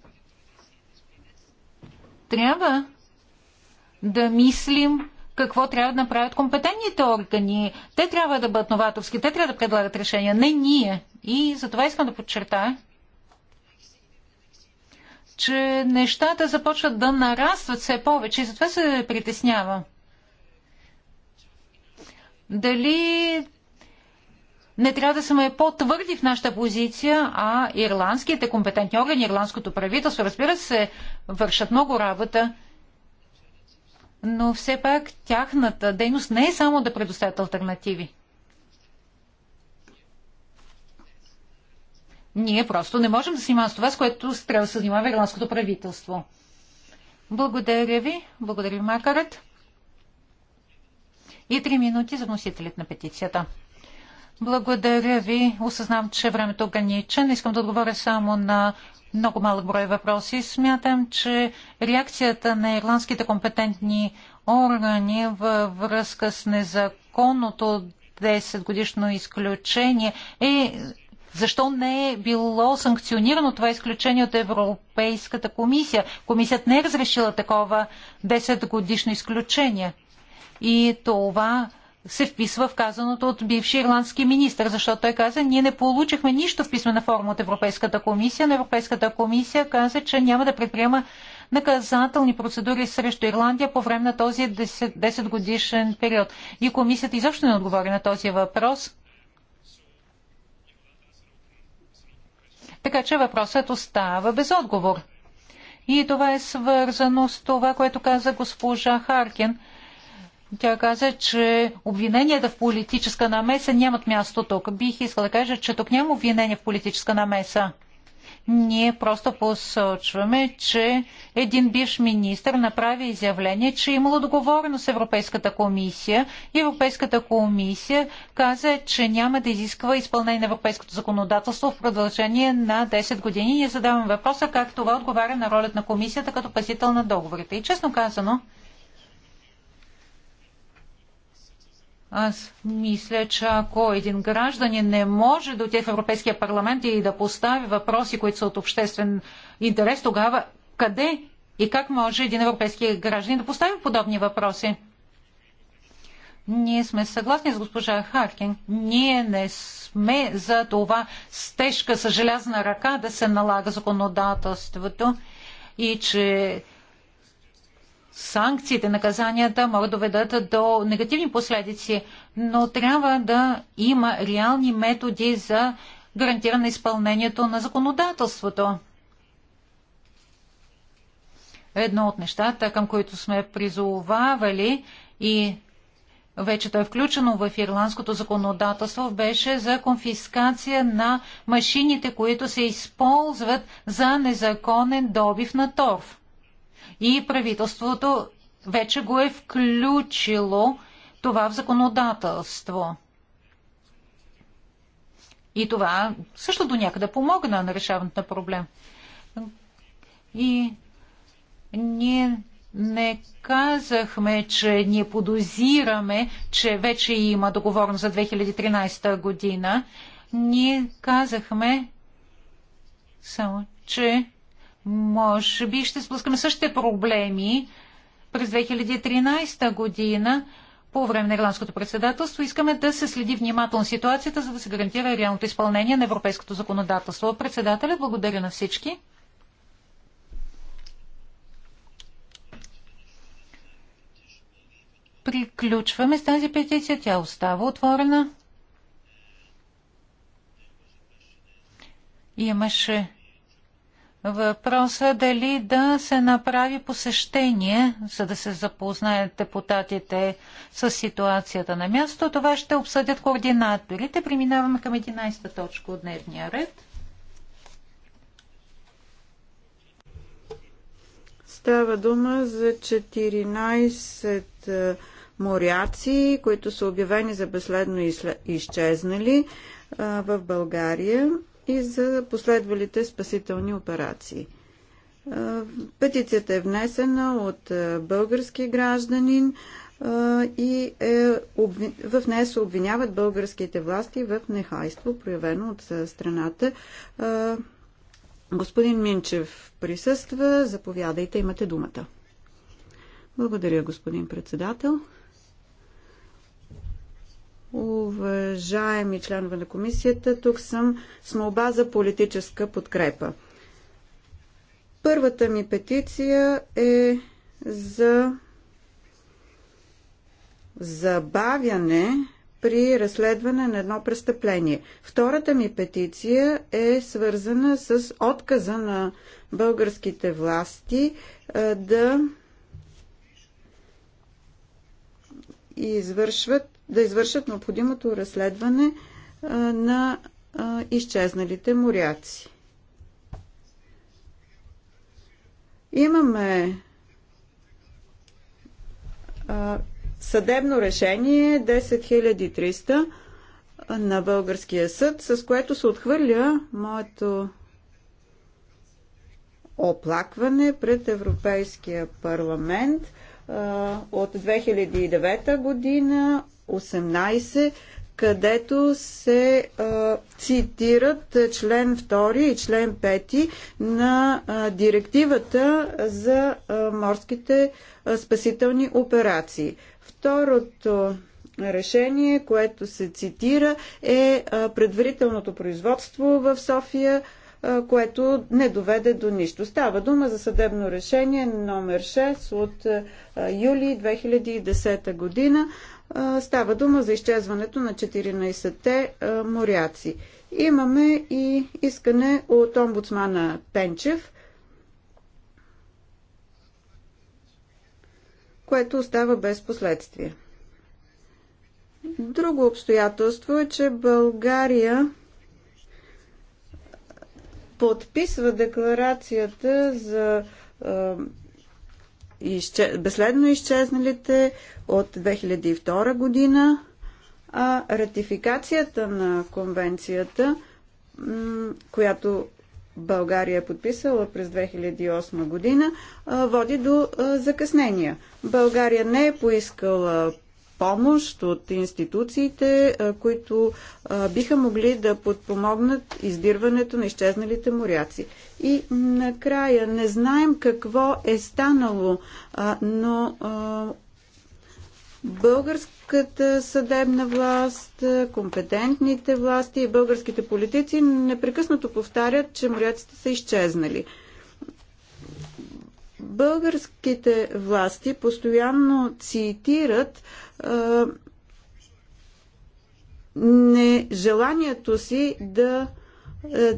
трябва да мислим какво трябва да направят компетентните органи. Те трябва да бъдат новаторски, те трябва да предлагат решения, не ние. И за това искам да подчертая, че нещата започват да нарастват все повече и затова се притеснява. Дали не трябва да сме по-твърди в нашата позиция, а ирландските компетентни органи, ирландското правителство, разбира се, вършат много работа, но все пак тяхната дейност не е само да предоставят альтернативи. Ние просто не можем да се занимаваме с това, с което трябва да се занимава ирландското правителство. Благодаря ви. Благодаря ви, Макарът. И три минути за вносителят на петицията. Благодаря ви. Осъзнавам, че времето е ограничено. Искам да отговоря само на много малък брой въпроси. Смятам, че реакцията на ирландските компетентни органи във връзка с незаконното 10-годишно изключение е защо не е било санкционирано това изключение от Европейската комисия? Комисията не е разрешила такова 10-годишно изключение. И това се вписва в казаното от бивши ирландски министр, защото той каза, ние не получихме нищо в писмена форма от Европейската комисия, но Европейската комисия каза, че няма да предприема наказателни процедури срещу Ирландия по време на този 10, годишен период. И комисията изобщо не отговори на този въпрос. Така че въпросът остава без отговор. И това е свързано с това, което каза госпожа Харкин – тя каза, че обвиненията в политическа намеса нямат място тук. Бих искала да кажа, че тук няма обвинения в политическа намеса. Ние просто посочваме, че един бивш министр направи изявление, че е имало договорено с Европейската комисия. Европейската комисия каза, че няма да изисква изпълнение на европейското законодателство в продължение на 10 години. Ние задаваме въпроса как това отговаря на ролята на комисията като пазител на договорите. И честно казано, Аз мисля, че ако един гражданин не може да отиде в Европейския парламент и да постави въпроси, които са от обществен интерес, тогава къде и как може един европейски гражданин да постави подобни въпроси? Ние сме съгласни с госпожа Харкин. Ние не сме за това с тежка, с желязна ръка да се налага законодателството и че санкциите, наказанията могат да доведат до негативни последици, но трябва да има реални методи за гарантиране изпълнението на законодателството. Едно от нещата, към които сме призовавали и вече то е включено в ирландското законодателство, беше за конфискация на машините, които се използват за незаконен добив на торф и правителството вече го е включило това в законодателство. И това също до някъде помогна на решаването на проблем. И ние не казахме, че ние подозираме, че вече има договорност за 2013 година. Ние казахме само, че може би ще спускаме същите проблеми през 2013 година по време на ирландското председателство. Искаме да се следи внимателно ситуацията, за да се гарантира реалното изпълнение на европейското законодателство. Председателя, благодаря на всички. Приключваме с тази петиция. Тя остава отворена. Имаше въпроса е дали да се направи посещение, за да се запознаят депутатите с ситуацията на място. Това ще обсъдят координаторите. Преминаваме към 11-та точка от дневния ред. Става дума за 14 е, моряци, които са обявени за безследно изчезнали е, в България и за последвалите спасителни операции. Петицията е внесена от български гражданин и е, обвин... в нея се обвиняват българските власти в нехайство, проявено от страната. Господин Минчев присъства. Заповядайте, имате думата. Благодаря, господин председател. Уважаеми членове на комисията, тук съм с молба за политическа подкрепа. Първата ми петиция е за забавяне при разследване на едно престъпление. Втората ми петиция е свързана с отказа на българските власти да извършват да извършат необходимото разследване на изчезналите моряци. Имаме съдебно решение 10300 на българския съд, с което се отхвърля моето оплакване пред Европейския парламент от 2009 година 18, където се а, цитират член 2 и член 5 на а, директивата за а, морските а, спасителни операции. Второто решение, което се цитира е а, предварителното производство в София което не доведе до нищо. Става дума за съдебно решение номер 6 от юли 2010 година Става дума за изчезването на 14-те моряци. Имаме и искане от омбудсмана Пенчев, което остава без последствия. Друго обстоятелство е, че България подписва декларацията за изчез... безследно изчезналите от 2002 година, а ратификацията на конвенцията, която България е подписала през 2008 година, води до закъснения. България не е поискала помощ от институциите, които биха могли да подпомогнат издирването на изчезналите моряци. И накрая не знаем какво е станало, но българската съдебна власт, компетентните власти и българските политици непрекъснато повтарят, че моряците са изчезнали. Българските власти постоянно цитират а, нежеланието си да а,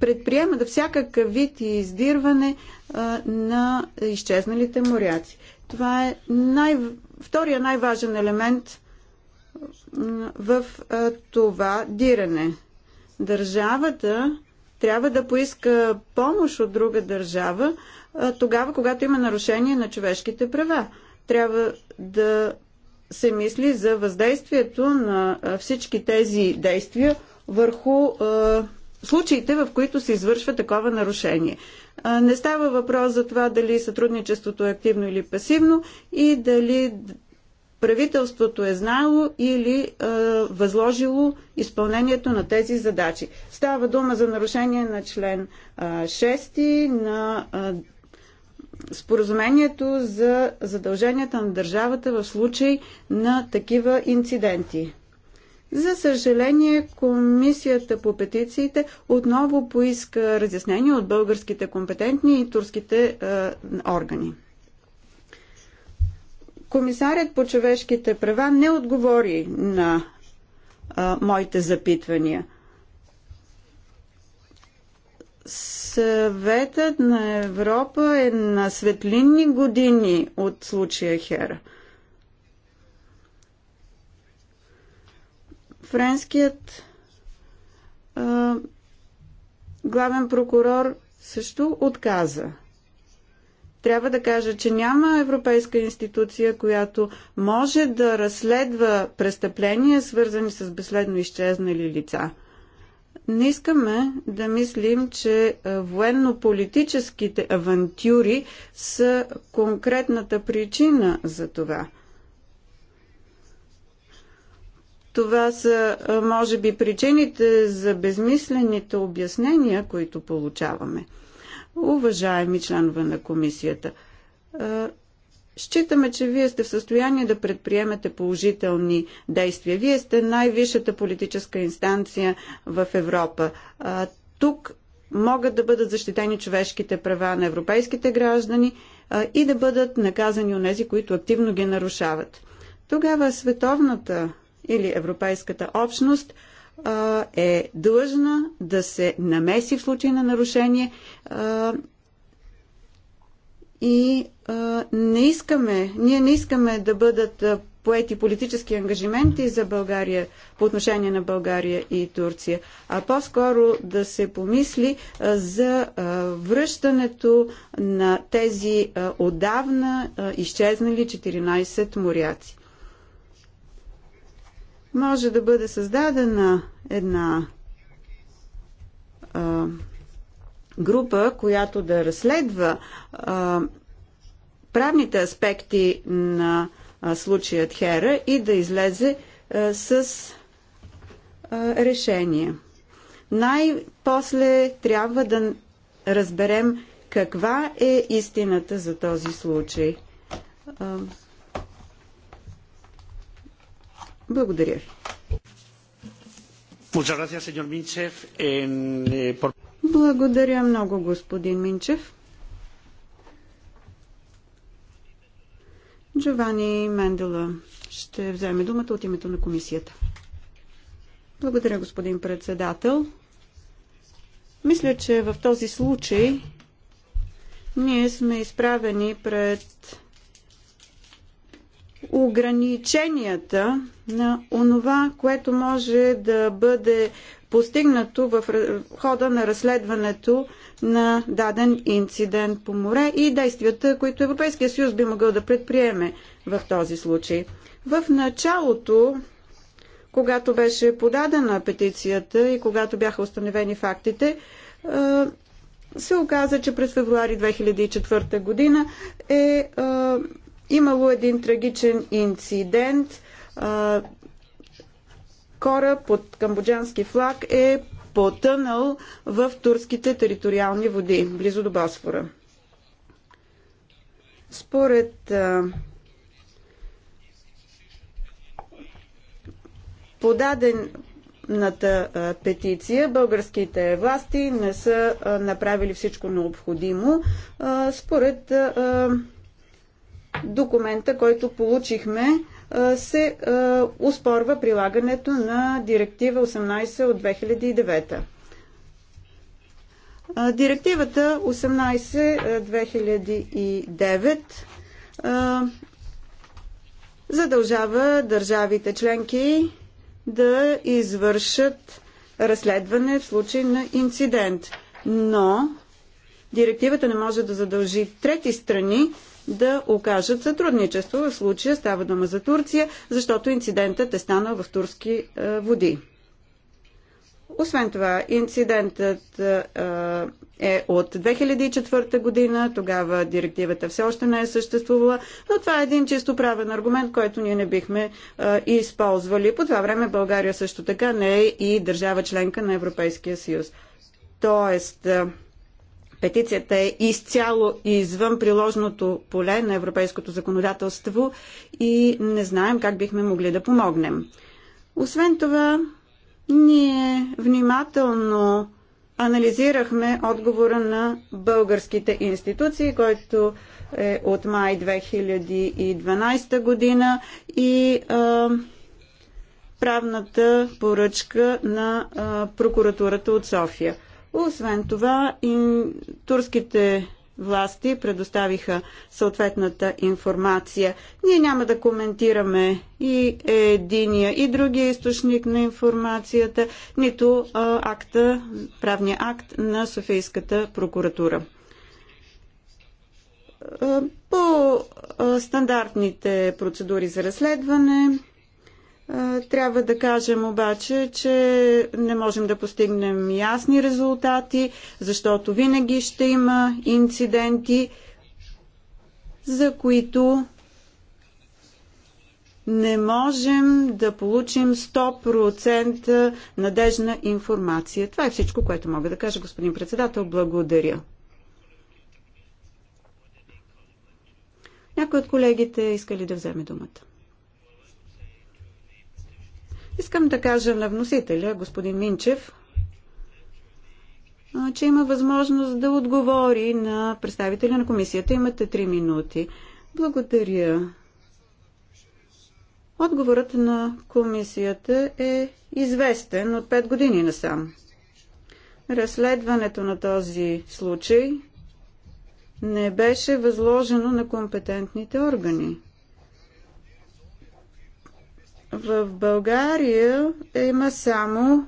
предприемат всякакъв вид и издирване а, на изчезналите моряци. Това е най- втория най-важен елемент в а, това диране. Държавата трябва да поиска помощ от друга държава, тогава, когато има нарушение на човешките права. Трябва да се мисли за въздействието на всички тези действия върху случаите, в които се извършва такова нарушение. Не става въпрос за това дали сътрудничеството е активно или пасивно и дали правителството е знало или е, възложило изпълнението на тези задачи. Става дума за нарушение на член е, 6 на е, споразумението за задълженията на държавата в случай на такива инциденти. За съжаление, Комисията по петициите отново поиска разяснение от българските компетентни и турските е, органи. Комисарят по човешките права не отговори на е, моите запитвания. Съветът на Европа е на светлинни години от случая Хера. Френският а, главен прокурор също отказа. Трябва да кажа, че няма европейска институция, която може да разследва престъпления, свързани с безследно изчезнали лица – не искаме да мислим, че военно-политическите авантюри са конкретната причина за това. Това са, може би, причините за безмислените обяснения, които получаваме. Уважаеми членове на комисията, Считаме, че вие сте в състояние да предприемете положителни действия. Вие сте най-висшата политическа инстанция в Европа. А, тук могат да бъдат защитени човешките права на европейските граждани а, и да бъдат наказани от тези, които активно ги нарушават. Тогава световната или европейската общност а, е длъжна да се намеси в случай на нарушение а, и не искаме, ние не искаме да бъдат поети политически ангажименти за България по отношение на България и Турция, а по-скоро да се помисли за връщането на тези отдавна изчезнали 14 моряци. Може да бъде създадена една група, която да разследва правните аспекти на случаят Хера и да излезе с решение. Най-после трябва да разберем каква е истината за този случай. Благодаря ви. Eh, благодаря много, господин Минчев. Джовани Мендела ще вземе думата от името на комисията. Благодаря, господин председател. Мисля, че в този случай ние сме изправени пред ограниченията на онова, което може да бъде постигнато в хода на разследването на даден инцидент по море и действията, които Европейския съюз би могъл да предприеме в този случай. В началото, когато беше подадена петицията и когато бяха установени фактите, се оказа, че през февруари 2004 година е имало един трагичен инцидент – кораб под камбоджански флаг е потънал в турските териториални води, близо до Босфора. Според подадената петиция, българските власти не са направили всичко необходимо. Според документа, който получихме, се успорва прилагането на директива 18 от 2009. Директивата 18-2009 задължава държавите членки да извършат разследване в случай на инцидент. Но директивата не може да задължи трети страни да окажат сътрудничество. В случая става дума за Турция, защото инцидентът е станал в турски е, води. Освен това, инцидентът е, е от 2004 година, тогава директивата все още не е съществувала, но това е един чисто правен аргумент, който ние не бихме е, използвали. По това време България също така не е и държава членка на Европейския съюз. Тоест, Петицията е изцяло извън приложното поле на европейското законодателство и не знаем как бихме могли да помогнем. Освен това, ние внимателно анализирахме отговора на българските институции, който е от май 2012 година и а, правната поръчка на а, прокуратурата от София. Освен това, и турските власти предоставиха съответната информация. Ние няма да коментираме и единия и другия източник на информацията, нито акта, правния акт на Софийската прокуратура. По стандартните процедури за разследване трябва да кажем обаче, че не можем да постигнем ясни резултати, защото винаги ще има инциденти, за които не можем да получим 100% надежна информация. Това е всичко, което мога да кажа, господин председател. Благодаря. Някой от колегите искали да вземе думата? Искам да кажа на вносителя, господин Минчев, че има възможност да отговори на представителя на комисията. Имате 3 минути. Благодаря. Отговорът на комисията е известен от 5 години насам. Разследването на този случай не беше възложено на компетентните органи. В България има само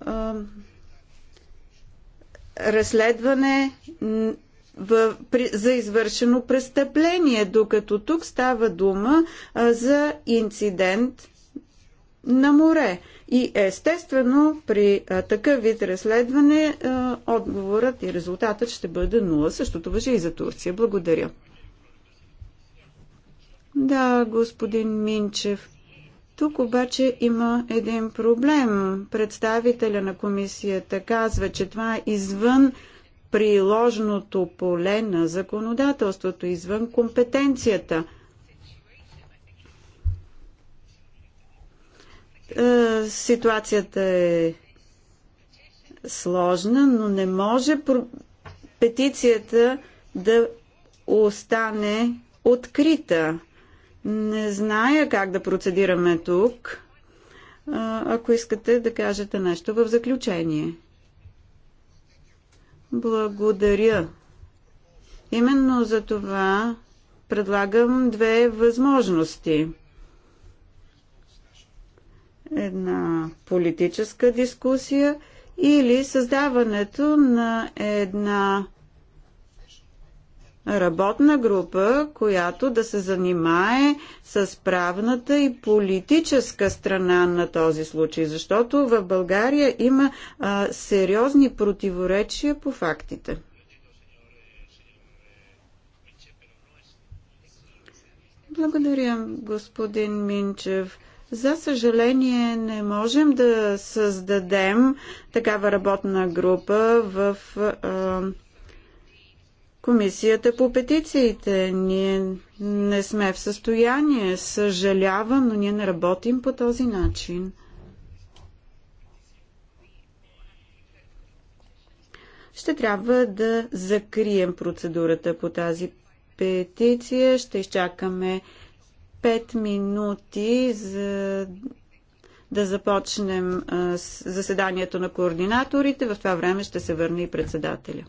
а, разследване в, при, за извършено престъпление, докато тук става дума а, за инцидент на море. И естествено, при а, такъв вид разследване, а, отговорът и резултатът ще бъде нула. Същото въжи и за Турция. Благодаря. Да, господин Минчев. Тук обаче има един проблем. Представителя на комисията казва, че това е извън приложното поле на законодателството, извън компетенцията. Е, ситуацията е сложна, но не може петицията да остане открита. Не зная как да процедираме тук. Ако искате да кажете нещо в заключение. Благодаря. Именно за това предлагам две възможности. Една политическа дискусия или създаването на една работна група, която да се занимае с правната и политическа страна на този случай, защото в България има а, сериозни противоречия по фактите. Благодаря, господин Минчев. За съжаление, не можем да създадем такава работна група в. А, Комисията по петициите. Ние не сме в състояние. Съжалявам, но ние не работим по този начин. Ще трябва да закрием процедурата по тази петиция. Ще изчакаме 5 минути за да започнем заседанието на координаторите. В това време ще се върне и председателя.